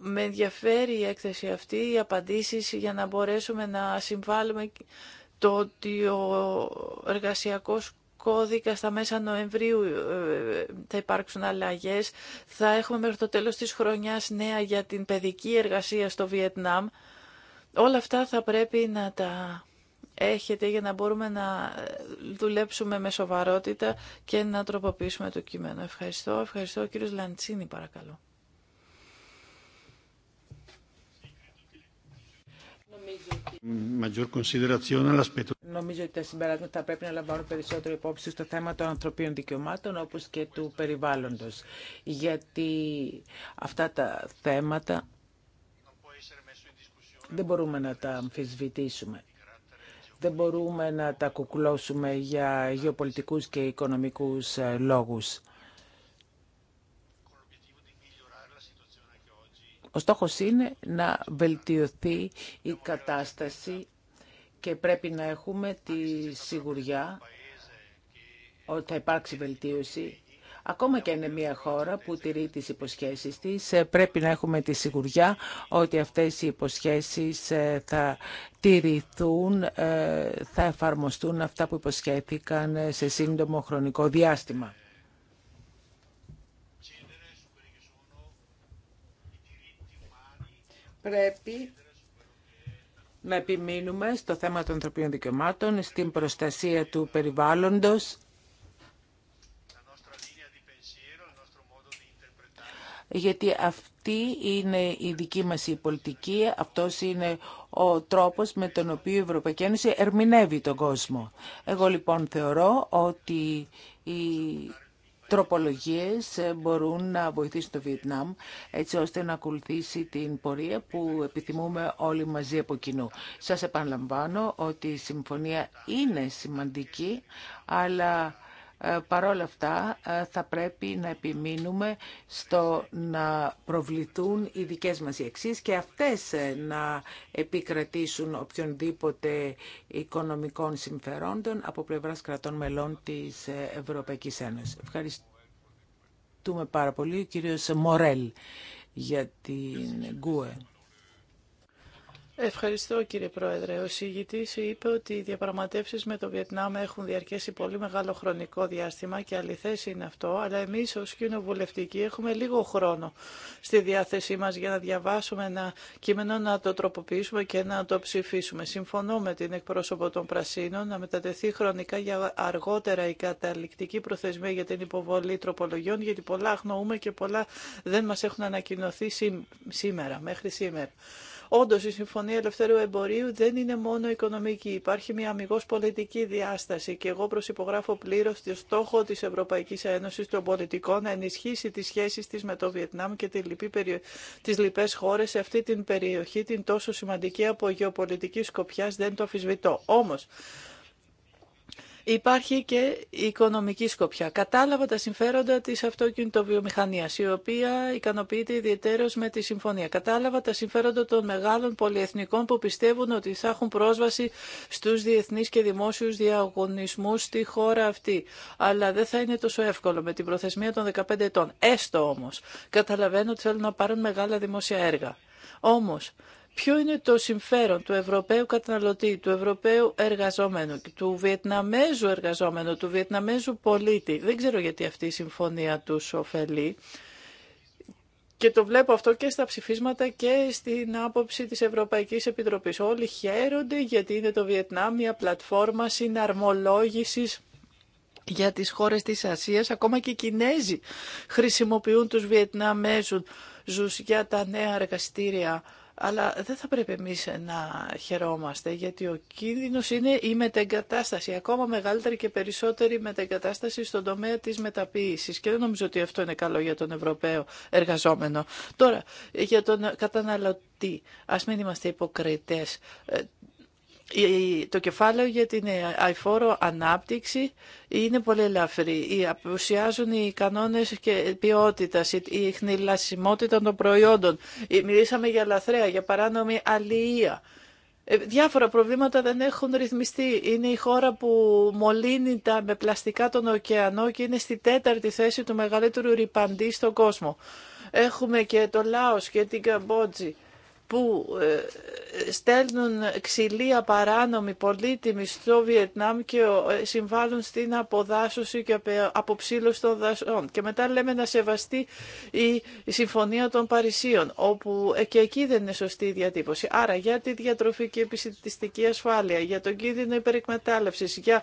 Με ενδιαφέρει η έκθεση αυτή, οι απαντήσεις για να μπορέσουμε να συμβάλλουμε το ότι ο εργασιακός κώδικα στα μέσα Νοεμβρίου ε, θα υπάρξουν αλλαγές. Θα έχουμε μέχρι το τέλος της χρονιάς νέα για την παιδική εργασία στο Βιετνάμ. Όλα αυτά θα πρέπει να τα έχετε για να μπορούμε να δουλέψουμε με σοβαρότητα και να τροποποιήσουμε το κείμενο. Ευχαριστώ. Ευχαριστώ. Ο κύριος Λαντσίνη παρακαλώ. Νομίζω ότι τα συμπεράσματα θα πρέπει να λαμβάνουν περισσότερο υπόψη στο θέμα των ανθρωπίνων δικαιωμάτων όπως και του περιβάλλοντος. Γιατί αυτά τα θέματα δεν μπορούμε να τα αμφισβητήσουμε. Δεν μπορούμε να τα κουκλώσουμε για γεωπολιτικούς και οικονομικούς ε, λόγους. Ο στόχος είναι να βελτιωθεί η κατάσταση και πρέπει να έχουμε τη σιγουριά ότι θα υπάρξει βελτίωση. Ακόμα και αν είναι μια χώρα που τηρεί τις υποσχέσεις της, ε, πρέπει να έχουμε τη σιγουριά ότι αυτές οι υποσχέσεις ε, θα τηρηθούν, ε, θα εφαρμοστούν αυτά που υποσχέθηκαν σε σύντομο χρονικό διάστημα. πρέπει να επιμείνουμε στο θέμα των ανθρωπίνων δικαιωμάτων, στην προστασία του περιβάλλοντος, γιατί αυτή είναι η δική μας η πολιτική, αυτός είναι ο τρόπος με τον οποίο η Ευρωπαϊκή Ένωση ερμηνεύει τον κόσμο. Εγώ λοιπόν θεωρώ ότι η τροπολογίες ε, μπορούν να βοηθήσουν το Βιετνάμ έτσι ώστε να ακολουθήσει την πορεία που επιθυμούμε όλοι μαζί από κοινού. Σας επαναλαμβάνω ότι η συμφωνία είναι σημαντική, αλλά ε, όλα αυτά ε, θα πρέπει να επιμείνουμε στο να προβληθούν οι δικές μας οι και αυτές ε, να επικρατήσουν οποιονδήποτε οικονομικών συμφερόντων από πλευράς κρατών μελών της Ευρωπαϊκής Ένωσης. Ευχαριστούμε πάρα πολύ ο Μορέλ για την ΓΚΟΕ. Ευχαριστώ κύριε Πρόεδρε. Ο συγητής είπε ότι οι διαπραγματεύσεις με το Βιετνάμ έχουν διαρκέσει πολύ μεγάλο χρονικό διάστημα και αληθές είναι αυτό, αλλά εμείς ως κοινοβουλευτικοί έχουμε λίγο χρόνο στη διάθεσή μας για να διαβάσουμε ένα κείμενο, να το τροποποιήσουμε και να το ψηφίσουμε. Συμφωνώ με την εκπρόσωπο των Πρασίνων να μετατεθεί χρονικά για αργότερα η καταληκτική προθεσμία για την υποβολή τροπολογιών, γιατί πολλά αγνοούμε και πολλά δεν μας έχουν ανακοινωθεί σήμερα, μέχρι σήμερα. Όντω, η Συμφωνία Ελευθέρου Εμπορίου δεν είναι μόνο οικονομική. Υπάρχει μια αμυγό πολιτική διάσταση και εγώ προσυπογράφω πλήρω το στόχο τη Ευρωπαϊκή Ένωση των Πολιτικών να ενισχύσει τι σχέσει τη με το Βιετνάμ και τι λοιπέ χώρε σε αυτή την περιοχή, την τόσο σημαντική από γεωπολιτική σκοπιά, δεν το αφισβητώ. Όμω, Υπάρχει και η οικονομική σκοπιά. Κατάλαβα τα συμφέροντα τη αυτοκινητοβιομηχανία, η οποία ικανοποιείται ιδιαίτερω με τη συμφωνία. Κατάλαβα τα συμφέροντα των μεγάλων πολυεθνικών που πιστεύουν ότι θα έχουν πρόσβαση στου διεθνεί και δημόσιου διαγωνισμού στη χώρα αυτή. Αλλά δεν θα είναι τόσο εύκολο με την προθεσμία των 15 ετών. Έστω όμω, καταλαβαίνω ότι θέλουν να πάρουν μεγάλα δημόσια έργα. Όμως, ποιο είναι το συμφέρον του Ευρωπαίου καταναλωτή, του Ευρωπαίου εργαζόμενου, του Βιετναμέζου εργαζόμενου, του Βιετναμέζου πολίτη. Δεν ξέρω γιατί αυτή η συμφωνία τους ωφελεί. Και το βλέπω αυτό και στα ψηφίσματα και στην άποψη της Ευρωπαϊκής Επιτροπής. Όλοι χαίρονται γιατί είναι το Βιετνάμ μια πλατφόρμα συναρμολόγησης για τις χώρες της Ασίας. Ακόμα και οι Κινέζοι χρησιμοποιούν τους Βιετναμέζους για τα νέα εργαστήρια αλλά δεν θα πρέπει εμείς να χαιρόμαστε γιατί ο κίνδυνος είναι η μετεγκατάσταση, ακόμα μεγαλύτερη και περισσότερη μετεγκατάσταση στον τομέα της μεταποίησης και δεν νομίζω ότι αυτό είναι καλό για τον Ευρωπαίο εργαζόμενο. Τώρα, για τον καταναλωτή, ας μην είμαστε υποκριτές. Ε, το κεφάλαιο για την ε, αηφόρο ανάπτυξη είναι πολύ ελαφρύ. Απουσιάζουν οι κανόνες και ποιότητα, η χνηλασιμότητα των προϊόντων. Μιλήσαμε για λαθρέα, για παράνομη αλληλεία. Ε, διάφορα προβλήματα δεν έχουν ρυθμιστεί. Είναι η χώρα που μολύνει τα με πλαστικά τον ωκεανό και είναι στη τέταρτη θέση του μεγαλύτερου ρηπαντή στον κόσμο. Έχουμε και το Λάος και την Καμπότζη που ε, στέλνουν ξυλία παράνομη πολύτιμη στο Βιετνάμ και ε, συμβάλλουν στην αποδάσωση και αποψήλωση των δασών. Και μετά λέμε να σεβαστεί η Συμφωνία των Παρισίων, όπου ε, και εκεί δεν είναι σωστή η διατύπωση. Άρα για τη διατροφική επιστημιστική ασφάλεια, για τον κίνδυνο υπερεκμετάλλευση, για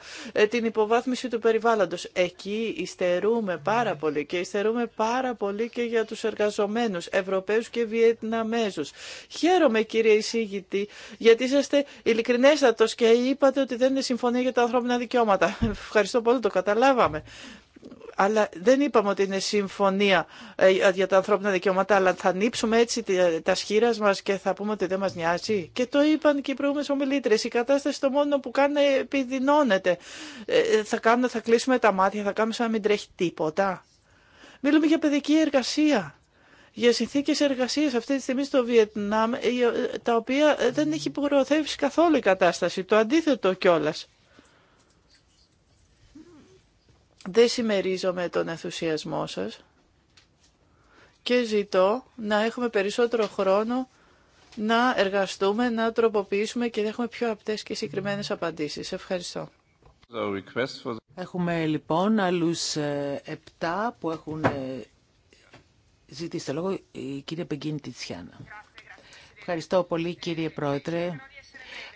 την υποβάθμιση του περιβάλλοντος. Εκεί υστερούμε πάρα πολύ και υστερούμε πάρα πολύ και για τους εργαζομένους, Ευρωπαίους και Βιετναμέζους. Χαίρομαι κύριε εισήγητη, γιατί είσαστε ειλικρινέστατος και είπατε ότι δεν είναι συμφωνία για τα ανθρώπινα δικαιώματα. Ευχαριστώ πολύ, το καταλάβαμε. Αλλά δεν είπαμε ότι είναι συμφωνία ε, για τα ανθρώπινα δικαιώματα, αλλά θα νύψουμε έτσι τα σχήρα μα και θα πούμε ότι δεν μα νοιάζει. Και το είπαν και οι προηγούμενε ομιλήτρε. Η κατάσταση το μόνο που κάνει επιδεινώνεται. Ε, θα, κάνουμε, θα κλείσουμε τα μάτια, θα κάνουμε σαν να μην τρέχει τίποτα. Μιλούμε για παιδική εργασία για συνθήκες εργασίας αυτή τη στιγμή στο Βιετνάμ, ε, ε, τα οποία ε, δεν έχει υπογροθεύσει καθόλου η κατάσταση, το αντίθετο κιόλας. Δεν συμμερίζομαι τον ενθουσιασμό σας και ζητώ να έχουμε περισσότερο χρόνο να εργαστούμε, να τροποποιήσουμε και να έχουμε πιο απτές και συγκεκριμένες απαντήσεις. Ευχαριστώ. Έχουμε λοιπόν άλλους 7 που έχουν Ζητήστε λόγο η κυρία Πεγκίνη Τιτσιάνα. Ευχαριστώ πολύ κύριε Πρόεδρε.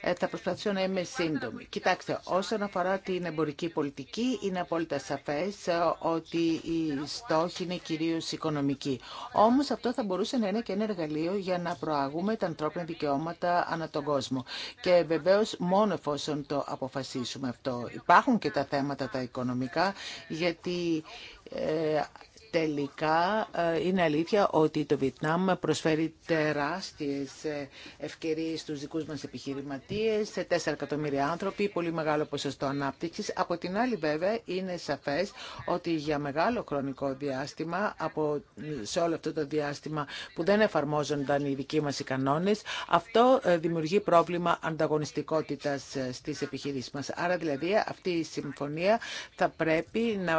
Ε, θα προσπαθήσω να είμαι σύντομη. Κοιτάξτε, όσον αφορά την εμπορική πολιτική, είναι απόλυτα σαφές ε, ότι οι στόχοι είναι κυρίως οικονομικοί. Όμως αυτό θα μπορούσε να είναι και ένα εργαλείο για να προάγουμε τα ανθρώπινα δικαιώματα ανά τον κόσμο. Και βεβαίως μόνο εφόσον το αποφασίσουμε αυτό. Υπάρχουν και τα θέματα τα οικονομικά, γιατί ε, Τελικά ε, είναι αλήθεια ότι το Βιετνάμ προσφέρει τεράστιες ε, ευκαιρίες στους δικούς μας επιχειρηματίες, 4 εκατομμύρια άνθρωποι, πολύ μεγάλο ποσοστό ανάπτυξης. Από την άλλη βέβαια είναι σαφές ότι για μεγάλο χρονικό διάστημα, από, σε όλο αυτό το διάστημα που δεν εφαρμόζονταν οι δικοί μας οι κανόνες, αυτό ε, δημιουργεί πρόβλημα ανταγωνιστικότητας στις επιχειρήσεις μας. Άρα δηλαδή αυτή η συμφωνία θα πρέπει να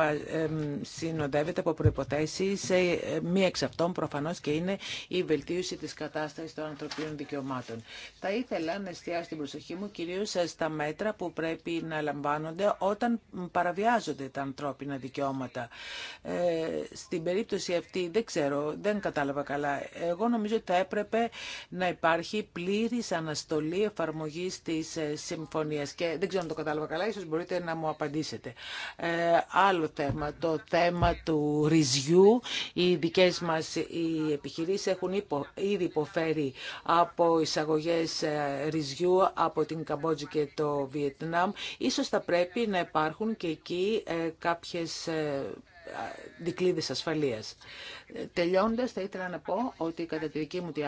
συνοδεύεται από προπολογισμό προϋποθέσεις. Ε, μία εξ αυτών προφανώς και είναι η βελτίωση της κατάστασης των ανθρωπίνων δικαιωμάτων. Θα ήθελα να εστιάσω την προσοχή μου κυρίως στα μέτρα που πρέπει να λαμβάνονται όταν παραβιάζονται τα ανθρώπινα δικαιώματα. Ε, στην περίπτωση αυτή δεν ξέρω, δεν κατάλαβα καλά. Εγώ νομίζω ότι θα έπρεπε να υπάρχει πλήρης αναστολή εφαρμογής της ε, συμφωνίας και δεν ξέρω αν το κατάλαβα καλά, ίσως μπορείτε να μου απαντήσετε. Ε, άλλο θέμα, το θέμα του οι δικές μας οι επιχειρήσεις έχουν ήδη υποφέρει από εισαγωγέ ε, ρυζιού από την Καμπότζη και το Βιετνάμ. Ίσως θα πρέπει να υπάρχουν και εκεί ε, κάποιες ε, δικλείδες ασφαλείας. Ε, τελειώντας, θα ήθελα να πω ότι κατά τη δική μου τη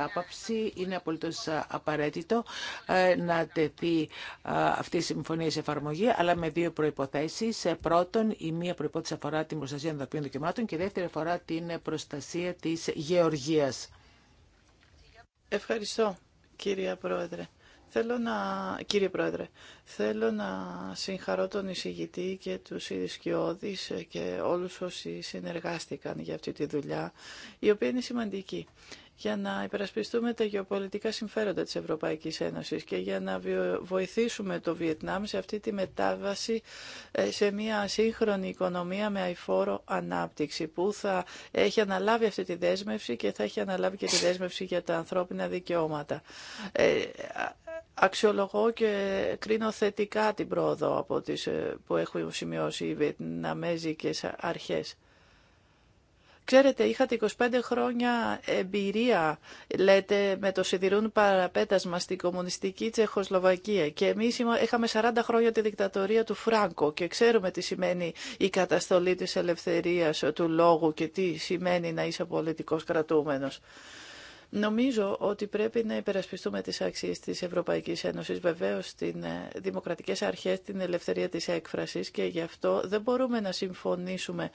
είναι απολύτως απαραίτητο ε, να τεθεί αυτή η συμφωνία σε εφαρμογή, αλλά με δύο προϋποθέσεις. Ε, πρώτον, η μία προϋπόθεση αφορά την προστασία των ανθρωπίνων δικαιωμάτων και δεύτερη αφορά την προστασία της γεωργίας. Ευχαριστώ, κυρία Πρόεδρε. Θέλω να, κύριε Πρόεδρε, θέλω να συγχαρώ τον εισηγητή και τους ειδησκιώδεις και όλους όσοι συνεργάστηκαν για αυτή τη δουλειά, η οποία είναι σημαντική για να υπερασπιστούμε τα γεωπολιτικά συμφέροντα της Ευρωπαϊκής Ένωσης και για να βοηθήσουμε το Βιετνάμ σε αυτή τη μετάβαση ε, σε μια σύγχρονη οικονομία με αηφόρο ανάπτυξη που θα έχει αναλάβει αυτή τη δέσμευση και θα έχει αναλάβει και τη δέσμευση για τα ανθρώπινα δικαιώματα. Ε, Αξιολογώ και κρίνω θετικά την πρόοδο από τις, ε, που έχουν σημειώσει οι Βιετναμέζικες αρχές. Ξέρετε, είχατε 25 χρόνια εμπειρία, λέτε, με το σιδηρούν παραπέτασμα στην κομμουνιστική Τσεχοσλοβακία και εμείς είχαμε 40 χρόνια τη δικτατορία του Φράγκο και ξέρουμε τι σημαίνει η καταστολή της ελευθερίας του λόγου και τι σημαίνει να είσαι πολιτικός κρατούμενος. Νομίζω ότι πρέπει να υπερασπιστούμε τις αξίες της Ευρωπαϊκής Ένωσης, βεβαίως στις ε, δημοκρατικές αρχές, την ελευθερία της έκφρασης και γι' αυτό δεν μπορούμε να συμφωνήσουμε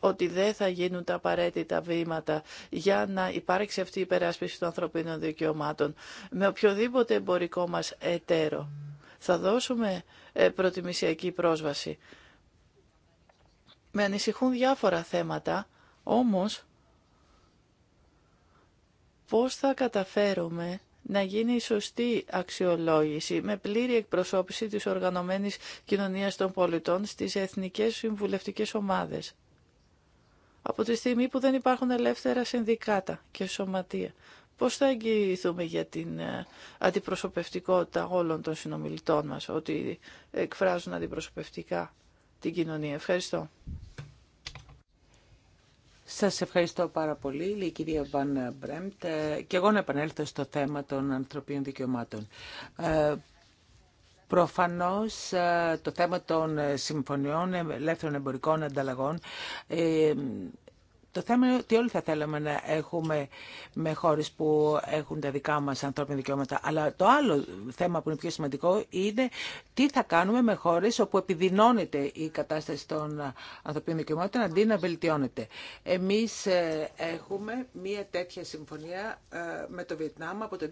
ότι δεν θα γίνουν τα απαραίτητα βήματα για να υπάρξει αυτή η υπεράσπιση των ανθρωπίνων δικαιωμάτων με οποιοδήποτε εμπορικό μας εταίρο. Θα δώσουμε ε, προτιμησιακή πρόσβαση. Με ανησυχούν διάφορα θέματα, όμως πώς θα καταφέρουμε να γίνει η σωστή αξιολόγηση με πλήρη εκπροσώπηση της οργανωμένης κοινωνίας των πολιτών στις εθνικές συμβουλευτικές ομάδες. Από τη στιγμή που δεν υπάρχουν ελεύθερα συνδικάτα και σωματεία, πώς θα εγγυηθούμε για την ε, αντιπροσωπευτικότητα όλων των συνομιλητών μας, ότι εκφράζουν αντιπροσωπευτικά την κοινωνία. Ευχαριστώ. Σας ευχαριστώ πάρα πολύ, λέει η κυρία Βαν Μπρέμπτ. Ε, και εγώ να επανέλθω στο θέμα των ανθρωπίνων δικαιωμάτων. Ε, προφανώς ε, το θέμα των συμφωνιών ελεύθερων εμπορικών ανταλλαγών το θέμα είναι ότι όλοι θα θέλαμε να έχουμε με χώρε που έχουν τα δικά μα ανθρώπινα δικαιώματα. Αλλά το άλλο θέμα που είναι πιο σημαντικό είναι τι θα κάνουμε με χώρε όπου επιδεινώνεται η κατάσταση των ανθρωπίνων δικαιωμάτων αντί να βελτιώνεται. Εμεί ε, έχουμε μία τέτοια συμφωνία ε, με το Βιετνάμ από το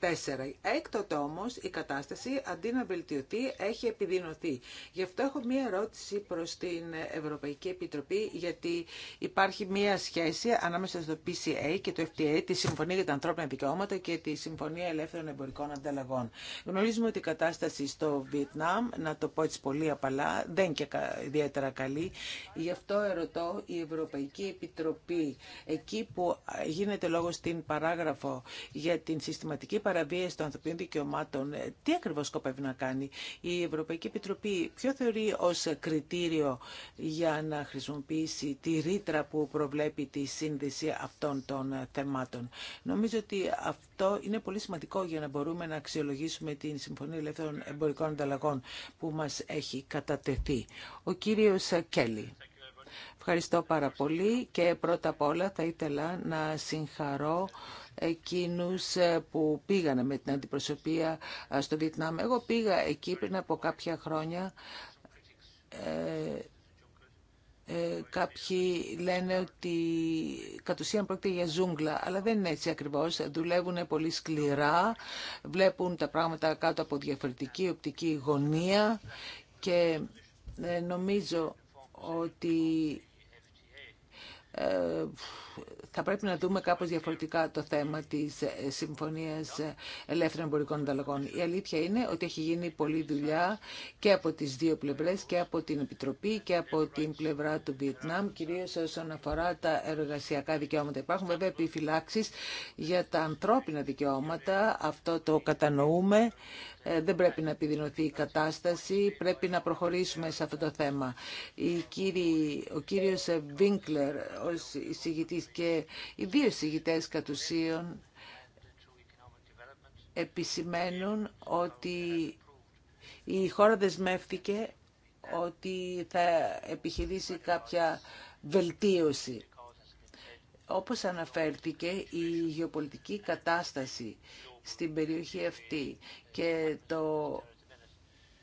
2014. Έκτοτε όμω η κατάσταση αντί να βελτιωθεί έχει επιδεινωθεί. Γι' αυτό έχω μία ερώτηση προ την Ευρωπαϊκή Επιτροπή γιατί υπάρχει μία σχέση ανάμεσα στο PCA και το FTA, τη Συμφωνία για τα Ανθρώπινα Δικαιώματα και τη Συμφωνία Ελεύθερων Εμπορικών Ανταλλαγών. Γνωρίζουμε ότι η κατάσταση στο Βιετνάμ, να το πω έτσι πολύ απαλά, δεν και ιδιαίτερα καλή. Γι' αυτό ερωτώ η Ευρωπαϊκή Επιτροπή, εκεί που γίνεται λόγο στην παράγραφο για την συστηματική παραβίαση των ανθρωπίνων δικαιωμάτων, ε, τι ακριβώ σκοπεύει να κάνει η Ευρωπαϊκή Επιτροπή, ποιο θεωρεί ω κριτήριο για να χρησιμοποιήσει τη ρήτρα που προβλέπει τη σύνδεση αυτών των ε, θεμάτων. Νομίζω ότι αυτό είναι πολύ σημαντικό για να μπορούμε να αξιολογήσουμε την Συμφωνία Ελεύθερων Εμπορικών Ανταλλαγών που μας έχει κατατεθεί. Ο κύριος Κέλλη. Ευχαριστώ πάρα πολύ και πρώτα απ' όλα θα ήθελα να συγχαρώ εκείνους ε, που πήγαν με την αντιπροσωπεία ε, στο Βιετνάμ. Εγώ πήγα εκεί πριν από κάποια χρόνια ε, κάποιοι λένε ότι κατ' ουσίαν πρόκειται για ζούγκλα, αλλά δεν είναι έτσι ακριβώς. Δουλεύουν πολύ σκληρά, βλέπουν τα πράγματα κάτω από διαφορετική οπτική γωνία και ε, νομίζω ότι ε, θα πρέπει να δούμε κάπως διαφορετικά το θέμα της ε, Συμφωνίας ε, Ελεύθερων Εμπορικών Ανταλλαγών. Η αλήθεια είναι ότι έχει γίνει πολλή δουλειά και από τις δύο πλευρές, και από την Επιτροπή και από την πλευρά του Βιετνάμ, κυρίως όσον αφορά τα εργασιακά δικαιώματα. Υπάρχουν βέβαια επιφυλάξεις για τα ανθρώπινα δικαιώματα, αυτό το κατανοούμε. Δεν πρέπει να επιδεινωθεί η κατάσταση, πρέπει να προχωρήσουμε σε αυτό το θέμα. Ο κύριος Βίνκλερ, ω εισηγητής και οι δύο συγητές κατ' ουσίων επισημαίνουν ότι η χώρα δεσμεύτηκε ότι θα επιχειρήσει κάποια βελτίωση. Όπως αναφέρθηκε, η γεωπολιτική κατάσταση στην περιοχή αυτή και το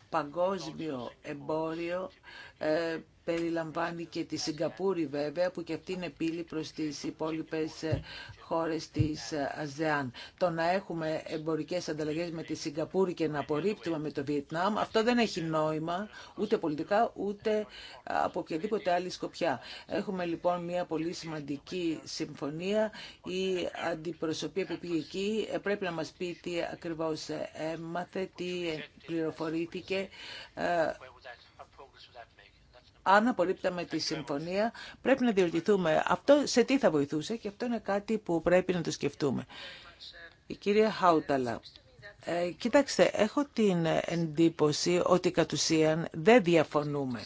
παγκόσμιο εμπόριο ε, περιλαμβάνει και τη Σιγκαπούρη βέβαια που και αυτή είναι πύλη προς τις υπόλοιπες ε, χώρες της ε, ΑΖΕΑΝ. Το να έχουμε εμπορικές ανταλλαγές με τη Σιγκαπούρη και να απορρίπτουμε με το Βιετνάμ, αυτό δεν έχει νόημα ούτε πολιτικά ούτε από οποιαδήποτε άλλη σκοπιά. Έχουμε λοιπόν μια πολύ σημαντική συμφωνία. Η αντιπροσωπεία που πήγε εκεί ε, πρέπει να μας πει τι ακριβώς έμαθε, τι πληροφορήθηκε αν απολύπταμε τη συμφωνία, πρέπει να διορτηθούμε αυτό σε τι θα βοηθούσε και αυτό είναι κάτι που πρέπει να το σκεφτούμε. Η κυρία Χάουταλα. Ε, κοιτάξτε, έχω την εντύπωση ότι κατ' ουσίαν δεν διαφωνούμε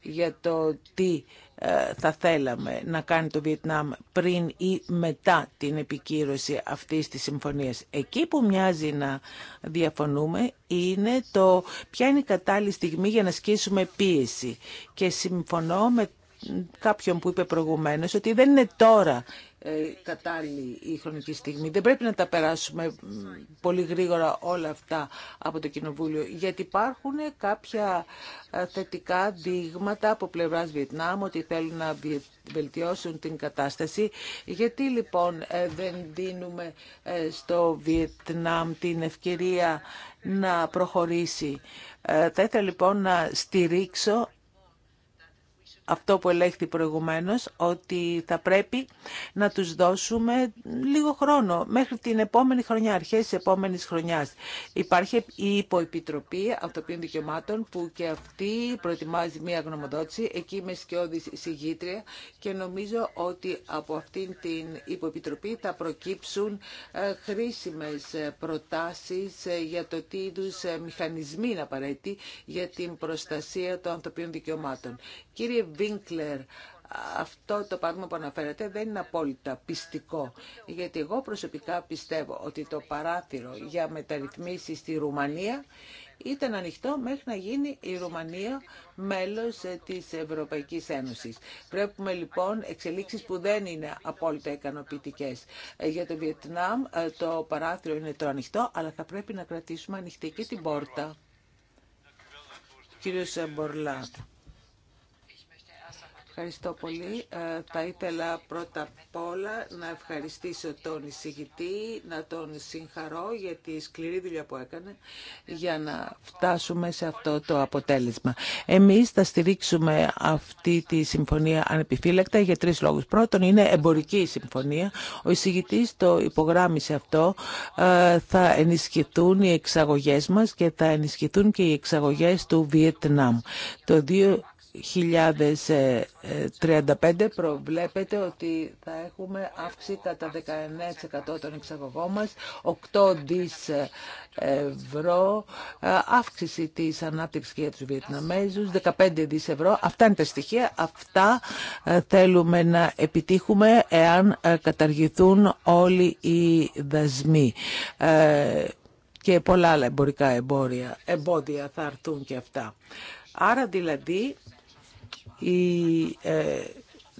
για το τι ε, θα θέλαμε να κάνει το Βιετνάμ πριν ή μετά την επικύρωση αυτής της συμφωνίας. Εκεί που μοιάζει να διαφωνούμε είναι το ποια είναι η κατάλληλη στιγμή για να ασκήσουμε πίεση. Και συμφωνώ με κάποιον που είπε προηγουμένως ότι δεν είναι τώρα ε, κατάλληλη η χρονική στιγμή. Δεν πρέπει να τα περάσουμε πολύ γρήγορα όλα αυτά από το Κοινοβούλιο, γιατί υπάρχουν κάποια ε, θετικά δείγματα από πλευράς Βιετνάμ ότι θέλουν να βελτιώσουν την κατάσταση. Γιατί λοιπόν ε, δεν δίνουμε στο Βιετνάμ την ευκαιρία να προχωρήσει. Θα ήθελα λοιπόν να στηρίξω αυτό που ελέγχθη προηγουμένως, ότι θα πρέπει να τους δώσουμε λίγο χρόνο, μέχρι την επόμενη χρονιά, αρχές της επόμενης χρονιάς. Υπάρχει η υποεπιτροπή αυτοποιών δικαιωμάτων, που και αυτή προετοιμάζει μία γνωμοδότηση, εκεί είμαι σκιώδη συγγήτρια και νομίζω ότι από αυτήν την υποεπιτροπή θα προκύψουν ε, χρήσιμες ε, προτάσεις ε, για το τι είδου μηχανισμοί είναι απαραίτητοι για την προστασία των ανθρωπίνων δικαιωμάτων. Κύριε Βίνκλερ, αυτό το παράδειγμα που αναφέρετε δεν είναι απόλυτα πιστικό. Γιατί εγώ προσωπικά πιστεύω ότι το παράθυρο για μεταρρυθμίσεις στη Ρουμανία ήταν ανοιχτό μέχρι να γίνει η Ρουμανία μέλος της Ευρωπαϊκής Ένωσης. Βλέπουμε λοιπόν εξελίξεις που δεν είναι απόλυτα ικανοποιητικέ. Ε, για το Βιετνάμ ε, το παράθυρο είναι το ανοιχτό, αλλά θα πρέπει να κρατήσουμε ανοιχτή και την πόρτα. Κύριος Μπορλά. Ευχαριστώ πολύ. Ε, θα ήθελα πρώτα απ' όλα να ευχαριστήσω τον εισηγητή, να τον συγχαρώ για τη σκληρή δουλειά που έκανε για να φτάσουμε σε αυτό το αποτέλεσμα. Εμείς θα στηρίξουμε αυτή τη συμφωνία ανεπιφύλακτα για τρεις λόγους. Πρώτον, είναι εμπορική η συμφωνία. Ο εισηγητής το υπογράμμισε αυτό. Ε, θα ενισχυθούν οι εξαγωγές μας και θα ενισχυθούν και οι εξαγωγές του Βιετνάμ. Το 2035 προβλέπεται ότι θα έχουμε αύξηση κατά 19% των εξαγωγών μας, 8 δις ευρώ ε, αύξηση της ανάπτυξης για τους Βιετναμέζους, 15 δις ευρώ. Αυτά είναι τα στοιχεία, αυτά ε, θέλουμε να επιτύχουμε εάν ε, καταργηθούν όλοι οι δασμοί και πολλά άλλα εμπορικά εμπόρια, εμπόδια θα έρθουν και αυτά. Άρα δηλαδή η ε,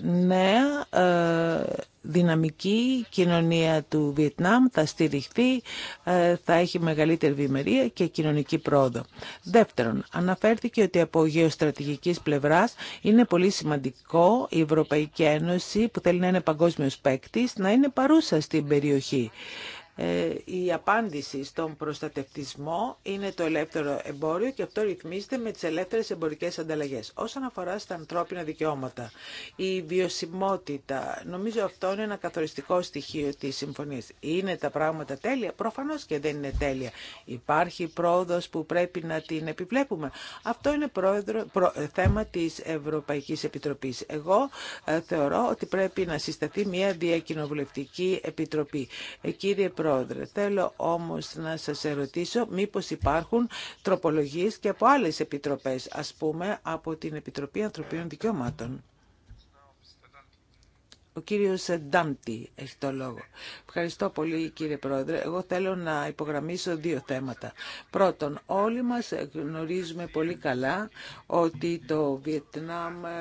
νέα ε, δυναμική κοινωνία του Βιετνάμ θα στηριχθεί, ε, θα έχει μεγαλύτερη βημερία και κοινωνική πρόοδο. Δεύτερον, αναφέρθηκε ότι από γεωστρατηγικής πλευράς είναι πολύ σημαντικό η Ευρωπαϊκή Ένωση που θέλει να είναι παγκόσμιος παίκτη να είναι παρούσα στην περιοχή. Ε, η απάντηση στον προστατευτισμό είναι το ελεύθερο εμπόριο και αυτό ρυθμίζεται με τις ελεύθερες εμπορικές ανταλλαγές. Όσον αφορά στα ανθρώπινα δικαιώματα, η βιωσιμότητα, νομίζω αυτό είναι ένα καθοριστικό στοιχείο της συμφωνίας. Είναι τα πράγματα τέλεια? Προφανώς και δεν είναι τέλεια. Υπάρχει πρόοδος που πρέπει να την επιβλέπουμε. Αυτό είναι πρόεδρο, θέμα της Ευρωπαϊκής Επιτροπής. Εγώ ε, θεωρώ ότι πρέπει να συσταθεί μια διακοινοβουλευτική επιτροπή. Ε, κύριε Πρόεδρε. Θέλω όμως να σας ερωτήσω μήπως υπάρχουν τροπολογίες και από άλλες επιτροπές, ας πούμε από την Επιτροπή Ανθρωπίνων Δικαιωμάτων. Ο κύριος Ντάμπτη έχει το λόγο. Ευχαριστώ πολύ κύριε Πρόεδρε. Εγώ θέλω να υπογραμμίσω δύο θέματα. Πρώτον, όλοι μας γνωρίζουμε πολύ καλά ότι το Βιετνάμ ε,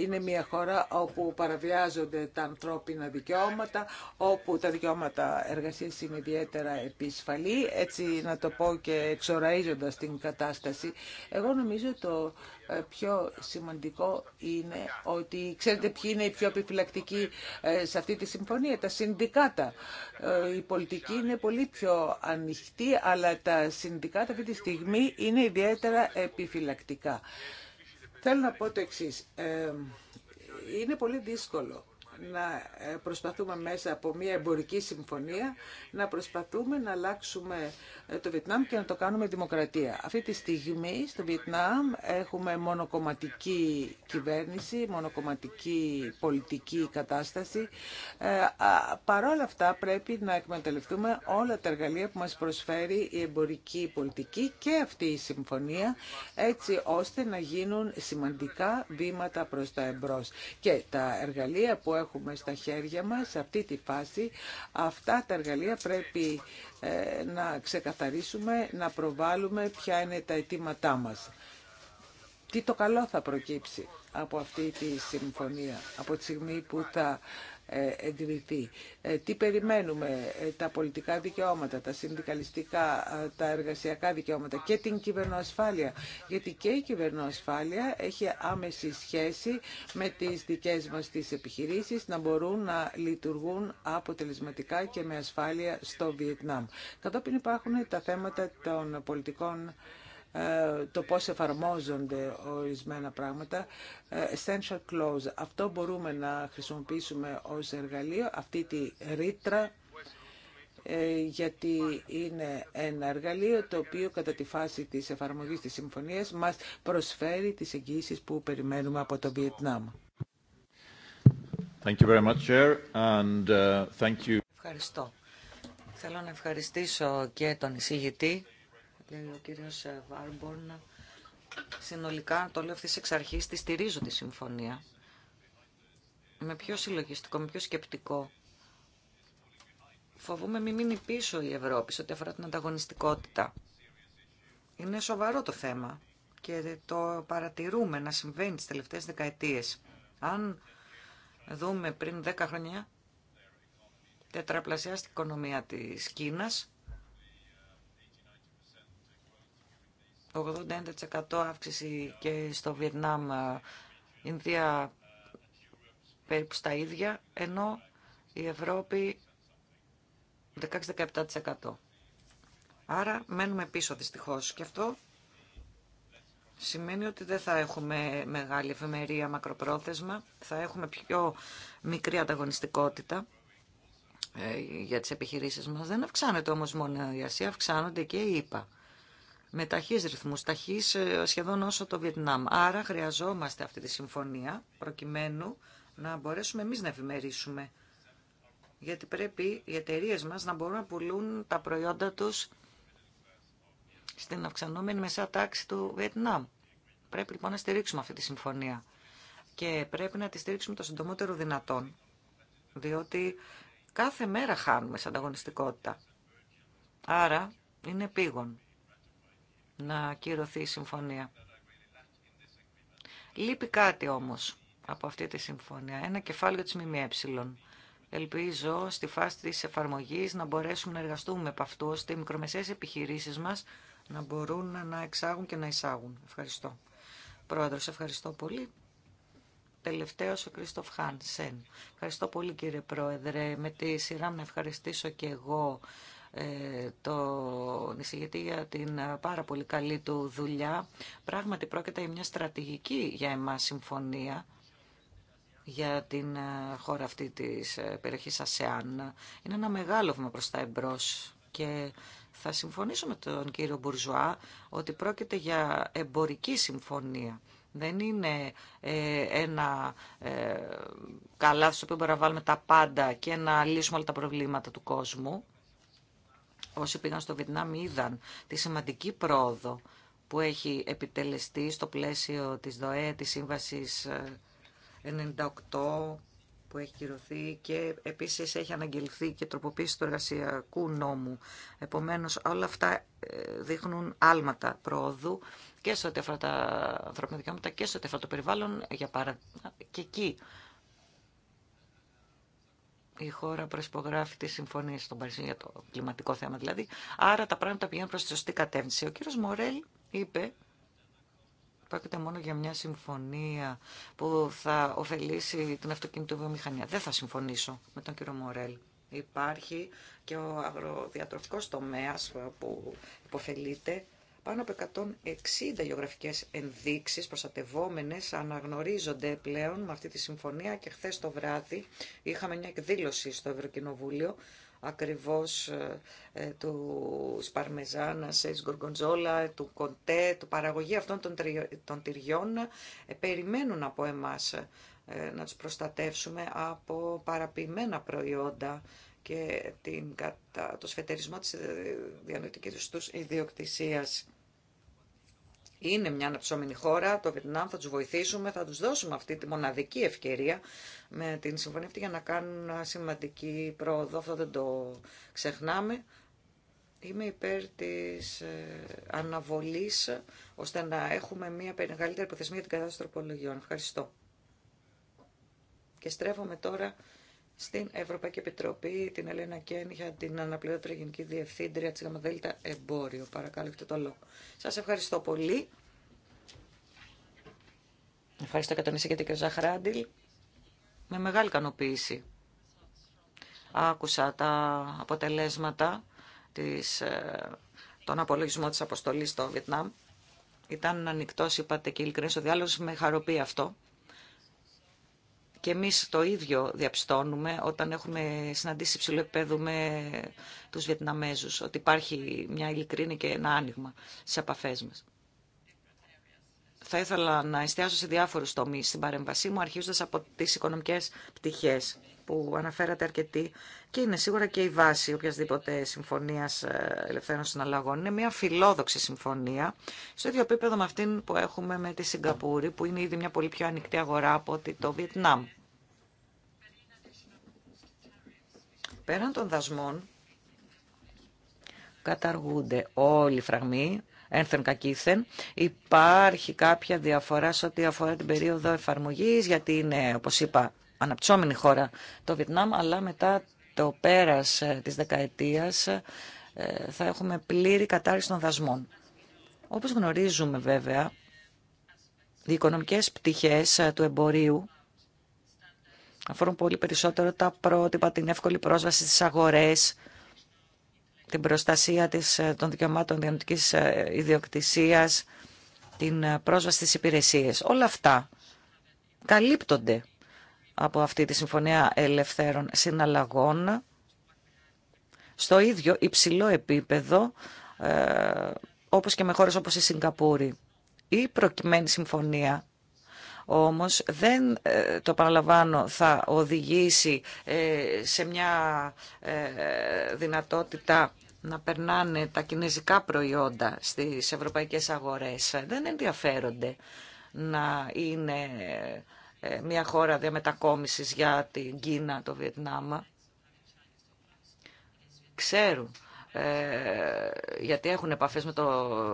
είναι μια χώρα όπου παραβιάζονται τα ανθρώπινα δικαιώματα, όπου τα δικαιώματα εργασίας είναι ιδιαίτερα επισφαλή, έτσι να το πω και εξοραίζοντας την κατάσταση. Εγώ νομίζω το ε, πιο σημαντικό είναι ότι ξέρετε ποιοι είναι οι πιο επιφυλακτικοί ε, σε αυτή τη συμφωνία, τα συνδικάτα. Ε, η πολιτική είναι πολύ πιο ανοιχτή, αλλά τα συνδικάτα αυτή τη στιγμή είναι ιδιαίτερα επιφυλακτικά. Θέλω να πω το εξής. Είναι πολύ δύσκολο να ε, προσπαθούμε μέσα από μια εμπορική συμφωνία να προσπαθούμε να αλλάξουμε ε, το Βιετνάμ και να το κάνουμε δημοκρατία. Αυτή τη στιγμή στο Βιετνάμ έχουμε μονοκομματική κυβέρνηση, μονοκομματική πολιτική κατάσταση. Ε, παρόλα αυτά πρέπει να εκμεταλλευτούμε όλα τα εργαλεία που μας προσφέρει η εμπορική πολιτική και αυτή η συμφωνία έτσι ώστε να γίνουν σημαντικά βήματα προς τα εμπρός. Και τα εργαλεία που έχουμε έχουμε στα χέρια μας σε αυτή τη φάση. Αυτά τα εργαλεία πρέπει ε, να ξεκαθαρίσουμε, να προβάλλουμε ποια είναι τα αιτήματά μας. Τι το καλό θα προκύψει από αυτή τη συμφωνία, από τη στιγμή που θα ε, εγκριθεί. Ε, τι περιμένουμε, ε, τα πολιτικά δικαιώματα, τα συνδικαλιστικά, τα εργασιακά δικαιώματα και την κυβερνοασφάλεια. Γιατί και η κυβερνοασφάλεια έχει άμεση σχέση με τις δικές μας τις επιχειρήσεις να μπορούν να λειτουργούν αποτελεσματικά και με ασφάλεια στο Βιετνάμ. Κατόπιν υπάρχουν τα θέματα των πολιτικών ε, το πώς εφαρμόζονται ορισμένα πράγματα. Ε, essential clause. Αυτό μπορούμε να χρησιμοποιήσουμε ως εργαλείο, αυτή τη ρήτρα ε, γιατί είναι ένα εργαλείο το οποίο κατά τη φάση της εφαρμογής της συμφωνίας μας προσφέρει τις εγγύσεις που περιμένουμε από το Βιετνάμ. Thank you very much, uh, Ευχαριστώ. Θέλω να ευχαριστήσω και τον εισηγητή ο κύριος Βάρμπορν συνολικά, το λέω αυτής εξ αρχής, τη στηρίζω τη συμφωνία. Με πιο συλλογιστικό, με πιο σκεπτικό. φοβούμαι μην μείνει πίσω η Ευρώπη σε ό,τι αφορά την ανταγωνιστικότητα. Είναι σοβαρό το θέμα και το παρατηρούμε να συμβαίνει τις τελευταίες δεκαετίες. Αν δούμε πριν 10 χρόνια, τετραπλασιάστηκε η οικονομία της Κίνας 81% αύξηση και στο Βιετνάμ, ε, Ινδία περίπου στα ίδια, ενώ η Ευρώπη 16-17%. Άρα μένουμε πίσω δυστυχώς και αυτό σημαίνει ότι δεν θα έχουμε μεγάλη ευημερία μακροπρόθεσμα, θα έχουμε πιο μικρή ανταγωνιστικότητα ε, για τις επιχειρήσεις μας. Δεν αυξάνεται όμως μόνο η Ασία, αυξάνονται και οι ΙΠΑ με ταχύς ρυθμούς, ταχύς ε, σχεδόν όσο το Βιετνάμ. Άρα χρειαζόμαστε αυτή τη συμφωνία προκειμένου να μπορέσουμε εμείς να ευημερίσουμε. Γιατί πρέπει οι εταιρείε μας να μπορούν να πουλούν τα προϊόντα τους στην αυξανόμενη μεσαία τάξη του Βιετνάμ. Πρέπει λοιπόν να στηρίξουμε αυτή τη συμφωνία και πρέπει να τη στηρίξουμε το συντομότερο δυνατόν. Διότι κάθε μέρα χάνουμε σαν ανταγωνιστικότητα. Άρα είναι πήγον να κυρωθεί η συμφωνία. Λείπει κάτι όμως από αυτή τη συμφωνία. Ένα κεφάλαιο της ΜΜΕ. Ελπίζω στη φάση της εφαρμογής να μπορέσουμε να εργαστούμε από αυτού, ώστε οι μικρομεσαίες επιχειρήσεις μας να μπορούν να εξάγουν και να εισάγουν. Ευχαριστώ. Πρόεδρος, ευχαριστώ πολύ. Τελευταίος ο Κρίστοφ Χάνσεν. Ευχαριστώ πολύ κύριε Πρόεδρε. Με τη σειρά μου να ευχαριστήσω και εγώ ε, τον εισηγητή για την ε, πάρα πολύ καλή του δουλειά. Πράγματι πρόκειται για μια στρατηγική για εμάς συμφωνία για την ε, χώρα αυτή της περιοχής ΑΣΕΑΝ. Είναι ένα μεγάλο βήμα προς τα εμπρός και θα συμφωνήσω με τον κύριο Μπουρζουά ότι πρόκειται για εμπορική συμφωνία. Δεν είναι ένα ε, καλά στο οποίο μπορούμε να βάλουμε τα πάντα και να λύσουμε όλα τα προβλήματα του κόσμου όσοι πήγαν στο Βιετνάμ είδαν τη σημαντική πρόοδο που έχει επιτελεστεί στο πλαίσιο της ΔΟΕ, της Σύμβασης 98 ε, που έχει κυρωθεί και επίσης έχει αναγγελθεί και τροποποίηση του εργασιακού νόμου. Επομένως όλα αυτά ε, δείχνουν άλματα πρόοδου και σε ό,τι αφορά τα ανθρώπινα δικαιώματα και σε ό,τι αφορά το περιβάλλον για παρα... και εκεί η χώρα προσπογράφει τη συμφωνία στον Παρισινό για το κλιματικό θέμα δηλαδή. Άρα τα πράγματα πηγαίνουν προς τη σωστή κατεύθυνση. Ο κύριος Μορέλ είπε πρόκειται μόνο για μια συμφωνία που θα ωφελήσει την βιομηχανία. Δεν θα συμφωνήσω με τον κύριο Μορέλ. Υπάρχει και ο αγροδιατροφικός τομέας που υποφελείται πάνω από 160 γεωγραφικές ενδείξεις προστατευόμενες αναγνωρίζονται πλέον με αυτή τη συμφωνία και χθε το βράδυ είχαμε μια εκδήλωση στο Ευρωκοινοβούλιο ακριβώς ε, ε, του Σπαρμεζάνα, σες Γκοργκοντζόλα, του Κοντέ, του παραγωγή αυτών των, τυριών ε, περιμένουν από εμάς να τους προστατεύσουμε από παραποιημένα προϊόντα και την, το σφετερισμό της ε, διανοητικής τους ιδιοκτησίας. Είναι μια αναψώμενη χώρα, το Βιετνάμ θα τους βοηθήσουμε, θα τους δώσουμε αυτή τη μοναδική ευκαιρία με την συμφωνία αυτή για να κάνουν σημαντική πρόοδο, αυτό δεν το ξεχνάμε. Είμαι υπέρ της ε, αναβολής, ώστε να έχουμε μια μεγαλύτερη υποθεσμία για την κατάσταση τροπολογιών. Ευχαριστώ. Και στρέφομαι τώρα στην Ευρωπαϊκή Επιτροπή, την Ελένα Κένια, την αναπληρώτρια Γενική Διευθύντρια της ΓΑΜΑΔΕΛΤΑ Εμπόριο. Παρακαλώ, έχετε το λόγο. Σας ευχαριστώ πολύ. Ευχαριστώ και τον εισηγητή και Ζαχράντιλ. Με μεγάλη ικανοποίηση άκουσα τα αποτελέσματα της, ε, τον απολογισμό της αποστολής στο Βιετνάμ. Ήταν ανοιχτό, είπατε και ειλικρινή, ο διάλογος, με χαροποιεί αυτό. Και εμείς το ίδιο διαπιστώνουμε όταν έχουμε συναντήσει υψηλό επίπεδο με τους Βιετναμέζους, ότι υπάρχει μια ειλικρίνη και ένα άνοιγμα στις επαφέ μας. Θα ήθελα να εστιάσω σε διάφορους τομείς στην παρέμβασή μου, αρχίζοντας από τις οικονομικές πτυχές που αναφέρατε αρκετοί και είναι σίγουρα και η βάση οποιασδήποτε συμφωνίας ε, ελευθέρων συναλλαγών. Είναι μια φιλόδοξη συμφωνία στο ίδιο επίπεδο με αυτήν που έχουμε με τη Σιγκαπούρη που είναι ήδη μια πολύ πιο ανοιχτή αγορά από ότι το Βιετνάμ. Πέραν των δασμών καταργούνται όλοι οι φραγμοί ένθεν κακήθεν. Υπάρχει κάποια διαφορά σε ό,τι αφορά την περίοδο εφαρμογής, γιατί είναι, όπως είπα, αναπτυσσόμενη χώρα το Βιετνάμ, αλλά μετά το πέρας ε, της δεκαετίας ε, θα έχουμε πλήρη κατάρριξη των δασμών. Όπως γνωρίζουμε βέβαια, οι οικονομικές πτυχές ε, του εμπορίου αφορούν πολύ περισσότερο τα πρότυπα, την εύκολη πρόσβαση στις αγορές, την προστασία της, των δικαιωμάτων διανοητικής ιδιοκτησίας, την πρόσβαση στις υπηρεσίες. Όλα αυτά καλύπτονται από αυτή τη Συμφωνία Ελευθέρων Συναλλαγών στο ίδιο υψηλό επίπεδο ε, όπως και με χώρες όπως η Σιγκαπούρη. Η προκειμένη συμφωνία όμως δεν, ε, το παραλαμβάνω θα οδηγήσει ε, σε μια δυνατότητα να περνάνε τα κινέζικα προϊόντα στις ευρωπαϊκές αγορές. Δεν ενδιαφέρονται να είναι ε, μια χώρα διαμετακόμισης για την Κίνα, το Βιετνάμ, ξέρουν ε, γιατί έχουν επαφές με, το,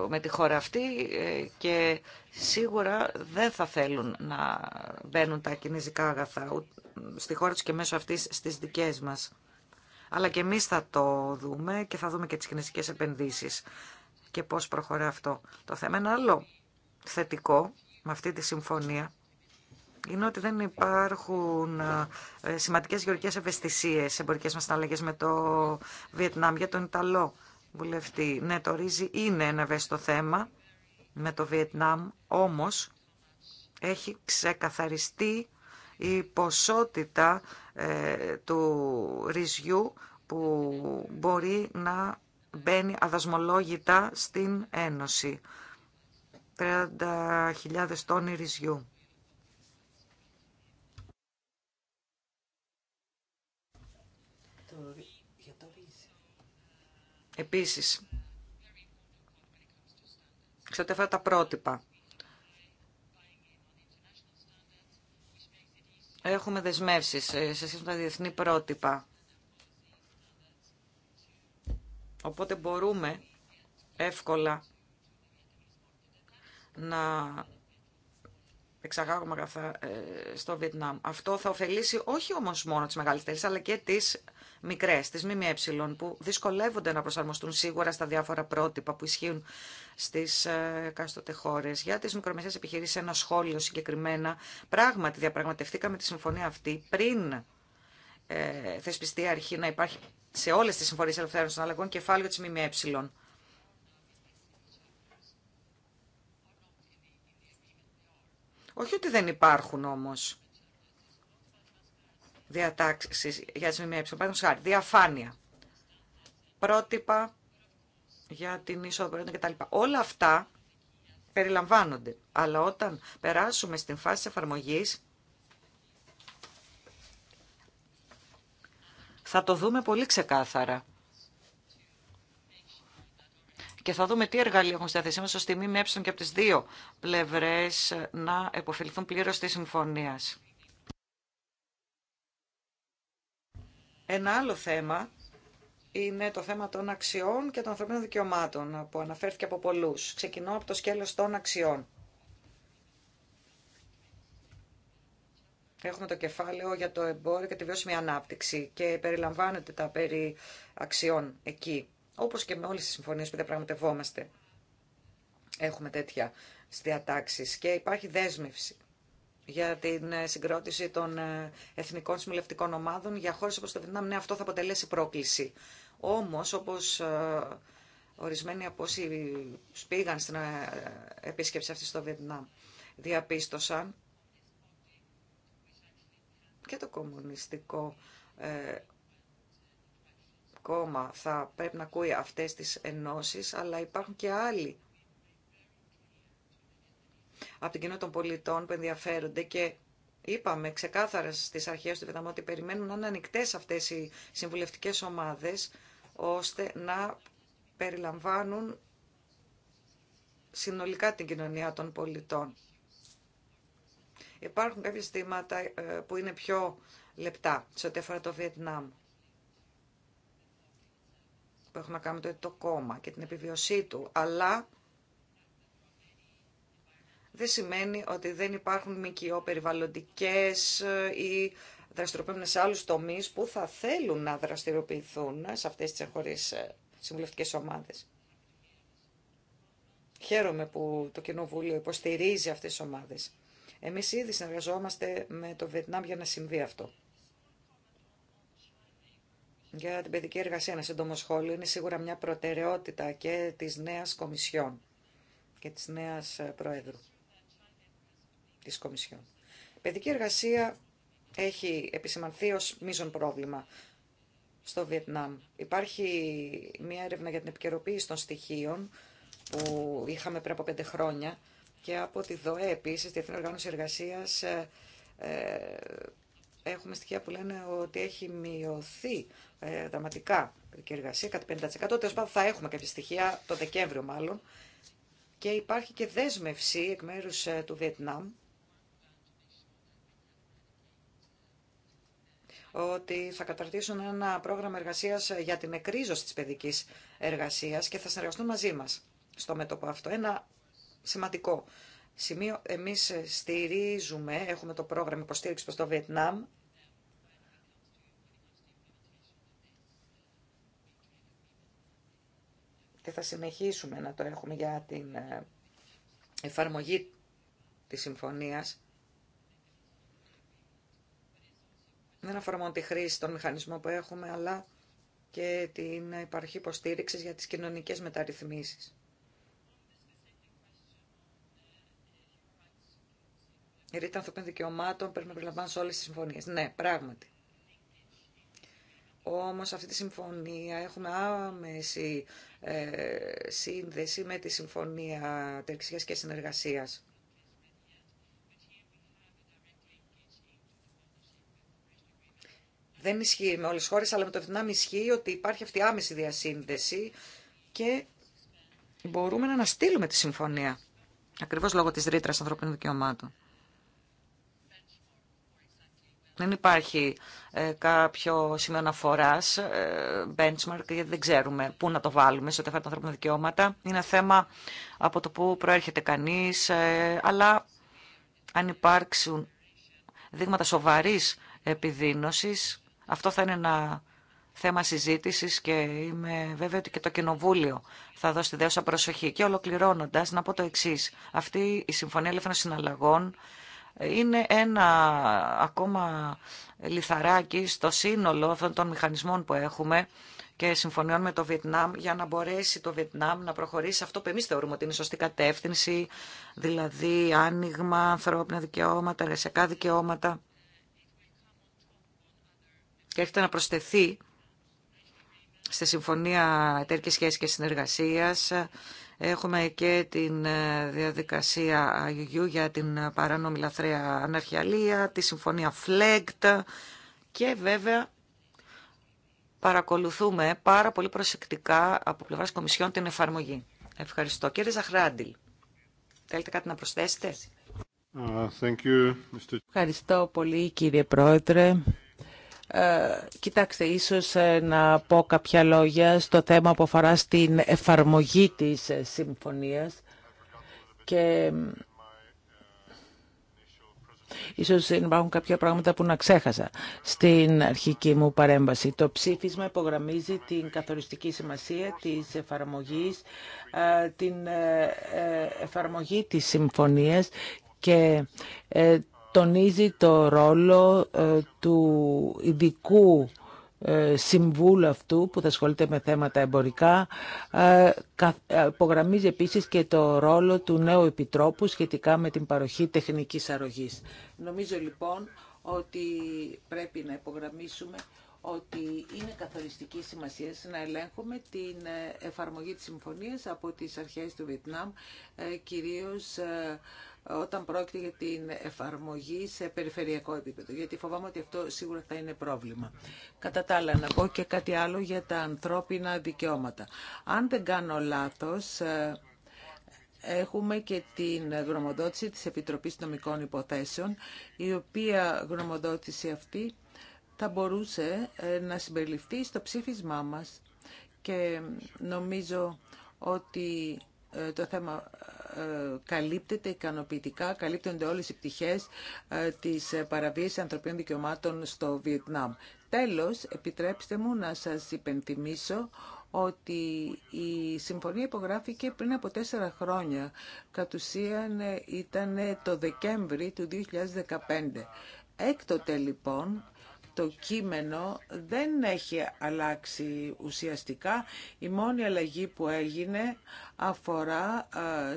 με τη χώρα αυτή ε, και σίγουρα δεν θα θέλουν να μπαίνουν τα κινέζικα αγαθά στη χώρα τους και μέσω αυτής στις δικές μας. Αλλά και εμείς θα το δούμε και θα δούμε και τις κινέζικες επενδύσεις και πώς προχωρά αυτό το θέμα. Ένα άλλο θετικό με αυτή τη συμφωνία είναι ότι δεν υπάρχουν ε, ε, σημαντικές γεωργικές σε εμπορικέ μα συναλλαγέ με το Βιετνάμ για τον Ιταλό βουλευτή. Ναι, το ρύζι είναι ένα ευαίσθητο θέμα με το Βιετνάμ, όμως έχει ξεκαθαριστεί η ποσότητα ε, του ρυζιού που μπορεί να μπαίνει αδασμολόγητα στην Ένωση. 30.000 τόνοι ρυζιού. Επίσης, σε τα πρότυπα, έχουμε δεσμεύσεις σε σχέση με τα διεθνή πρότυπα. Οπότε μπορούμε εύκολα να εξαγάγουμε αγαθά ε, στο Βιετνάμ. Αυτό θα ωφελήσει όχι όμως μόνο τις μεγαλύτερες, αλλά και τις μικρές, τις ΜΜΕ, που δυσκολεύονται να προσαρμοστούν σίγουρα στα διάφορα πρότυπα που ισχύουν στις ε, κάστοτε χώρε. Για τι μικρομεσαίες επιχειρήσεις ένα σχόλιο συγκεκριμένα. Πράγματι διαπραγματευτήκαμε τη συμφωνία αυτή πριν ε, θεσπιστεί αρχή να υπάρχει σε όλες τις συμφωνίες ελευθέρων των αλλαγών κεφάλαιο τη ΜΜΕ. Όχι ότι δεν υπάρχουν όμως διατάξεις για τις ΜΜΕ. χάρη, διαφάνεια, πρότυπα για την είσοδο τα κτλ. Όλα αυτά περιλαμβάνονται. Αλλά όταν περάσουμε στην φάση της εφαρμογής, θα το δούμε πολύ ξεκάθαρα. Και θα δούμε τι εργαλεία έχουν στη θέση μας, ώστε οι ΜΜΕ και από τις δύο πλευρές να επωφεληθούν πλήρως της συμφωνίας. Ένα άλλο θέμα είναι το θέμα των αξιών και των ανθρωπίνων δικαιωμάτων που αναφέρθηκε από πολλούς. Ξεκινώ από το σκέλος των αξιών. Έχουμε το κεφάλαιο για το εμπόριο και τη βιώσιμη ανάπτυξη και περιλαμβάνεται τα περί αξιών εκεί, όπως και με όλες τις συμφωνίες που διαπραγματευόμαστε. Έχουμε τέτοια διατάξεις και υπάρχει δέσμευση για την ε, συγκρότηση των ε, εθνικών συμβουλευτικών ομάδων για χώρε όπω το Βιετνάμ. Ναι, αυτό θα αποτελέσει πρόκληση. Όμως, όπως ε, ορισμένοι από όσοι πήγαν στην επίσκεψη αυτή στο Βιετνάμ διαπίστωσαν και το κομμουνιστικό κόμμα θα πρέπει να ακούει αυτές τις ενώσεις, αλλά υπάρχουν και άλλοι από την κοινότητα των πολιτών που ενδιαφέρονται και είπαμε ξεκάθαρα στις αρχές του Βιετναμού ότι περιμένουν να είναι ανοιχτέ αυτές οι συμβουλευτικές ομάδες ώστε να περιλαμβάνουν συνολικά την κοινωνία των πολιτών. Υπάρχουν κάποια ζητήματα ε, που είναι πιο λεπτά σε ό,τι αφορά το Βιετνάμ. Που έχουμε κάνει το, το κόμμα και την επιβιωσή του, αλλά δεν σημαίνει ότι δεν υπάρχουν ΜΚΟ περιβαλλοντικές ή δραστηριοποιούμενε σε άλλους τομείς που θα θέλουν να δραστηριοποιηθούν σε αυτές τις εγχωρίες ε, συμβουλευτικές ομάδες. Χαίρομαι που το Κοινοβούλιο υποστηρίζει αυτές τις ομάδες. Εμείς ήδη συνεργαζόμαστε με το Βιετνάμ για να συμβεί αυτό. Για την παιδική εργασία, ένα σύντομο σχόλιο είναι σίγουρα μια προτεραιότητα και της νέας Κομισιόν και της νέας ε, Προέδρου της Κομισιόν. Η παιδική εργασία έχει επισημανθεί ως μείζον πρόβλημα στο Βιετνάμ. Υπάρχει μια έρευνα για την επικαιροποίηση των στοιχείων που είχαμε πριν από πέντε χρόνια και από τη ΔΟΕ επίσης, Διεθνή Οργάνωση Εργασίας, ε, ε, έχουμε στοιχεία που λένε ότι έχει μειωθεί ε, δραματικά η εργασία κατά 50%. Τέλο πάντων θα έχουμε κάποια στοιχεία το Δεκέμβριο μάλλον. Και υπάρχει και δέσμευση εκ μέρους του Βιετνάμ ότι θα καταρτήσουν ένα πρόγραμμα εργασίας για την εκρίζωση τη παιδική εργασίας και θα συνεργαστούν μαζί μας στο μέτωπο αυτό. Ένα σημαντικό σημείο, εμείς στηρίζουμε, έχουμε το πρόγραμμα υποστήριξη προς το Βιετνάμ, και θα συνεχίσουμε να το έχουμε για την ε, εφαρμογή της συμφωνίας δεν αφορά μόνο τη χρήση των μηχανισμών που έχουμε, αλλά και την υπαρχή υποστήριξη για τις κοινωνικές μεταρρυθμίσεις. Η ρήτρα ανθρωπίνων δικαιωμάτων πρέπει να περιλαμβάνει σε όλες τις συμφωνίες. Ναι, πράγματι. Όμως αυτή τη συμφωνία έχουμε άμεση ε, σύνδεση με τη Συμφωνία Τερξίας και συνεργασία. Δεν ισχύει με όλες τις χώρες, αλλά με το Βιετνάμ ισχύει ότι υπάρχει αυτή η άμεση διασύνδεση και μπορούμε να αναστείλουμε τη συμφωνία. Ακριβώς λόγω της ρήτρα ανθρωπίνων δικαιωμάτων. Δεν υπάρχει ε, κάποιο σημείο αναφορά, ε, benchmark, γιατί δεν ξέρουμε πού να το βάλουμε σε ό,τι αφορά τα ανθρώπινα δικαιώματα. Είναι θέμα από το που προέρχεται κανεί, ε, αλλά αν υπάρξουν δείγματα σοβαρή επιδείνωση, αυτό θα είναι ένα θέμα συζήτησης και είμαι βέβαια ότι και το Κοινοβούλιο θα δώσει τη προσοχή. Και ολοκληρώνοντα να πω το εξή. Αυτή η Συμφωνία Ελεύθερων Συναλλαγών είναι ένα ακόμα λιθαράκι στο σύνολο αυτών των μηχανισμών που έχουμε και συμφωνιών με το Βιετνάμ για να μπορέσει το Βιετνάμ να προχωρήσει αυτό που εμεί θεωρούμε ότι είναι σωστή κατεύθυνση, δηλαδή άνοιγμα, ανθρώπινα δικαιώματα, εργασιακά δικαιώματα και έρχεται να προσθεθεί στη Συμφωνία Εταιρικής Σχέσης και Συνεργασίας. Έχουμε και την ε, διαδικασία Αγιουγιού για την παράνομη λαθρέα αναρχιαλία, τη Συμφωνία Φλέγκτ και βέβαια παρακολουθούμε πάρα πολύ προσεκτικά από πλευράς Κομισιόν την εφαρμογή. Ευχαριστώ. Κύριε Ζαχράντιλ, θέλετε κάτι να προσθέσετε. Uh, thank you, Mr. Ευχαριστώ πολύ κύριε Πρόεδρε. Ε, κοιτάξτε, ίσως ε, να πω κάποια λόγια στο θέμα που αφορά στην εφαρμογή της ε, συμφωνίας και Ίσως υπάρχουν κάποια πράγματα που να ξέχασα στην αρχική μου παρέμβαση. Το ψήφισμα υπογραμμίζει την καθοριστική σημασία της εφαρμογής, την εφαρμογή της συμφωνίας και τονίζει το ρόλο ε, του ειδικού ε, συμβούλου αυτού που θα ασχολείται με θέματα εμπορικά. Υπογραμμίζει ε, επίσης και το ρόλο του νέου επιτρόπου σχετικά με την παροχή τεχνικής αρρωγής. Νομίζω λοιπόν ότι πρέπει να υπογραμμίσουμε ότι είναι καθοριστική σημασία να ελέγχουμε την εφαρμογή της συμφωνίας από τις αρχές του Βιετνάμ, κυρίως όταν πρόκειται για την εφαρμογή σε περιφερειακό επίπεδο, γιατί φοβάμαι ότι αυτό σίγουρα θα είναι πρόβλημα. Κατά τα άλλα, να πω και κάτι άλλο για τα ανθρώπινα δικαιώματα. Αν δεν κάνω λάθος, ε, έχουμε και την γνωμοδότηση της Επιτροπής Νομικών Υποθέσεων, η οποία γνωμοδότηση αυτή θα μπορούσε ε, να συμπεριληφθεί στο ψήφισμά μας και νομίζω ότι ε, το θέμα ε, καλύπτεται ικανοποιητικά, καλύπτονται όλες οι πτυχές ε, της ε, παραβίασης ανθρωπίνων δικαιωμάτων στο Βιετνάμ. Τέλος, επιτρέψτε μου να σας υπενθυμίσω ότι η συμφωνία υπογράφηκε πριν από τέσσερα χρόνια. Κατ' ουσίαν ήταν το Δεκέμβρη του 2015. Έκτοτε λοιπόν το κείμενο δεν έχει αλλάξει ουσιαστικά. Η μόνη αλλαγή που έγινε αφορά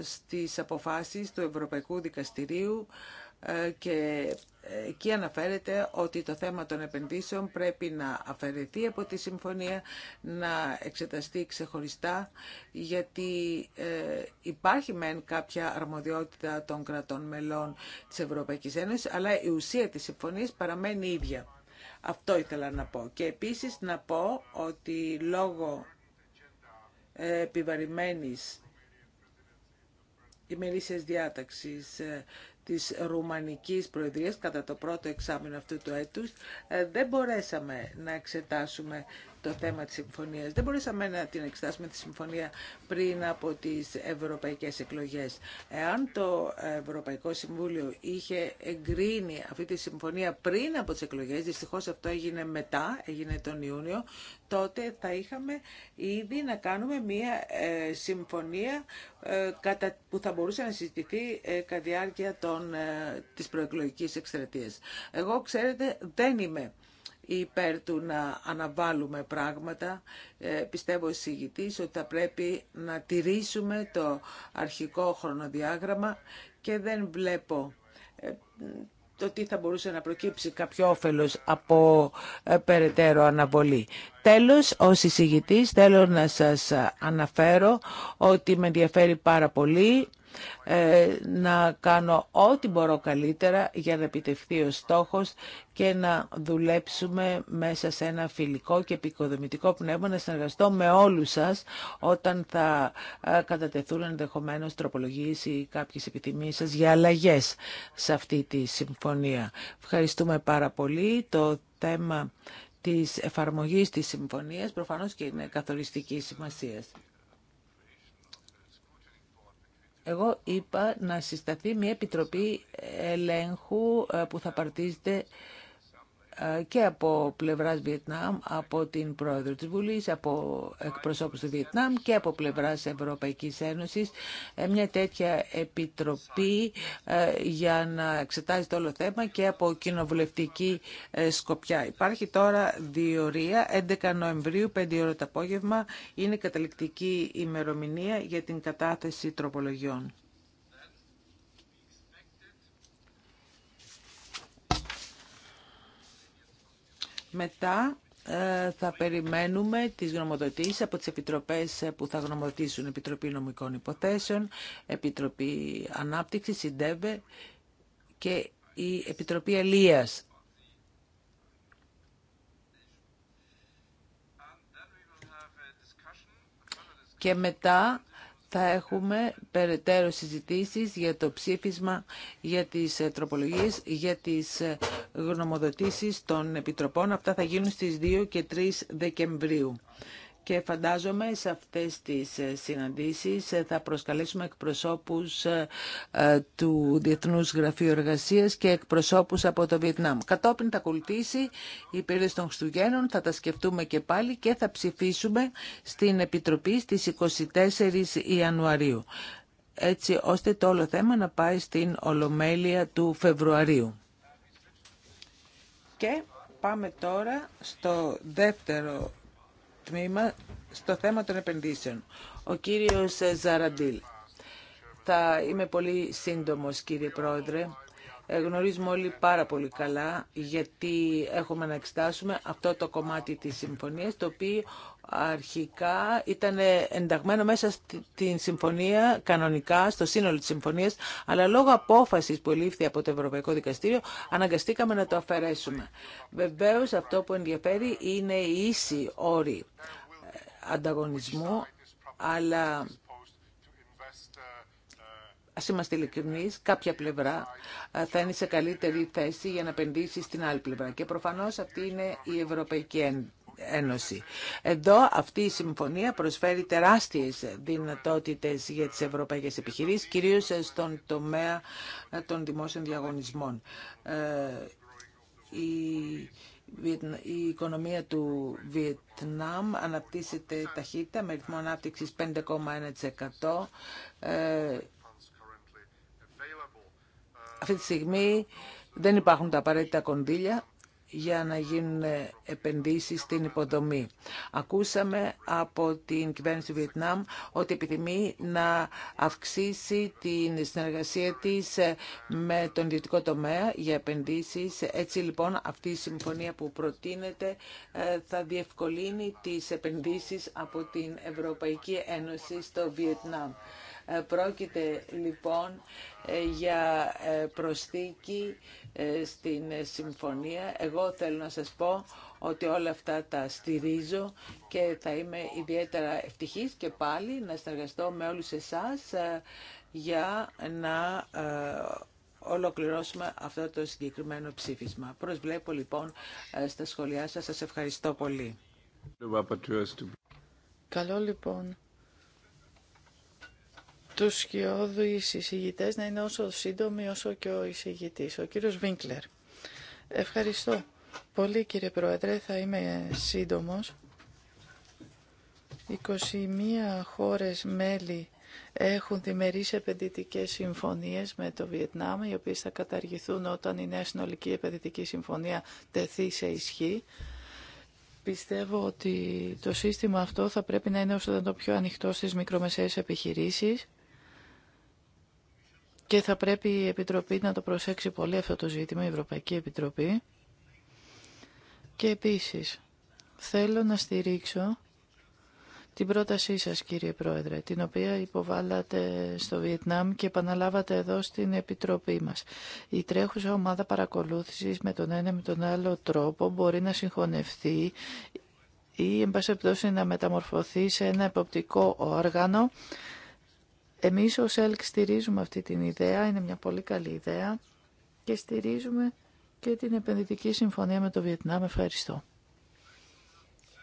στις αποφάσεις του Ευρωπαϊκού Δικαστηρίου και εκεί αναφέρεται ότι το θέμα των επενδύσεων πρέπει να αφαιρεθεί από τη συμφωνία, να εξεταστεί ξεχωριστά, γιατί ε, υπάρχει μεν κάποια αρμοδιότητα των κρατών μελών της Ευρωπαϊκής Ένωσης, αλλά η ουσία της συμφωνίας παραμένει ίδια. Αυτό ήθελα να πω. Και επίσης να πω ότι λόγω ε, επιβαρημένης ημερήσιας διάταξης ε, της Ρουμανικής Προεδρίας κατά το πρώτο εξάμεινο αυτού του έτους ε, δεν μπορέσαμε να εξετάσουμε το θέμα της συμφωνίας. Δεν μπορούσαμε να την εξετάσουμε τη συμφωνία πριν από τις ευρωπαϊκές εκλογές. Εάν το Ευρωπαϊκό Συμβούλιο είχε εγκρίνει αυτή τη συμφωνία πριν από τις εκλογές, δυστυχώς αυτό έγινε μετά, έγινε τον Ιούνιο, τότε θα είχαμε ήδη να κάνουμε μία ε, συμφωνία ε, που θα μπορούσε να συζητηθεί ε, κατά διάρκεια των, της προεκλογικής Εγώ, ξέρετε, δεν είμαι υπέρ του να αναβάλουμε πράγματα. Ε, πιστεύω ο συγητής ότι θα πρέπει να τηρήσουμε το αρχικό χρονοδιάγραμμα και δεν βλέπω ε, το τι θα μπορούσε να προκύψει κάποιο όφελος από ε, περαιτέρω αναβολή. Τέλος, ως εισηγητής θέλω να σας αναφέρω ότι με ενδιαφέρει πάρα πολύ ε, να κάνω ό,τι μπορώ καλύτερα για να επιτευχθεί ο στόχος και να δουλέψουμε μέσα σε ένα φιλικό και επικοδομητικό πνεύμα, να συνεργαστώ με όλους σας όταν θα ε, κατατεθούν ενδεχομένω τροπολογίες ή κάποιες επιθυμίες σας για αλλαγές σε αυτή τη συμφωνία. Ευχαριστούμε πάρα πολύ. Το θέμα της εφαρμογής της συμφωνίας προφανώς και είναι καθοριστική σημασίας. Εγώ είπα να συσταθεί μια επιτροπή ελέγχου ε, που θα παρτίζεται ε, και από πλευράς Βιετνάμ, από την Πρόεδρο της Βουλής, από εκπροσώπους του Βιετνάμ και από πλευράς Ευρωπαϊκής Ένωσης ε, μια τέτοια επιτροπή ε, για να εξετάζει το όλο θέμα και από κοινοβουλευτική σκοπιά. Υπάρχει τώρα διορία 11 Νοεμβρίου, 5 ώρα το απόγευμα, είναι καταληκτική ημερομηνία για την κατάθεση τροπολογιών. Μετά ε, θα περιμένουμε τις γνωμοδοτήσεις από τις επιτροπές που θα γνωμοδοτήσουν Επιτροπή Νομικών Υποθέσεων, Επιτροπή Ανάπτυξης, Συντέβε και η Επιτροπή Ελίας. Και μετά θα έχουμε περαιτέρω συζητήσεις για το ψήφισμα, για τις ε, τροπολογίες, για τις ε, γνωμοδοτήσεις των επιτροπών. Αυτά θα γίνουν στις 2 και 3 Δεκεμβρίου και φαντάζομαι σε αυτές τις ε, συναντήσεις ε, θα προσκαλέσουμε εκπροσώπους ε, του Διεθνούς Γραφείου Εργασίας και εκπροσώπους από το Βιετνάμ. Κατόπιν θα ακολουθήσει η περίοδος των Χριστουγέννων, θα τα σκεφτούμε και πάλι και θα ψηφίσουμε στην Επιτροπή στις 24 Ιανουαρίου έτσι ώστε το όλο θέμα να πάει στην Ολομέλεια του Φεβρουαρίου. Και πάμε τώρα στο δεύτερο τμήμα στο θέμα των επενδύσεων. Ο κύριος Ζαραντήλ. Θα είμαι πολύ σύντομος κύριε Πρόεδρε. Ε, γνωρίζουμε όλοι πάρα πολύ καλά γιατί έχουμε να εξετάσουμε αυτό το κομμάτι της συμφωνίας το οποίο αρχικά ήταν ενταγμένο μέσα στην συμφωνία κανονικά, στο σύνολο της συμφωνίας, αλλά λόγω απόφασης που λήφθη από το Ευρωπαϊκό Δικαστήριο αναγκαστήκαμε να το αφαιρέσουμε. Βεβαίως αυτό που ενδιαφέρει είναι η ίση όρη ανταγωνισμού, αλλά ας είμαστε ειλικρινεί, κάποια πλευρά θα είναι σε καλύτερη θέση για να επενδύσει στην άλλη πλευρά. Και προφανώς αυτή είναι η Ευρωπαϊκή Ένωση. Εδώ αυτή η συμφωνία προσφέρει τεράστιες δυνατότητες για τις ευρωπαϊκές επιχειρήσεις, κυρίως στον τομέα των δημόσιων διαγωνισμών. Ε, η οικονομία του Βιετνάμ αναπτύσσεται ταχύτητα με ρυθμό ανάπτυξης 5,1%. Ε, αυτή τη στιγμή δεν υπάρχουν τα απαραίτητα κονδύλια για να γίνουν επενδύσεις στην υποδομή. Ακούσαμε από την κυβέρνηση του Βιετνάμ ότι επιθυμεί να αυξήσει την συνεργασία της ε, με τον ιδιωτικό τομέα για επενδύσεις. Έτσι λοιπόν αυτή η συμφωνία που προτείνεται ε, θα διευκολύνει τις επενδύσεις από την Ευρωπαϊκή Ένωση στο Βιετνάμ. Ε, πρόκειται λοιπόν ε, για ε, προσθήκη στην συμφωνία. Εγώ θέλω να σας πω ότι όλα αυτά τα στηρίζω και θα είμαι ιδιαίτερα ευτυχής και πάλι να συνεργαστώ με όλους εσάς για να ολοκληρώσουμε αυτό το συγκεκριμένο ψήφισμα. Προσβλέπω λοιπόν στα σχολιά σας. Σας ευχαριστώ πολύ. Καλό λοιπόν τους σκιώδους εισηγητές να είναι όσο σύντομοι όσο και ο εισηγητής, ο κύριος Βίνκλερ. Ευχαριστώ πολύ κύριε Πρόεδρε, θα είμαι σύντομος. 21 χώρες μέλη έχουν διμερείς επενδυτικές συμφωνίες με το Βιετνάμ, οι οποίες θα καταργηθούν όταν η νέα συνολική επενδυτική συμφωνία τεθεί σε ισχύ. Πιστεύω ότι το σύστημα αυτό θα πρέπει να είναι όσο δεν το πιο ανοιχτό στις μικρομεσαίες επιχειρήσεις και θα πρέπει η Επιτροπή να το προσέξει πολύ αυτό το ζήτημα, η Ευρωπαϊκή Επιτροπή. Και επίσης, θέλω να στηρίξω την πρότασή σας, κύριε Πρόεδρε, την οποία υποβάλατε στο Βιετνάμ και επαναλάβατε εδώ στην Επιτροπή μας. Η τρέχουσα ομάδα παρακολούθησης με τον ένα με τον άλλο τρόπο μπορεί να συγχωνευτεί ή, εν πάση να μεταμορφωθεί σε ένα εποπτικό όργανο εμείς ως ΕΛΚ στηρίζουμε αυτή την ιδέα, είναι μια πολύ καλή ιδέα και στηρίζουμε και την επενδυτική συμφωνία με το Βιετνάμ. Ευχαριστώ.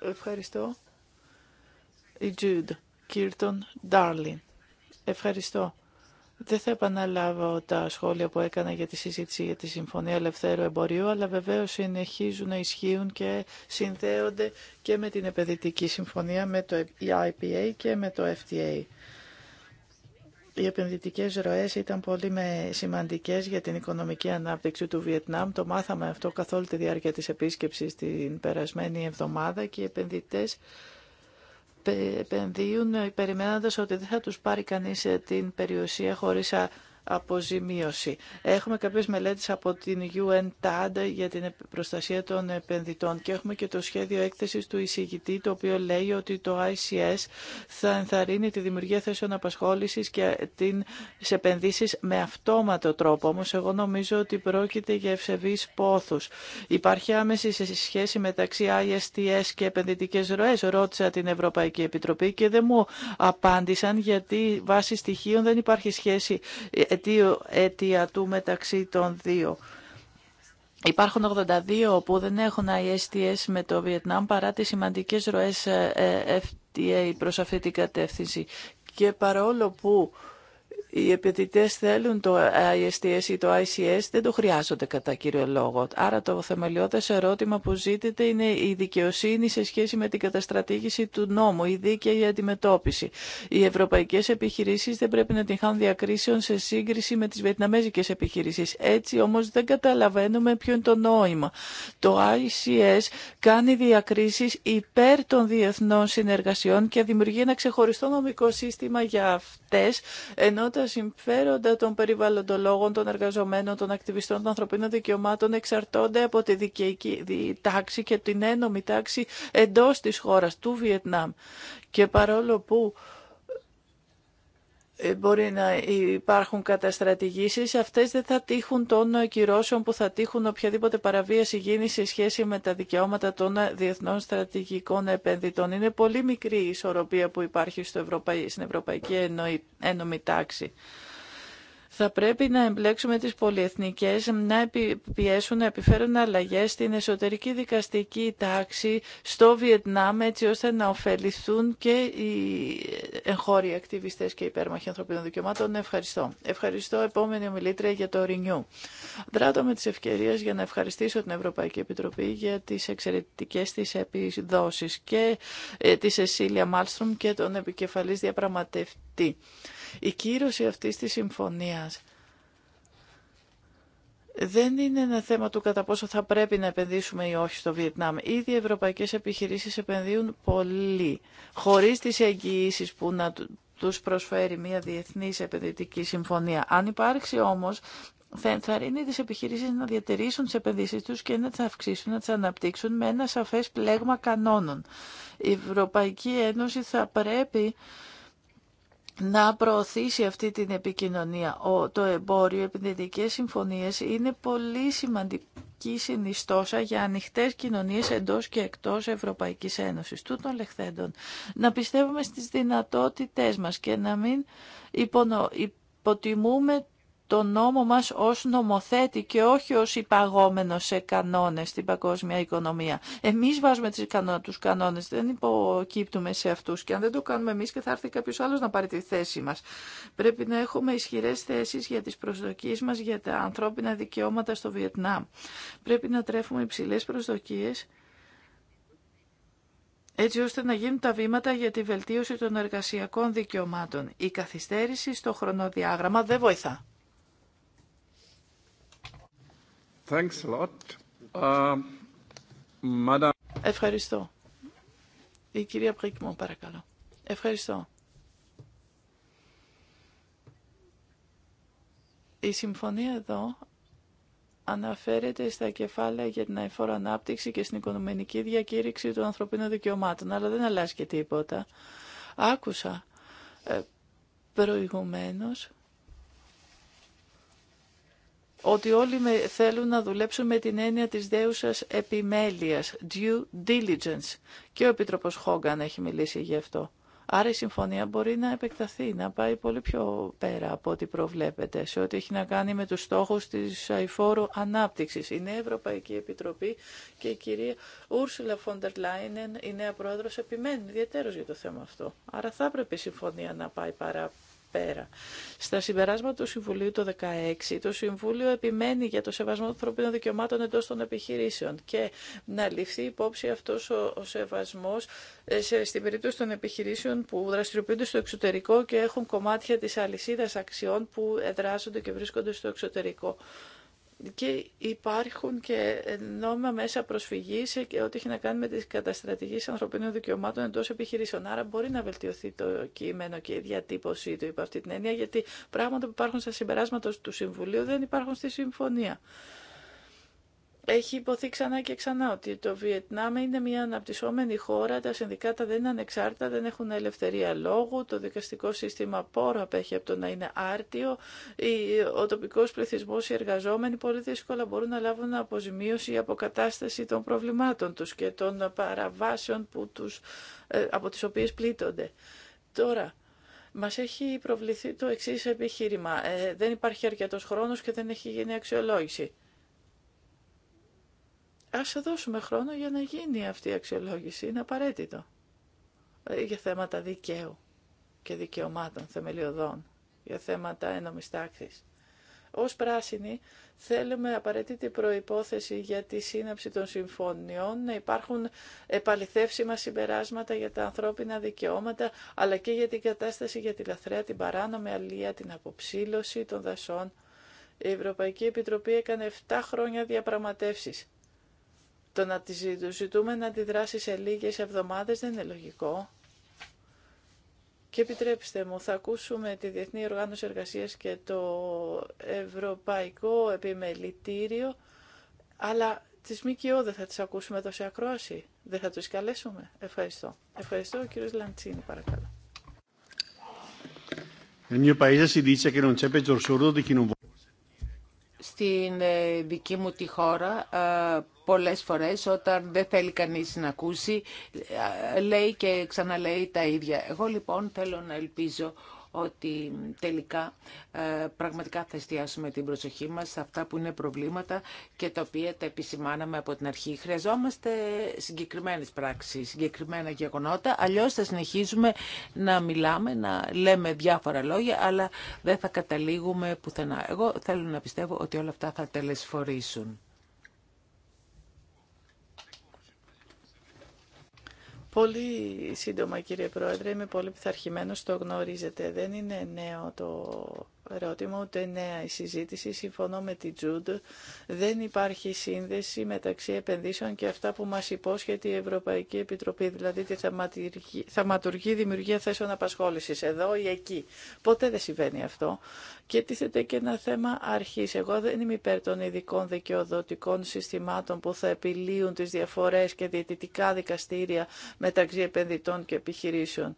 Ευχαριστώ. Η Τζούντ Κίρτον Ντάρλιν. Ευχαριστώ. Δεν θα επαναλάβω τα σχόλια που έκανα για τη συζήτηση για τη Συμφωνία Ελευθέρου Εμπορίου, αλλά βεβαίω συνεχίζουν να ισχύουν και συνδέονται και με την επενδυτική συμφωνία, με το IPA και με το FTA. Οι επενδυτικές ροές ήταν πολύ με σημαντικές για την οικονομική ανάπτυξη του Βιετνάμ. Το μάθαμε αυτό καθ' όλη τη διάρκεια της επίσκεψης την περασμένη εβδομάδα και οι επενδυτές επενδύουν περιμένοντας ότι δεν θα τους πάρει κανείς ε, την περιουσία χωρίς αποζημίωση. Έχουμε κάποιε μελέτε από την UNTAD για την προστασία των επενδυτών και έχουμε και το σχέδιο έκθεση του εισηγητή το οποίο λέει ότι το ICS θα ενθαρρύνει τη δημιουργία θέσεων απασχόληση και την επενδύσει με αυτόματο τρόπο. όμω εγώ νομίζω ότι πρόκειται για ευσεβεί πόθου. Υπάρχει άμεση σχέση μεταξύ ISTS και επενδυτικέ ροέ, Ρώτησα την Ευρωπαϊκή Επιτροπή και δεν μου απάντησαν γιατί βάσει στοιχείων δεν υπάρχει σχέση ε, αιτίο, αιτία του μεταξύ των δύο. Υπάρχουν 82 που δεν έχουν ISTS με το Βιετνάμ παρά τις σημαντικές ροές FTA ε, ε, προς αυτή την κατεύθυνση. Και παρόλο που οι επενδυτές θέλουν το ISTS ή το ICS, δεν το χρειάζονται κατά κύριο λόγο. Άρα το θεμελιώδες ερώτημα που ζήτεται είναι η δικαιοσύνη σε σχέση με την καταστρατήγηση του νόμου, η δίκαιη αντιμετώπιση. Οι ευρωπαϊκές επιχειρήσεις δεν πρέπει να την χάνουν διακρίσεων σε σύγκριση με τις βιετναμέζικες επιχειρήσεις. Έτσι όμως δεν καταλαβαίνουμε ποιο είναι το νόημα. Το ICS κάνει διακρίσεις υπέρ των διεθνών συνεργασιών και δημιουργεί ένα ξεχωριστό νομικό σύστημα για αυτές, ενώ τα συμφέροντα των περιβαλλοντολόγων, των εργαζομένων, των ακτιβιστών, των ανθρωπίνων δικαιωμάτων εξαρτώνται από τη δικαιική τάξη και την ένομη τάξη εντός της χώρας του Βιετνάμ. Και παρόλο που ε, μπορεί να υπάρχουν καταστρατηγήσεις, αυτές δεν θα τύχουν των ακυρώσεων που θα τύχουν οποιαδήποτε παραβίαση γίνει σε σχέση με τα δικαιώματα των διεθνών στρατηγικών επενδυτών. Είναι πολύ μικρή η ισορροπία που υπάρχει στην Ευρωπαϊκή Ένωμη Τάξη θα πρέπει να εμπλέξουμε τις πολυεθνικές, να πιέσουν, να επιφέρουν αλλαγές στην εσωτερική δικαστική τάξη στο Βιετνάμ, έτσι ώστε να ωφεληθούν και οι εγχώροι ακτιβιστές και υπέρμαχοι ανθρωπίνων δικαιωμάτων. Ευχαριστώ. Ευχαριστώ επόμενη ομιλήτρια για το Ρινιού. Δράτω με τις ευκαιρίες για να ευχαριστήσω την Ευρωπαϊκή Επιτροπή για τις εξαιρετικές της επιδόσεις και τη Σεσίλια Μάλστρομ και τον επικεφαλής διαπραγματευτή. Η κύρωση αυτής της συμφωνίας δεν είναι ένα θέμα του κατά πόσο θα πρέπει να επενδύσουμε ή όχι στο Βιετνάμ. Ήδη οι ευρωπαϊκές επιχειρήσεις επενδύουν πολύ, χωρίς τις εγγυήσει που να τους προσφέρει μια διεθνής επενδυτική συμφωνία. Αν υπάρξει όμως θα ενθαρρύνει τις επιχειρήσεις να διατηρήσουν τις επενδύσεις τους και να τις αυξήσουν, να τις αναπτύξουν με ένα σαφές πλέγμα κανόνων. Η Ευρωπαϊκή Ένωση θα πρέπει να προωθήσει αυτή την επικοινωνία. Ο, το εμπόριο, οι επενδυτικές συμφωνίες είναι πολύ σημαντική συνιστόσα για ανοιχτές κοινωνίες εντός και εκτός Ευρωπαϊκής Ένωσης, τούτων λεχθέντων. Να πιστεύουμε στις δυνατότητές μας και να μην υποτιμούμε το νόμο μας ως νομοθέτη και όχι ως υπαγόμενο σε κανόνες στην παγκόσμια οικονομία. Εμείς βάζουμε τις τους κανόνες, δεν υποκύπτουμε σε αυτούς και αν δεν το κάνουμε εμείς και θα έρθει κάποιο άλλος να πάρει τη θέση μας. Πρέπει να έχουμε ισχυρές θέσεις για τις προσδοκίες μας για τα ανθρώπινα δικαιώματα στο Βιετνάμ. Πρέπει να τρέφουμε υψηλές προσδοκίες έτσι ώστε να γίνουν τα βήματα για τη βελτίωση των εργασιακών δικαιωμάτων. Η καθυστέρηση στο χρονοδιάγραμμα δεν βοηθά. Uh, Ευχαριστώ. Η κυρία Πρίκμο, παρακαλώ. Ευχαριστώ. Η συμφωνία εδώ αναφέρεται στα κεφάλαια για την αεφόρα ανάπτυξη και στην οικονομική διακήρυξη των ανθρωπίνων δικαιωμάτων, αλλά δεν αλλάζει και τίποτα. Άκουσα ε, προηγουμένως ότι όλοι θέλουν να δουλέψουν με την έννοια της δέουσας επιμέλειας, due diligence. Και ο Επίτροπος Χόγκαν έχει μιλήσει γι' αυτό. Άρα η συμφωνία μπορεί να επεκταθεί, να πάει πολύ πιο πέρα από ό,τι προβλέπεται σε ό,τι έχει να κάνει με τους στόχους της αηφόρου ανάπτυξης. Η Νέα Ευρωπαϊκή Επιτροπή και η κυρία Ούρσουλα Φόντερ Λάινεν, η νέα πρόεδρος, επιμένει ιδιαίτερως για το θέμα αυτό. Άρα θα έπρεπε η συμφωνία να πάει παρά πέρα. Στα συμπεράσματα του Συμβουλίου το 2016, το Συμβούλιο επιμένει για το σεβασμό των ανθρωπίνων δικαιωμάτων εντό των επιχειρήσεων και να ληφθεί υπόψη αυτό ο, ο σεβασμό ε, σε, στην περίπτωση των επιχειρήσεων που δραστηριοποιούνται στο εξωτερικό και έχουν κομμάτια τη αλυσίδα αξιών που εδράζονται και βρίσκονται στο εξωτερικό και υπάρχουν και νόμιμα μέσα προσφυγή και ό,τι έχει να κάνει με τι καταστρατηγήσει ανθρωπίνων δικαιωμάτων εντό επιχειρήσεων. Άρα μπορεί να βελτιωθεί το κείμενο και η διατύπωσή του υπό αυτή την έννοια, γιατί πράγματα που υπάρχουν στα συμπεράσματα του Συμβουλίου δεν υπάρχουν στη συμφωνία έχει υποθεί ξανά και ξανά ότι το Βιετνάμ είναι μια αναπτυσσόμενη χώρα, τα συνδικάτα δεν είναι ανεξάρτητα, δεν έχουν ελευθερία λόγου, το δικαστικό σύστημα πόρο απέχει από το να είναι άρτιο, ο τοπικό πληθυσμό ή εργαζόμενοι πολύ δύσκολο μπορούν να λάβουν αποζημίωση οι εργαζόμενοι πολύ δύσκολα μπορούν να λάβουν αποζημίωση ή αποκατάσταση των προβλημάτων του και των παραβάσεων που τους, ε, από τι οποίε πλήττονται. Τώρα, μας έχει προβληθεί το εξής επιχείρημα. Ε, δεν υπάρχει αρκετός χρόνος και δεν έχει γίνει αξιολόγηση. Ας δώσουμε χρόνο για να γίνει αυτή η αξιολόγηση. Είναι απαραίτητο ε, για θέματα δικαίου και δικαιωμάτων θεμελιωδών, για θέματα ένομης τάξης. Ως πράσινοι θέλουμε απαραίτητη προϋπόθεση για τη σύναψη των συμφωνιών, να υπάρχουν επαληθεύσιμα συμπεράσματα για τα ανθρώπινα δικαιώματα, αλλά και για την κατάσταση για τη λαθρέα, την παράνομη αλία, την αποψήλωση των δασών. Η Ευρωπαϊκή Επιτροπή έκανε 7 χρόνια διαπραγματεύσεις το να τη ζητούμε να δράσει σε λίγες εβδομάδες δεν είναι λογικό. Και επιτρέψτε μου, θα ακούσουμε τη Διεθνή Οργάνωση Εργασίας και το Ευρωπαϊκό Επιμελητήριο, αλλά τις ΜΚΟ δεν θα τις ακούσουμε εδώ σε ακρόαση. Δεν θα τους καλέσουμε. Ευχαριστώ. Ευχαριστώ, ο κύριος Λαντσίνη, παρακαλώ στην ε, δική μου τη χώρα ε, πολλές φορές όταν δεν θέλει κανείς να ακούσει ε, λέει και ξαναλέει τα ίδια. Εγώ λοιπόν θέλω να ελπίζω ότι τελικά ε, πραγματικά θα εστιάσουμε την προσοχή μας σε αυτά που είναι προβλήματα και τα οποία τα επισημάναμε από την αρχή. Χρειαζόμαστε συγκεκριμένες πράξεις, συγκεκριμένα γεγονότα, αλλιώς θα συνεχίζουμε να μιλάμε, να λέμε διάφορα λόγια, αλλά δεν θα καταλήγουμε πουθενά. Εγώ θέλω να πιστεύω ότι όλα αυτά θα τελεσφορήσουν. Πολύ σύντομα κύριε Πρόεδρε, είμαι πολύ πειθαρχημένος, το γνωρίζετε. Δεν είναι νέο το ερώτημα, ούτε νέα η συζήτηση. Συμφωνώ με την Τζούντ. Δεν υπάρχει σύνδεση μεταξύ επενδύσεων και αυτά που μας υπόσχεται η Ευρωπαϊκή Επιτροπή, δηλαδή τη θαυματουργή δημιουργία θέσεων απασχόλησης, εδώ ή εκεί. Ποτέ δεν συμβαίνει αυτό. Και τίθεται και ένα θέμα αρχή. Εγώ δεν είμαι υπέρ των ειδικών δικαιοδοτικών συστημάτων που θα επιλύουν τις διαφορές και διαιτητικά δικαστήρια μεταξύ επενδυτών και επιχειρήσεων.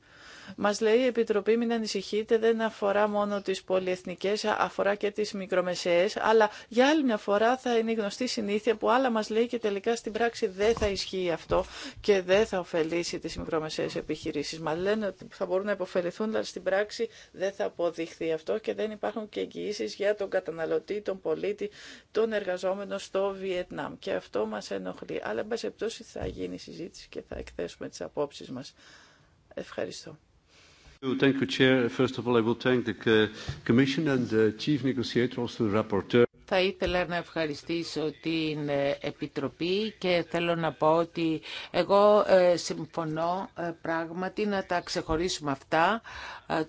Μας λέει η Επιτροπή μην ανησυχείτε, δεν αφορά μόνο τις πολυεθνικές, αφορά και τις μικρομεσαίες, αλλά για άλλη μια φορά θα είναι γνωστή συνήθεια που άλλα μας λέει και τελικά στην πράξη δεν θα ισχύει αυτό και δεν θα ωφελήσει τις μικρομεσαίες επιχειρήσεις. Μα λένε ότι θα μπορούν να υποφεληθούν, αλλά στην πράξη δεν θα αποδειχθεί αυτό και δεν υπάρχουν και εγγυήσει για τον καταναλωτή, τον πολίτη, τον εργαζόμενο στο Βιετνάμ. Και αυτό μας ενοχλεί. Αλλά, εν πάση θα γίνει συζήτηση και θα εκθέσουμε τι απόψει μα. Ευχαριστώ. Thank you, Chair. First of all, I will thank the Commission and the Chief Negotiator, also the Rapporteur. Θα ήθελα να ευχαριστήσω την ε, Επιτροπή και θέλω να πω ότι εγώ ε, συμφωνώ ε, πράγματι να τα ξεχωρίσουμε αυτά,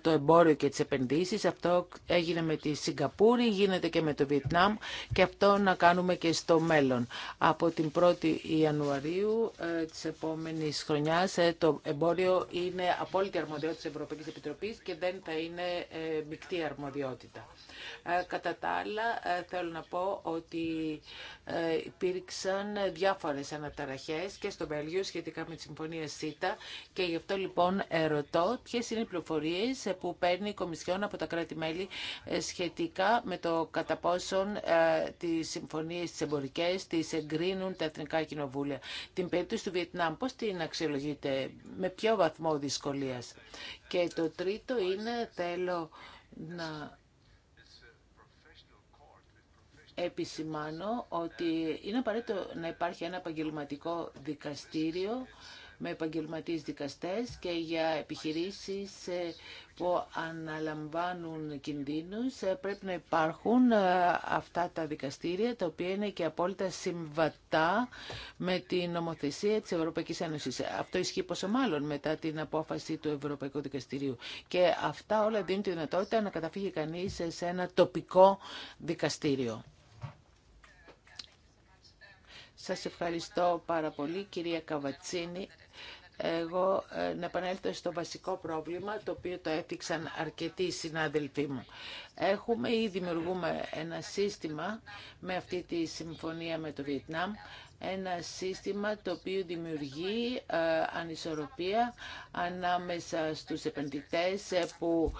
το εμπόριο και τις επενδύσεις. Αυτό έγινε με τη Σιγκαπούρη, γίνεται και με το Βιετνάμ και αυτό να κάνουμε και στο μέλλον. Από την 1η Ιανουαρίου της επόμενης χρονιάς το εμπόριο είναι απόλυτη αρμοδιότητα της Ευρωπαϊκής Επιτροπής και δεν θα είναι μεικτή αρμοδιότητα. Κατά να πω ότι ε, υπήρξαν διάφορες αναταραχές και στο Βέλγιο σχετικά με τη Συμφωνία ΣΥΤΑ και γι' αυτό λοιπόν ρωτώ ποιες είναι οι πληροφορίες που παίρνει η Κομισιόν από τα κράτη-μέλη ε, σχετικά με το κατά πόσον ε, τις συμφωνίες τις εμπορικές τις εγκρίνουν τα Εθνικά Κοινοβούλια. Την περίπτωση του Βιετνάμ πώς την αξιολογείτε, με ποιο βαθμό δυσκολίας. Και το τρίτο είναι θέλω να επισημάνω ότι είναι απαραίτητο να υπάρχει ένα επαγγελματικό δικαστήριο με επαγγελματίες δικαστές και για επιχειρήσεις ε, που αναλαμβάνουν κινδύνους ε, πρέπει να υπάρχουν ε, αυτά τα δικαστήρια τα οποία είναι και απόλυτα συμβατά με την νομοθεσία της Ευρωπαϊκής Ένωσης. Αυτό ισχύει πόσο μάλλον μετά την απόφαση του Ευρωπαϊκού Δικαστηρίου. Και αυτά όλα δίνουν τη δυνατότητα να καταφύγει κανείς σε ένα τοπικό δικαστήριο. Σας ευχαριστώ πάρα πολύ, κυρία Καβατσίνη. Εγώ ε, να επανέλθω στο βασικό πρόβλημα, το οποίο το έφτιαξαν αρκετοί συνάδελφοί μου. Έχουμε ή δημιουργούμε ένα σύστημα με αυτή τη συμφωνία με το Βιετνάμ, ένα σύστημα το οποίο δημιουργεί ε, ανισορροπία ανάμεσα στους επενδυτές ε, που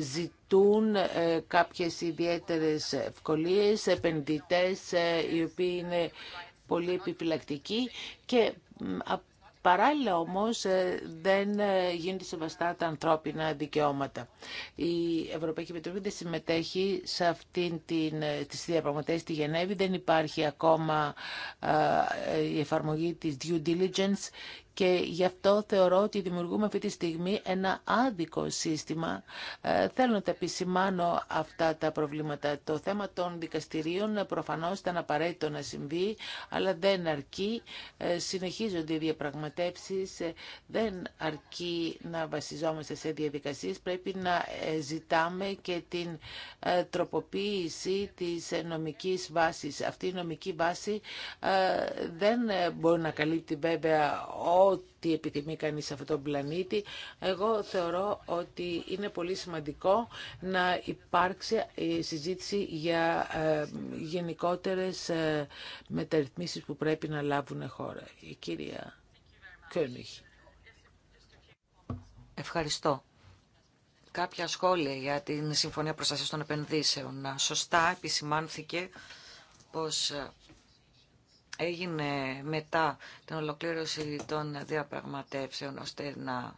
ζητούν κάποιες ιδιαίτερες ευκολίες, επενδυτές οι οποίοι είναι πολύ επιφυλακτική και Παράλληλα όμως ε, δεν ε, γίνονται σεβαστά τα ανθρώπινα δικαιώματα. Η Ευρωπαϊκή Επιτροπή δεν συμμετέχει σε αυτήν την, ε, τη διαπραγματεύσεις στη Γενέβη. Δεν υπάρχει ακόμα η εφαρμογή της due diligence και γι' αυτό θεωρώ ότι δημιουργούμε αυτή τη στιγμή ένα άδικο σύστημα. Ε, θέλω να τα επισημάνω αυτά τα προβλήματα. Το θέμα των δικαστηρίων προφανώς ήταν απαραίτητο να συμβεί, αλλά δεν αρκεί. Ε, συνεχίζονται οι διαπραγματεύσεις, ε, δεν αρκεί να βασιζόμαστε σε διαδικασίες. Πρέπει να ζητάμε και την τροποποίηση της νομικής βάσης. Αυτή η νομική βάση δεν μπορεί να καλύπτει βέβαια ό,τι επιθυμεί κανείς σε αυτόν τον πλανήτη. Εγώ θεωρώ ότι είναι πολύ σημαντικό να υπάρξει συζήτηση για ε, γενικότερες ε, μεταρρυθμίσεις που πρέπει να λάβουν χώρα. Η κυρία Κιόνιχ. Ευχαριστώ. Κάποια σχόλια για την Συμφωνία Προστασίας των Επενδύσεων. Σωστά επισημάνθηκε πως ε, έγινε μετά την ολοκλήρωση των διαπραγματεύσεων ώστε να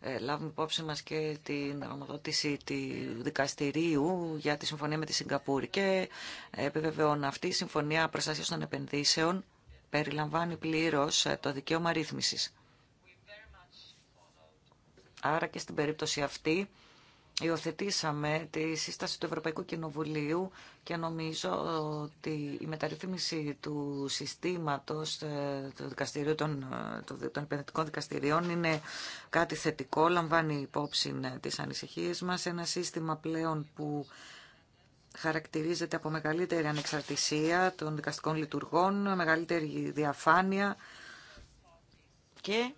ε, λάβουμε υπόψη μας και την ομοδότηση του δικαστηρίου για τη συμφωνία με τη Συγκαπούρη. και επιβεβαιώνω αυτή η συμφωνία προστασίας των επενδύσεων περιλαμβάνει πλήρως ε, το δικαίωμα ρύθμισης. Άρα και στην περίπτωση αυτή υιοθετήσαμε τη σύσταση του Ευρωπαϊκού Κοινοβουλίου και νομίζω ότι η μεταρρύθμιση του συστήματος ε, του δικαστηρίου, των, ε, των επενδυτικών δικαστηριών είναι κάτι θετικό, λαμβάνει υπόψη ε, τις ανησυχίες μας. Ένα σύστημα πλέον που χαρακτηρίζεται από μεγαλύτερη ανεξαρτησία των δικαστικών λειτουργών, μεγαλύτερη διαφάνεια και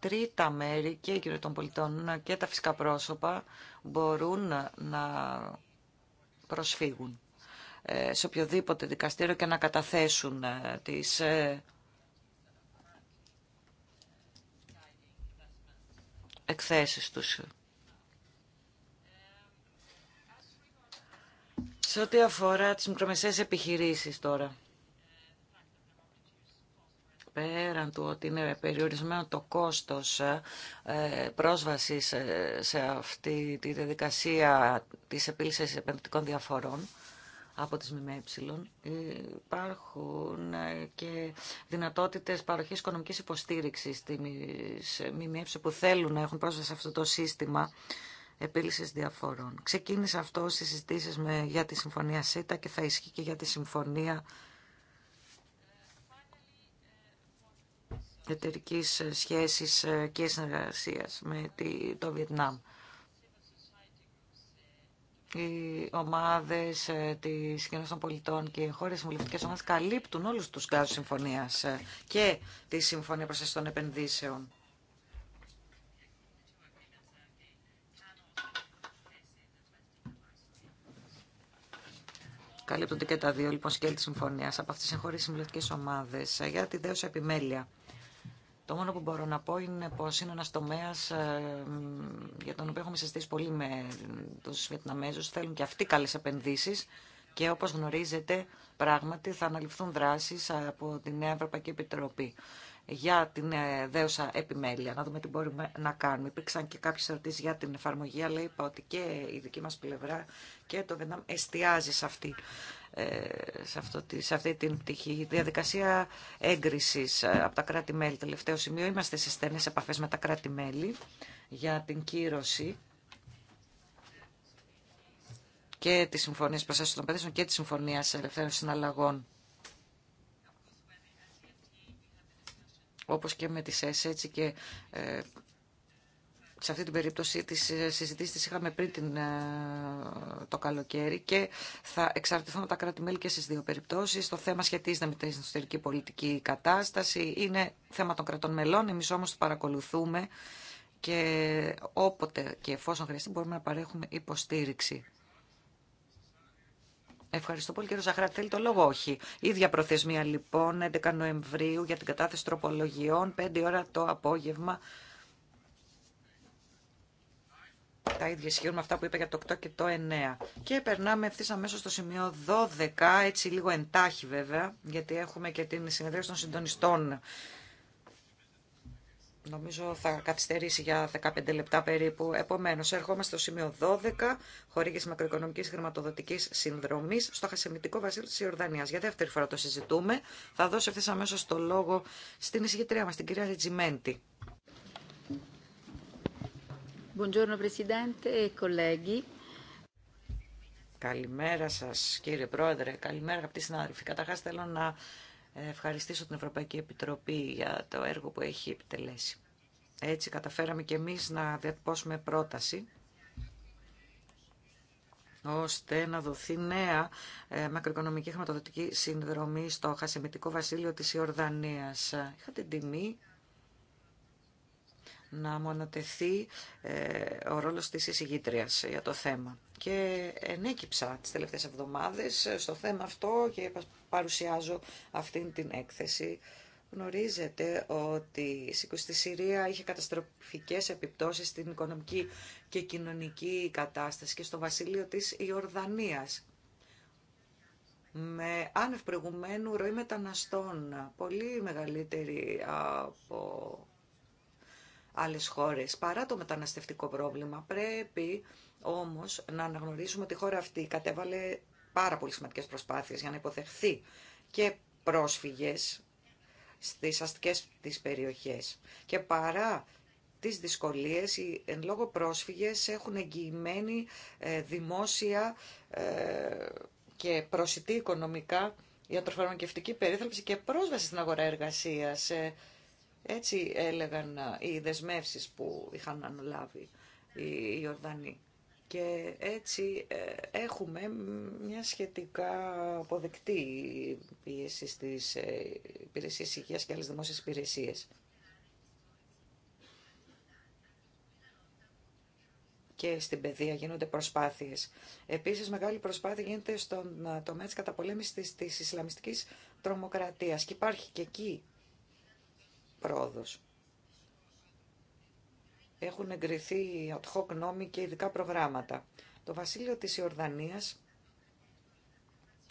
τρίτα μέρη και οι των πολιτών και τα φυσικά πρόσωπα μπορούν να προσφύγουν ε, σε οποιοδήποτε δικαστήριο και να καταθέσουν ε, τις ε, εκθέσεις τους. Σε ό,τι αφορά τις μικρομεσαίες επιχειρήσεις τώρα πέραν του ότι είναι περιορισμένο το κόστος ε, πρόσβασης ε, σε αυτή τη διαδικασία της επίλυσης επενδυτικών διαφορών από τις ΜΜΕ, υπάρχουν ε, και δυνατότητες παροχής οικονομικής υποστήριξης στις ΜΜΕ που θέλουν να έχουν πρόσβαση σε αυτό το σύστημα επίλυσης διαφορών. Ξεκίνησε αυτό στις συζητήσεις με, για τη Συμφωνία ΣΥΤΑ και θα ισχύει και για τη Συμφωνία εταιρική ε, σχέση ε, και συνεργασία με το Βιετνάμ. Οι ομάδες ε, τη Κοινωνία των πολιτών και οι χώρε συμβουλευτικέ ομάδε καλύπτουν όλου τους κάδους συμφωνίας και τη Συμφωνία Προστασία των Επενδύσεων. Καλύπτονται και τα δύο λοιπόν σκέλη τη συμφωνία από αυτέ τι εγχωρίε συμβουλευτικέ ομάδε για τη δέωση επιμέλεια. Το μόνο που μπορώ να πω είναι πω είναι ένας τομέας ε, για τον οποίο έχουμε συζητήσει πολύ με τους Βιετναμέζου. Θέλουν και αυτοί καλές επενδύσει και όπως γνωρίζετε πράγματι θα αναλυφθούν δράσεις από την Νέα Ευρωπαϊκή Επιτροπή για την ε, δέουσα επιμέλεια, να δούμε τι μπορούμε να κάνουμε. Υπήρξαν και κάποιες ερωτήσει για την εφαρμογή, αλλά είπα ότι και η δική μα πλευρά και το Βιετνάμ εστιάζει σε αυτή ε, σε, αυτό, σε αυτή την πτυχή. διαδικασία έγκριση ε, από τα κράτη-μέλη, τελευταίο σημείο, είμαστε σε στενές επαφέ με τα κράτη-μέλη για την κύρωση και τη συμφωνία προστασία των παιδιών και τη συμφωνία ελευθέρων συναλλαγών. Όπως και με τις ΕΣ, έτσι και ε, σε αυτή την περίπτωση τις ε, συζητήσεις τις είχαμε πριν την, ε, το καλοκαίρι και θα εξαρτηθούν τα κράτη-μέλη και στις δύο περιπτώσεις. Το θέμα σχετίζεται με την εσωτερική πολιτική κατάσταση. Είναι θέμα των κρατών μελών, εμείς όμως το παρακολουθούμε και όποτε και εφόσον χρειαστεί μπορούμε να παρέχουμε υποστήριξη. Ευχαριστώ πολύ κύριο Ζαχράτη. Θέλει το λόγο, όχι. Ίδια προθεσμία λοιπόν, 11 Νοεμβρίου για την κατάθεση τροπολογιών, 5 ώρα το απόγευμα. Τα ίδια ισχύουν με αυτά που είπα για το 8 και το 9. Και περνάμε ευθύ αμέσω στο σημείο 12, έτσι λίγο εντάχει βέβαια, γιατί έχουμε και την συνεδρία των συντονιστών. Νομίζω θα καθυστερήσει για 15 λεπτά περίπου. Επομένω, ερχόμαστε στο σημείο 12, χορήγηση μακροοικονομικής χρηματοδοτική Συνδρομή, στο χασιμητικό βασίλειο τη Ιορδανίας. Για δεύτερη φορά το συζητούμε. Θα δώσω ευθύ αμέσω το λόγο στην εισηγητρία μα, την κυρία Ριτζιμέντη. E καλημέρα σας κύριε Πρόεδρε, καλημέρα αγαπητοί συνάδελφοι. Καταρχάς θέλω να ευχαριστήσω την Ευρωπαϊκή Επιτροπή για το έργο που έχει επιτελέσει. Έτσι καταφέραμε και εμείς να διατυπώσουμε πρόταση ώστε να δοθεί νέα ε, μακροοικονομική χρηματοδοτική συνδρομή στο χασιμητικό βασίλειο της Ιορδανίας. Είχα την τιμή να μονοτεθεί ε, ο ρόλος της εισηγήτριας για το θέμα. Και ενέκυψα τις τελευταίες εβδομάδες στο θέμα αυτό και παρουσιάζω αυτήν την έκθεση. Γνωρίζετε ότι η στη Συρία είχε καταστροφικές επιπτώσεις στην οικονομική και κοινωνική κατάσταση και στο βασίλειο της Ιορδανίας με άνευ προηγουμένου ροή μεταναστών, πολύ μεγαλύτερη από άλλες χώρες, παρά το μεταναστευτικό πρόβλημα. Πρέπει όμως να αναγνωρίσουμε ότι η χώρα αυτή κατέβαλε πάρα πολύ σημαντικές προσπάθειες για να υποδεχθεί και πρόσφυγες στις αστικές της περιοχές. Και παρά τις δυσκολίες, οι εν λόγω πρόσφυγες έχουν εγγυημένη ε, δημόσια ε, και προσιτή οικονομικά ιατροφαρμακευτική περίθαλψη και πρόσβαση στην αγορά εργασίας ε, έτσι έλεγαν οι δεσμεύσει που είχαν αναλάβει οι Ιορδανοί. Και έτσι ε, έχουμε μια σχετικά αποδεκτή πίεση στις ε, υπηρεσίες υγείας και άλλες δημόσιες υπηρεσίες. και στην παιδεία γίνονται προσπάθειες. Επίσης μεγάλη προσπάθεια γίνεται στον ε, τομέα της καταπολέμησης της, της Ισλαμιστικής τρομοκρατίας και υπάρχει και εκεί έχουν εγκριθεί ad hoc νόμοι και ειδικά προγράμματα. Το βασίλειο της Ιορδανίας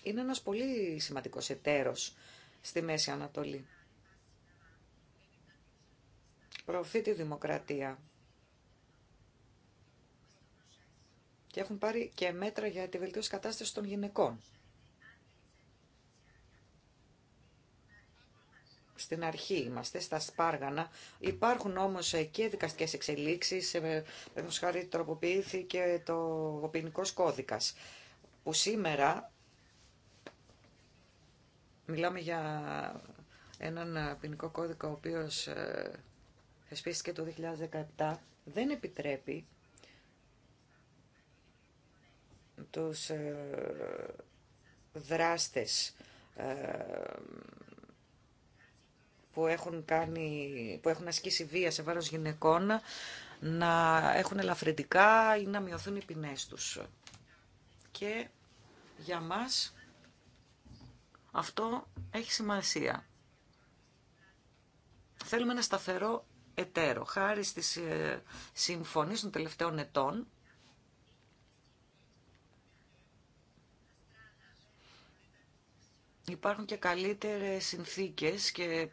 είναι ένας πολύ σημαντικός εταίρος στη Μέση Ανατολή. Προωθεί τη δημοκρατία και έχουν πάρει και μέτρα για τη βελτίωση κατάσταση των γυναικών. στην αρχή είμαστε, στα Σπάργανα. Υπάρχουν όμως και δικαστικές εξελίξεις, ε, παραδείγματος χάρη τροποποιήθηκε το, ο ποινικός κώδικας, που σήμερα μιλάμε για έναν ποινικό κώδικα ο οποίος ε, θεσπίστηκε το 2017, δεν επιτρέπει τους ε, δράστες που έχουν, κάνει, που έχουν ασκήσει βία σε βάρος γυναικών να έχουν ελαφρυντικά ή να μειωθούν οι ποινές τους. Και για μας αυτό έχει σημασία. Θέλουμε ένα σταθερό εταίρο. Χάρη στις ε, συμφωνίες των τελευταίων ετών υπάρχουν και καλύτερες συνθήκες και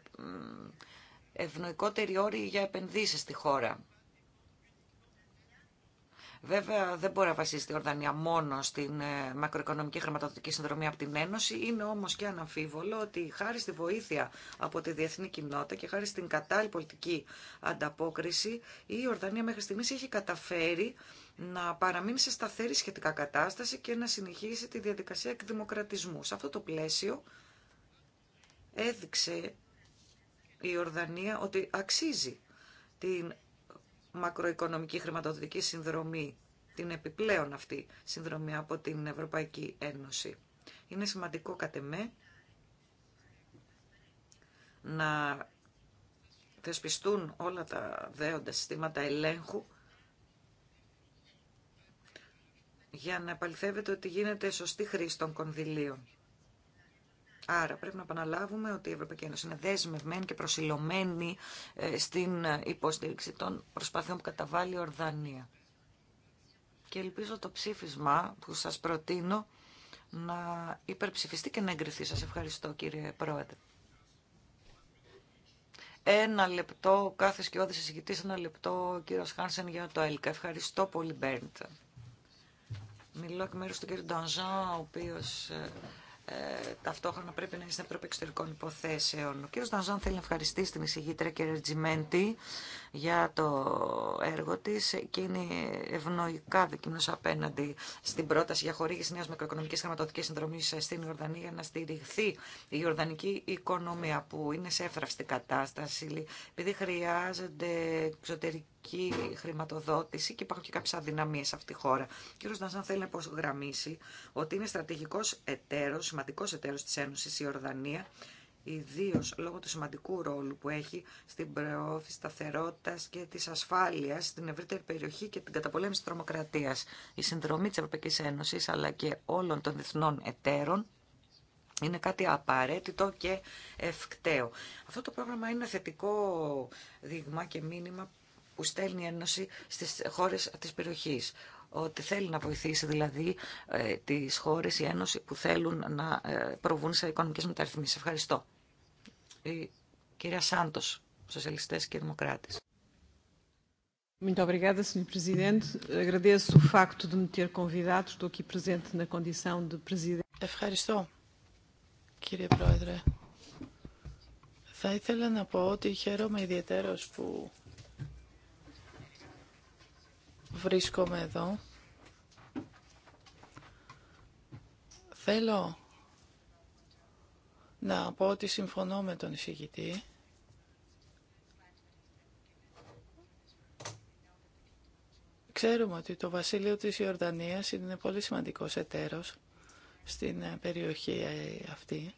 ευνοϊκότεροι όροι για επενδύσεις στη χώρα. Βέβαια, δεν μπορεί να βασίζεται η Ορδανία μόνο στην ε, μακροοικονομική χρηματοδοτική συνδρομή από την Ένωση. Είναι όμως και αναμφίβολο ότι χάρη στη βοήθεια από τη διεθνή κοινότητα και χάρη στην κατάλληλη πολιτική ανταπόκριση, η Ορδανία μέχρι στιγμής έχει καταφέρει να παραμείνει σε σταθερή σχετικά κατάσταση και να συνεχίσει τη διαδικασία εκδημοκρατισμού. Σε αυτό το πλαίσιο έδειξε η Ορδανία ότι αξίζει την μακροοικονομική χρηματοδοτική συνδρομή, την επιπλέον αυτή συνδρομή από την Ευρωπαϊκή Ένωση. Είναι σημαντικό κατ' εμέ να θεσπιστούν όλα τα δέοντα συστήματα ελέγχου για να επαληθεύεται ότι γίνεται σωστή χρήση των κονδυλίων. Άρα πρέπει να επαναλάβουμε ότι η Ευρωπαϊκή Ένωση είναι δεσμευμένη και προσιλωμένη ε, στην ε, υποστήριξη των προσπαθειών που καταβάλει η Ορδανία. Και ελπίζω το ψήφισμα που σας προτείνω να υπερψηφιστεί και να εγκριθεί. Σας ευχαριστώ κύριε Πρόεδρε. Ένα λεπτό, κάθε σκιώδης εισηγητής, ένα λεπτό Χάνσεν για το ΕΛΚΑ. Ευχαριστώ πολύ Μπέρντ. Μιλώ εκ μέρου του κ. Ντανζάν, ο οποίο ε, ε, ταυτόχρονα πρέπει να είναι στην Επιτροπή Εξωτερικών Υποθέσεων. Ο κ. Ντανζάν θέλει να ευχαριστήσει την εισηγήτρια κ. Ρετζιμέντη για το έργο τη και είναι ευνοϊκά δικημένο απέναντι στην πρόταση για χορήγηση νέα μικροοικονομική χρηματοδοτική συνδρομή στην Ιορδανία για να στηριχθεί η Ιορδανική οικονομία που είναι σε έφραυστη κατάσταση, επειδή χρειάζονται εξωτερική χρηματοδότηση και υπάρχουν και κάποιε αδυναμίε σε αυτή τη χώρα. Ο κ. Νασάν θέλει να υπογραμμίσει ότι είναι στρατηγικό εταίρο, σημαντικό εταίρο τη Ένωση η Ορδανία, ιδίω λόγω του σημαντικού ρόλου που έχει στην προώθηση σταθερότητα και τη ασφάλεια στην ευρύτερη περιοχή και την καταπολέμηση τη τρομοκρατία. Η συνδρομή τη Ευρωπαϊκή Ένωση αλλά και όλων των διεθνών εταίρων είναι κάτι απαραίτητο και ευκταίο. Αυτό το πρόγραμμα είναι θετικό δείγμα και μήνυμα που στέλνει η Ένωση στις χώρες της περιοχής ότι θέλει να βοηθήσει δηλαδή ε, τις χώρες, η Ένωση που θέλουν να ε, προβούν σε οικονομικές μεταρρυθμίσεις. Ευχαριστώ. Η κυρία Σάντος, Σοσιαλιστές και Δημοκράτες. Ευχαριστώ, κύριε Πρόεδρε. Θα ήθελα να πω ότι χαίρομαι ιδιαίτερος που βρίσκομαι εδώ. Θέλω να πω ότι συμφωνώ με τον εισηγητή. Ξέρουμε ότι το βασίλειο της Ιορδανίας είναι πολύ σημαντικός εταίρος στην ε, περιοχή ε, αυτή.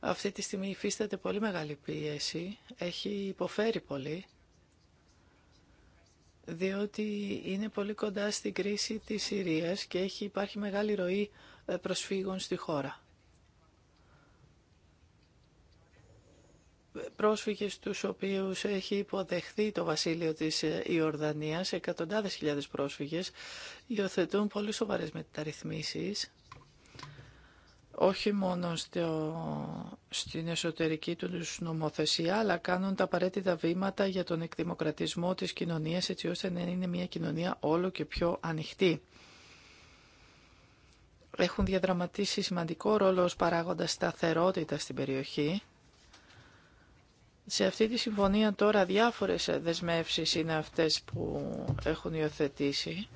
Αυτή τη στιγμή υφίσταται πολύ μεγάλη πίεση, έχει υποφέρει πολύ διότι είναι πολύ κοντά στην κρίση της Συρίας και έχει υπάρχει μεγάλη ροή ε, προσφύγων στη χώρα. Πρόσφυγες τους οποίους έχει υποδεχθεί το βασίλειο της ε, Ιορδανίας, εκατοντάδες χιλιάδες πρόσφυγες, υιοθετούν πολύ σοβαρές μεταρρυθμίσεις όχι μόνο στο, στην εσωτερική του νομοθεσία, αλλά κάνουν τα απαραίτητα βήματα για τον εκδημοκρατισμό της κοινωνίας, έτσι ώστε να είναι μια κοινωνία όλο και πιο ανοιχτή. Έχουν διαδραματίσει σημαντικό ρόλο ως παράγοντα σταθερότητα στην περιοχή. Σε αυτή τη συμφωνία τώρα διάφορες δεσμεύσεις είναι αυτές που έχουν υιοθετήσει.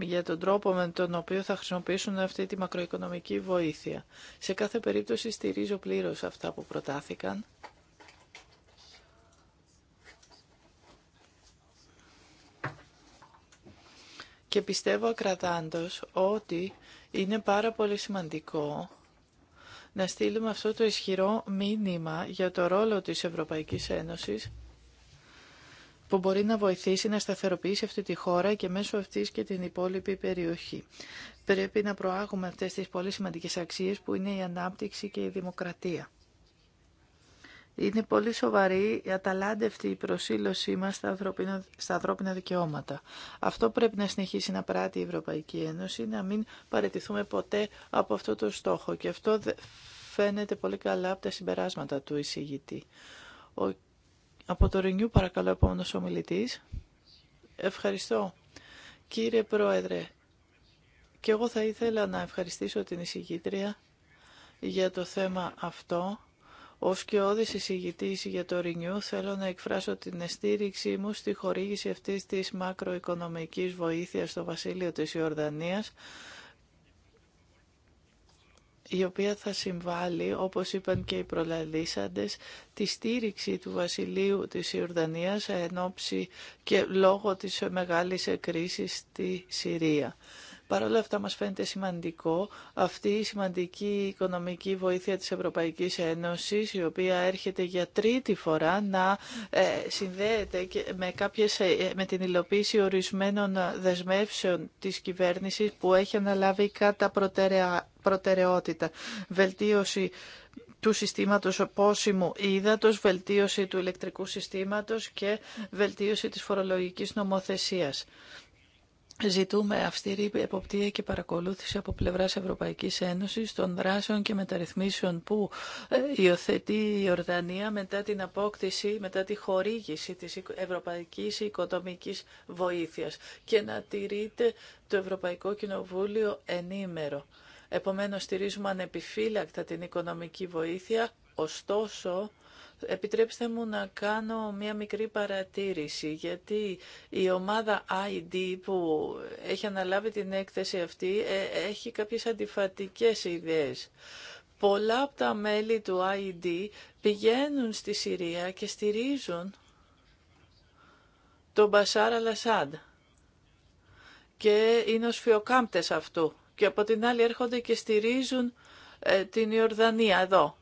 για τον τρόπο με τον οποίο θα χρησιμοποιήσουν αυτή τη μακροοικονομική βοήθεια. Σε κάθε περίπτωση στηρίζω πλήρως αυτά που προτάθηκαν. Και πιστεύω ακρατάντος ότι είναι πάρα πολύ σημαντικό να στείλουμε αυτό το ισχυρό μήνυμα για το ρόλο της Ευρωπαϊκής Ένωσης που μπορεί να βοηθήσει να σταθεροποιήσει αυτή τη χώρα και μέσω αυτής και την υπόλοιπη περιοχή. Πρέπει να προάγουμε αυτές τις πολύ σημαντικές αξίες που είναι η ανάπτυξη και η δημοκρατία. Είναι πολύ σοβαρή η αταλάντευτη προσήλωσή μας στα ανθρώπινα, στα δικαιώματα. Αυτό πρέπει να συνεχίσει να πράττει η Ευρωπαϊκή Ένωση, να μην παραιτηθούμε ποτέ από αυτό το στόχο. Και αυτό φαίνεται πολύ καλά από τα συμπεράσματα του εισηγητή. Ο από το Ρινιού παρακαλώ επόμενος ομιλητής. Ευχαριστώ. Κύριε Πρόεδρε, και εγώ θα ήθελα να ευχαριστήσω την εισηγήτρια για το θέμα αυτό. Ως και όδης εισηγητής για το Ρινιού θέλω να εκφράσω την στήριξή μου στη χορήγηση αυτής της μακροοικονομικής βοήθειας στο Βασίλειο της Ιορδανίας η οποία θα συμβάλλει, όπως είπαν και οι προλαλήσαντες, τη στήριξη του βασιλείου της Ιορδανίας εν ώψη και λόγω της μεγάλης κρίσης στη Συρία. Παρ' όλα αυτά μας φαίνεται σημαντικό αυτή η σημαντική οικονομική βοήθεια της Ευρωπαϊκής Ένωσης η οποία έρχεται για τρίτη φορά να ε, συνδέεται με, κάποιες, ε, με την υλοποίηση ορισμένων δεσμεύσεων της κυβέρνησης που έχει αναλάβει κατά προτεραιότητα. Βελτίωση του συστήματος πόσιμου ύδατος, βελτίωση του ηλεκτρικού συστήματος και βελτίωση της φορολογικής νομοθεσίας. Ζητούμε αυστηρή εποπτεία και παρακολούθηση από πλευράς Ευρωπαϊκής Ένωσης των δράσεων και μεταρρυθμίσεων που ε, υιοθετεί η Ορδανία μετά την απόκτηση, μετά τη χορήγηση της Ευρωπαϊκής Οικονομικής Βοήθειας και να τηρείται το Ευρωπαϊκό Κοινοβούλιο ενήμερο. Επομένως στηρίζουμε ανεπιφύλακτα την οικονομική βοήθεια, ωστόσο Επιτρέψτε μου να κάνω μία μικρή παρατήρηση, γιατί η ομάδα ID που έχει αναλάβει την έκθεση αυτή ε, έχει κάποιες αντιφατικές ιδέες. Πολλά από τα μέλη του ID πηγαίνουν στη Συρία και στηρίζουν τον Μπασάρα Λασάντ και είναι ως φιοκάμπτες αυτού και από την άλλη έρχονται και στηρίζουν ε, την Ιορδανία εδώ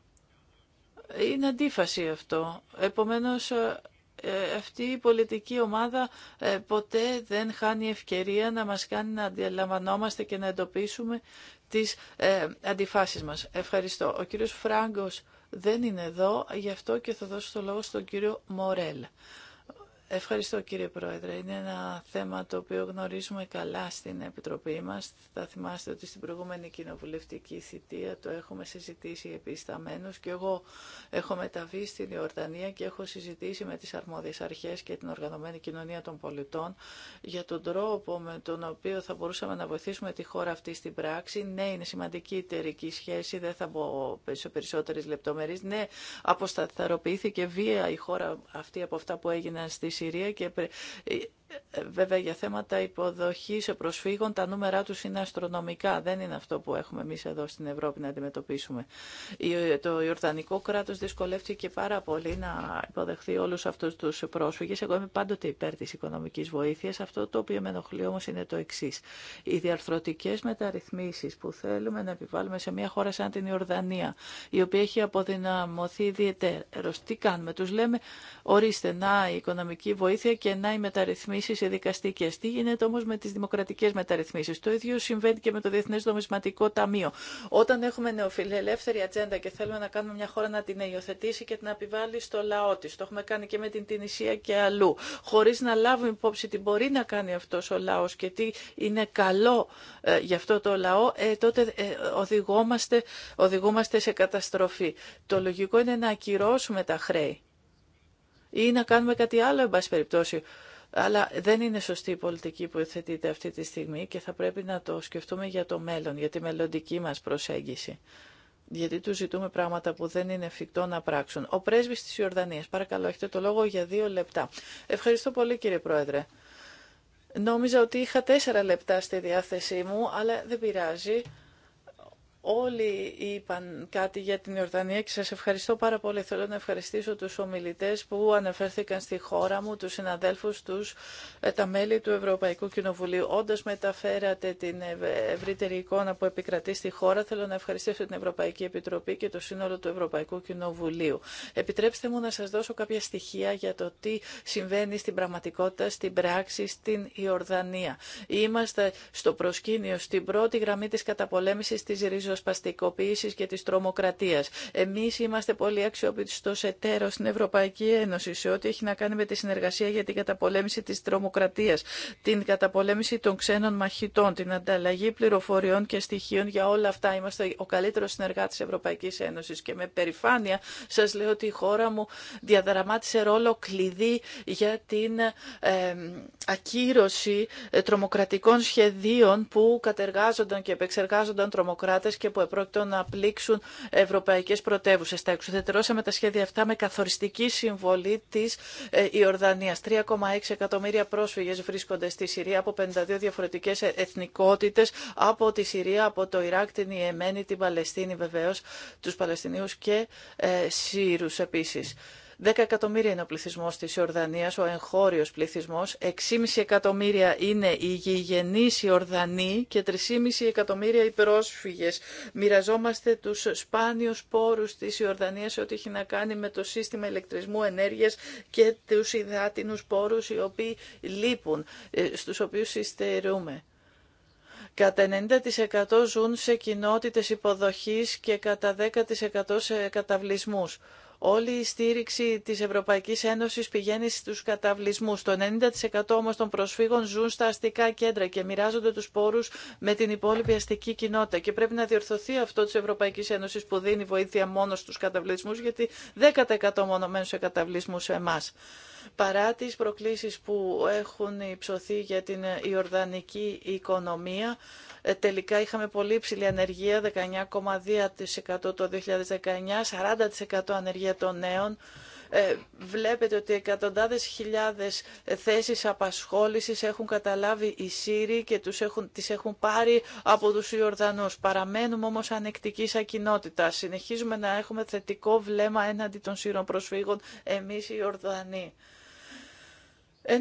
είναι αντίφαση αυτό. Επομένως, ε, ε, αυτή η πολιτική ομάδα ε, ποτέ δεν χάνει ευκαιρία να μας κάνει να αντιλαμβανόμαστε και να εντοπίσουμε τις αντιφάσεις μας. Ευχαριστώ. Ο κύριος Φράγκος δεν είναι εδώ, γι' αυτό και θα δώσω το λόγο στον κύριο Μορέλ. Ευχαριστώ κύριε Πρόεδρε. Είναι ένα θέμα το οποίο γνωρίζουμε καλά στην Επιτροπή μας. Θα θυμάστε ότι στην προηγούμενη κοινοβουλευτική θητεία το έχουμε συζητήσει επισταμένως και εγώ έχω μεταβεί στην Ιορδανία και έχω συζητήσει με τις αρμόδιες αρχές και την οργανωμένη κοινωνία των πολιτών για τον τρόπο με τον οποίο θα μπορούσαμε να βοηθήσουμε τη χώρα αυτή στην πράξη. Ναι, είναι σημαντική η εταιρική σχέση, δεν θα μπω σε περισσότερες λεπτομέρειες. Ναι, αποσταθεροποιήθηκε βία η χώρα αυτή από αυτά που έγιναν στις Συρία και ε, βέβαια για θέματα υποδοχής προσφύγων τα νούμερά τους είναι αστρονομικά. Δεν είναι αυτό που έχουμε εμείς εδώ στην Ευρώπη να αντιμετωπίσουμε. Το Ιορδανικό κράτος δυσκολεύτηκε πάρα πολύ να υποδεχθεί όλους αυτούς τους πρόσφυγες. Εγώ είμαι πάντοτε υπέρ της οικονομικής βοήθειας. Αυτό το οποίο με ενοχλεί όμως είναι το εξή. Οι διαρθρωτικές μεταρρυθμίσεις που θέλουμε να επιβάλλουμε σε μια χώρα σαν την Ιορδανία, η οποία έχει αποδυναμωθεί ιδιαίτερος. Τι κάνουμε, τους λέμε ορίστε να η οικονομική βοήθεια και να οι τι γίνεται όμω με τι δημοκρατικέ μεταρρυθμίσει. Το ίδιο συμβαίνει και με το Διεθνέ Νομισματικό Ταμείο. Όταν έχουμε νεοφιλελεύθερη ατζέντα και θέλουμε να κάνουμε μια χώρα να την υιοθετήσει και την επιβάλλει στο λαό τη. Το έχουμε κάνει και με την Τινησία και αλλού. Χωρί να λάβουμε υπόψη τι μπορεί να κάνει αυτό ο λαό και τι είναι καλό ε, για αυτό το λαό, ε, τότε ε, οδηγόμαστε, οδηγούμαστε σε καταστροφή. Το λογικό είναι να ακυρώσουμε τα χρέη ή να κάνουμε κάτι άλλο, εν πάση περιπτώσει, αλλά δεν είναι σωστή η πολιτική που υιοθετείται αυτή τη στιγμή και θα πρέπει να το σκεφτούμε για το μέλλον, για τη μελλοντική μας προσέγγιση. Γιατί του ζητούμε πράγματα που δεν είναι εφικτό να πράξουν. Ο πρέσβης της Ιορδανία, παρακαλώ, έχετε το λόγο για δύο λεπτά. Ευχαριστώ πολύ κύριε Πρόεδρε. Νόμιζα ότι είχα τέσσερα λεπτά στη διάθεσή μου, αλλά δεν πειράζει. Όλοι είπαν κάτι για την Ιορδανία και σας ευχαριστώ πάρα πολύ. Θέλω να ευχαριστήσω τους ομιλητές που αναφέρθηκαν στη χώρα μου, τους συναδέλφους τους, ε, τα μέλη του Ευρωπαϊκού Κοινοβουλίου. Όντως μεταφέρατε την ευρύτερη εικόνα που επικρατεί στη χώρα. Θέλω να ευχαριστήσω την Ευρωπαϊκή Επιτροπή και το σύνολο του Ευρωπαϊκού Κοινοβουλίου. Επιτρέψτε μου να σας δώσω κάποια στοιχεία για το τι συμβαίνει στην πραγματικότητα, στην πράξη, στην Ιορδανία. Είμαστε στο προσκήνιο, στην πρώτη γραμμή της καταπολέμησης της Παστικοποίηση και τη τρομοκρατία. Εμεί είμαστε πολύ αξιόπιστος εταίρος στην Ευρωπαϊκή Ένωση σε ό,τι έχει να κάνει με τη συνεργασία για την καταπολέμηση τη τρομοκρατίας, την καταπολέμηση των ξένων μαχητών, την ανταλλαγή πληροφοριών και στοιχείων για όλα αυτά. Είμαστε ο καλύτερος συνεργάτης Ευρωπαϊκή Ένωση. και με περηφάνεια σα λέω ότι η χώρα μου διαδραμάτισε ρόλο κλειδί για την ακύρωση ε, τρομοκρατικών σχεδίων που κατεργάζονταν και επεξεργάζονταν τρομοκράτε που επρόκειτο να πλήξουν ευρωπαϊκέ πρωτεύουσε. Τα εξουδετερώσαμε τα σχέδια αυτά με καθοριστική συμβολή τη ε, Ιορδανία. 3,6 εκατομμύρια πρόσφυγε βρίσκονται στη Συρία από 52 διαφορετικέ ε, εθνικότητε, από τη Συρία, από το Ιράκ, την Ιεμένη, την Παλαιστίνη βεβαίω, του Παλαιστινίου και ε, Σύρου επίση. 10 εκατομμύρια είναι ο πληθυσμός της Ιορδανία, ο εγχώριος πληθυσμός, 6,5 εκατομμύρια είναι οι γηγενείς Ιορδανοί και 3,5 εκατομμύρια οι πρόσφυγες. Μοιραζόμαστε τους σπάνιους πόρους της Ιορδανίας σε ό,τι έχει να κάνει με το σύστημα ηλεκτρισμού ενέργειας και τους υδάτινους πόρους οι οποίοι λείπουν, ε, στους οποίους υστερούμε. Κατά 90% ζουν σε κοινότητες υποδοχής και κατά 10% σε καταβλισμούς. Όλη η στήριξη της Ευρωπαϊκής Ένωσης πηγαίνει στους καταβλισμούς. Το 90% όμως των προσφύγων ζουν στα αστικά κέντρα και μοιράζονται τους πόρους με την υπόλοιπη αστική κοινότητα. Και πρέπει να διορθωθεί αυτό της Ευρωπαϊκής Ένωσης που δίνει βοήθεια μόνο στους καταβλισμούς, γιατί 10% μόνο μένουν σε καταβλισμούς σε εμάς. Παρά τις προκλήσεις που έχουν υψωθεί για την Ιορδανική οικονομία, ε, τελικά είχαμε πολύ υψηλή ανεργία, 19,2% το 2019, 40% ανεργία των νέων. Ε, βλέπετε ότι εκατοντάδες χιλιάδες θέσεις απασχόλησης έχουν καταλάβει οι Σύριοι και τους έχουν, τις έχουν πάρει από τους Ιορδανούς. Παραμένουμε όμως ανεκτική σαν Συνεχίζουμε να έχουμε θετικό βλέμμα έναντι των Σύρων προσφύγων εμείς οι Ιορδανοί. 1,4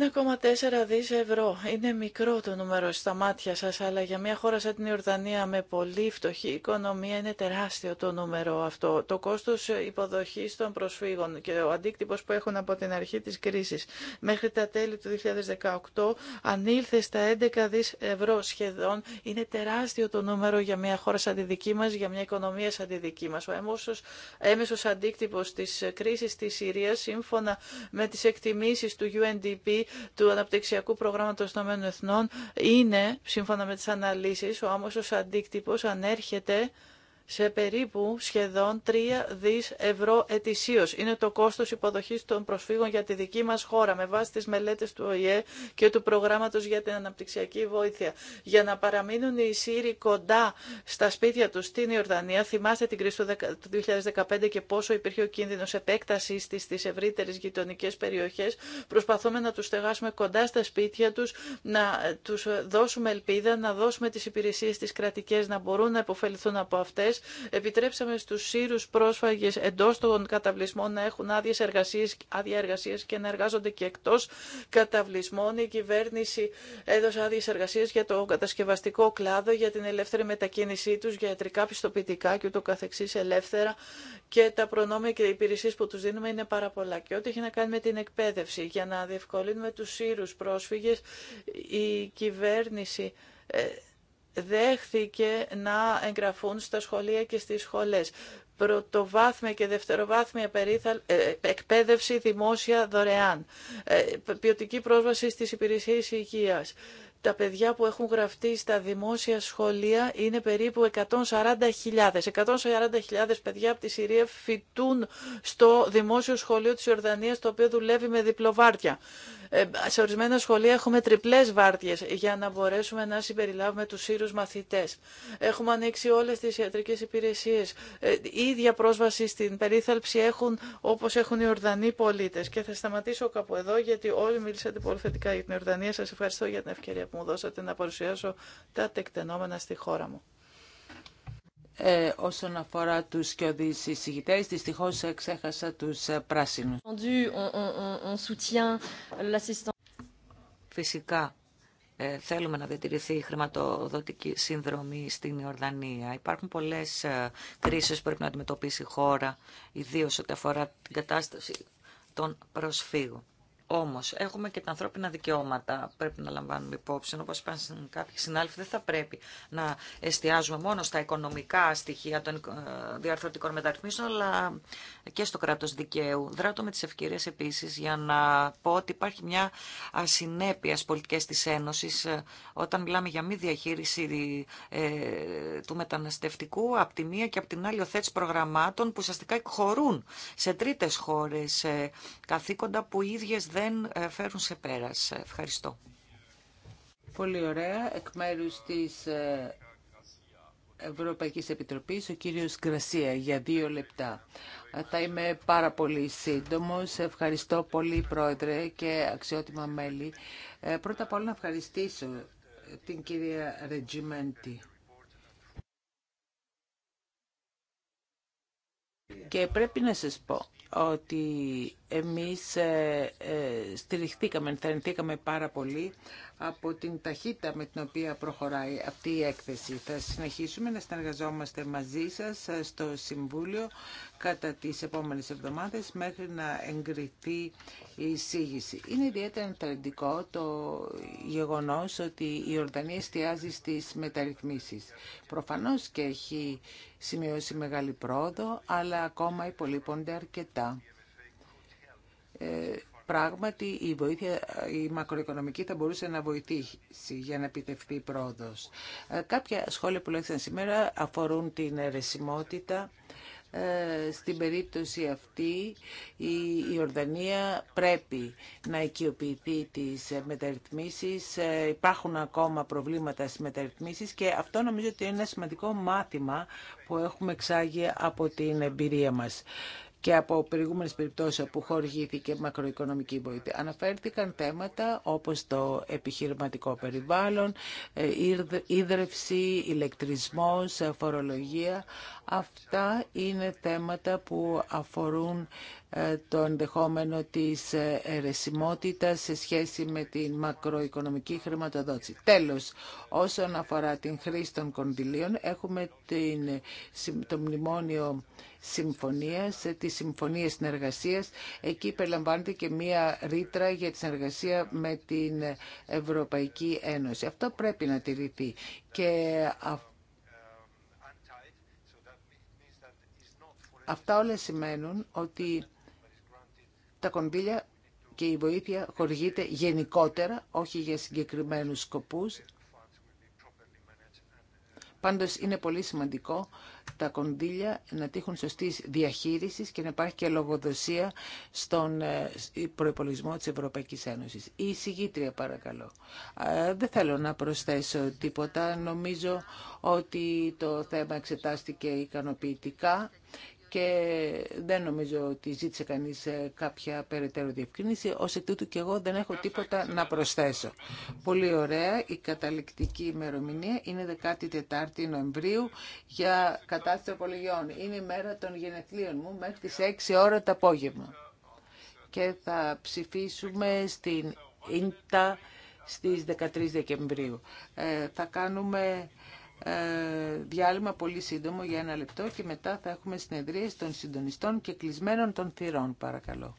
δις ευρώ. Είναι μικρό το νούμερο στα μάτια σας, αλλά για μια χώρα σαν την Ιορδανία με πολύ φτωχή οικονομία είναι τεράστιο το νούμερο αυτό. Το κόστος υποδοχής των προσφύγων και ο αντίκτυπος που έχουν από την αρχή της κρίσης μέχρι τα τέλη του 2018 ανήλθε στα 11 δις ευρώ σχεδόν. Είναι τεράστιο το νούμερο για μια χώρα σαν τη δική μας, για μια οικονομία σαν τη δική μας. Ο έμεσος, έμεσος αντίκτυπος της κρίσης της Συρίας, σύμφωνα με τις εκτιμήσεις του UNDP, του αναπτυξιακού προγράμματο των Εθνών είναι, σύμφωνα με τις αναλύσεις, ο ως αντίκτυπο ανέρχεται σε περίπου σχεδόν 3 δις ευρώ ετησίως. Είναι το κόστος υποδοχής των προσφύγων για τη δική μας χώρα με βάση τις μελέτες του ΟΗΕ και του προγράμματος για την αναπτυξιακή βοήθεια. Για να παραμείνουν οι Σύροι κοντά στα σπίτια τους στην Ιορδανία, θυμάστε την κρίση του 2015 και πόσο υπήρχε ο κίνδυνος επέκτασης της στις ευρύτερες γειτονικές περιοχές, προσπαθούμε να τους στεγάσουμε κοντά στα σπίτια τους, να τους δώσουμε ελπίδα, να δώσουμε τις υπηρεσίες τις κρατικές να μπορούν να υποφεληθούν από αυτές Επιτρέψαμε στους Σύρους πρόσφαγες εντός των καταβλισμών να έχουν άδειε εργασίες, άδεια και να εργάζονται και εκτός καταβλισμών. Η κυβέρνηση έδωσε άδειε εργασίες για το κατασκευαστικό κλάδο, για την ελεύθερη μετακίνησή τους, για ιατρικά πιστοποιητικά και ούτω καθεξής ελεύθερα και τα προνόμια και οι υπηρεσίε που τους δίνουμε είναι πάρα πολλά. Και ό,τι έχει να κάνει με την εκπαίδευση, για να διευκολύνουμε τους Σύρους πρόσφυγες, η κυβέρνηση ε, δέχθηκε να εγγραφούν στα σχολεία και στις σχολές. Πρωτοβάθμια και δευτεροβάθμια περίθαλ, ε, εκπαίδευση δημόσια δωρεάν. Ε, ποιοτική πρόσβαση στις υπηρεσίες υγείας. Τα παιδιά που έχουν γραφτεί στα δημόσια σχολεία είναι περίπου 140.000. 140.000 παιδιά από τη Συρία φοιτούν στο δημόσιο σχολείο της Ιορδανίας, το οποίο δουλεύει με διπλοβάρτια. Ε, σε ορισμένα σχολεία έχουμε τριπλές βάρδιες για να μπορέσουμε να συμπεριλάβουμε τους σύρους μαθητές. Έχουμε ανοίξει όλες τις ιατρικές υπηρεσίες. Ε, η ίδια πρόσβαση στην περίθαλψη έχουν όπως έχουν οι Ορδανοί πολίτες. Και θα σταματήσω κάπου εδώ γιατί όλοι μίλησατε πολύ θετικά για την Ορδανία. Σας ευχαριστώ για την ευκαιρία που μου δώσατε να παρουσιάσω τα τεκτενόμενα στη χώρα μου. Ε, όσον αφορά τους και οδησυγητές. δυστυχώ ξέχασα τους ε, πράσινου. Φυσικά ε, θέλουμε να διατηρηθεί η χρηματοδοτική συνδρομή στην Ιορδανία. Υπάρχουν πολλέ ε, που πρέπει να αντιμετωπίσει η χώρα, ιδίω ό,τι αφορά την κατάσταση των προσφύγων. Όμω, έχουμε και τα ανθρώπινα δικαιώματα, πρέπει να λαμβάνουμε υπόψη. Όπω είπαν κάποιοι συνάλληλοι, δεν θα πρέπει να εστιάζουμε μόνο στα οικονομικά στοιχεία των ε, διαρθρωτικών μεταρρυθμίσεων, αλλά και στο κράτο δικαίου. Δράτω με τις ευκαιρίε επίσης για να πω ότι υπάρχει μια ασυνέπεια στι πολιτικέ τη Ένωση, ε, όταν μιλάμε για μη διαχείριση ε, του μεταναστευτικού από τη μία και από την άλλη οθέτηση προγραμμάτων που ουσιαστικά εκχωρούν σε τρίτε χώρε καθήκοντα που οι ίδιες δεν ε, φέρουν σε πέρας. Ευχαριστώ. Πολύ ωραία. Εκ μέρους της ε, Ευρωπαϊκής Επιτροπής, ο κύριος Γκρασία, για δύο λεπτά. Ε, θα είμαι πάρα πολύ σύντομος. Ευχαριστώ πολύ, Πρόεδρε και αξιότιμα μέλη. Πρώτα απ' όλα να ευχαριστήσω την κυρία Ρετζιμέντη Και πρέπει να σας πω ότι εμείς ε, ε, στηριχθήκαμε, ενθαρρυνθήκαμε πάρα πολύ από την ταχύτητα με την οποία προχωράει αυτή η έκθεση. Θα συνεχίσουμε να συνεργαζόμαστε μαζί σας στο Συμβούλιο κατά τις επόμενες εβδομάδες μέχρι να εγκριθεί η εισήγηση. Είναι ιδιαίτερα ενθαρρυντικό το γεγονός ότι η Ορδανία εστιάζει στις μεταρρυθμίσεις. Προφανώς και έχει σημειώσει μεγάλη πρόοδο, αλλά ακόμα υπολείπονται αρκετά. Ε, Πράγματι, η, βοήθεια, η μακροοικονομική θα μπορούσε να βοηθήσει για να επιτευχθεί πρόοδος. Ε, κάποια σχόλια που λέξαν σήμερα αφορούν την αιρεσιμότητα. Ε, στην περίπτωση αυτή η Ορδανία πρέπει να οικειοποιηθεί τις μεταρρυθμίσεις. Ε, υπάρχουν ακόμα προβλήματα στις μεταρρυθμίσεις και αυτό νομίζω ότι είναι ένα σημαντικό μάθημα που έχουμε εξάγει από την εμπειρία μας και από προηγούμενες περιπτώσεις όπου χορηγήθηκε μακροοικονομική βοήθεια. Αναφέρθηκαν θέματα όπως το επιχειρηματικό περιβάλλον, ε, ίδρυυση, ηλεκτρισμός, ε, φορολογία. Αυτά είναι θέματα που αφορούν ε, το ενδεχόμενο της ερεσιμότητας σε σχέση με την μακροοικονομική χρηματοδότηση. Τέλος, όσον αφορά την χρήση των κονδυλίων, έχουμε την, το μνημόνιο συμφωνίας, ε, τη συμφωνίες συνεργασίας. Εκεί περιλαμβάνεται και μία ρήτρα για τη συνεργασία με την Ευρωπαϊκή Ένωση. Αυτό πρέπει να τηρηθεί. Και Αυτά όλα σημαίνουν ότι τα κονδύλια και η βοήθεια χορηγείται γενικότερα, όχι για συγκεκριμένους σκοπούς. Πάντως είναι πολύ σημαντικό τα κονδύλια να τύχουν σωστή διαχείρισης και να υπάρχει και λογοδοσία στον ε, προπολογισμό της Ευρωπαϊκής Ένωσης. Η εισηγήτρια παρακαλώ. Ε, δεν θέλω να προσθέσω τίποτα. Νομίζω ότι το θέμα εξετάστηκε ικανοποιητικά και δεν νομίζω ότι ζήτησε κανείς ε, κάποια περαιτέρω διευκρίνηση. Ως εκ τούτου και εγώ δεν έχω τίποτα να προσθέσω. Πολύ ωραία. Η καταληκτική ημερομηνία είναι 14η Νοεμβρίου για κατάσταση απολογιών. Είναι μέρα των γενεθλίων μου μέχρι τις 6 ώρα το απόγευμα. Και θα ψηφίσουμε στην ΙΝΤΑ στις 13 Δεκεμβρίου. Ε, θα κάνουμε ε, διάλειμμα πολύ σύντομο για ένα λεπτό και μετά θα έχουμε συνεδρίες των συντονιστών και κλεισμένων των θυρών. Παρακαλώ.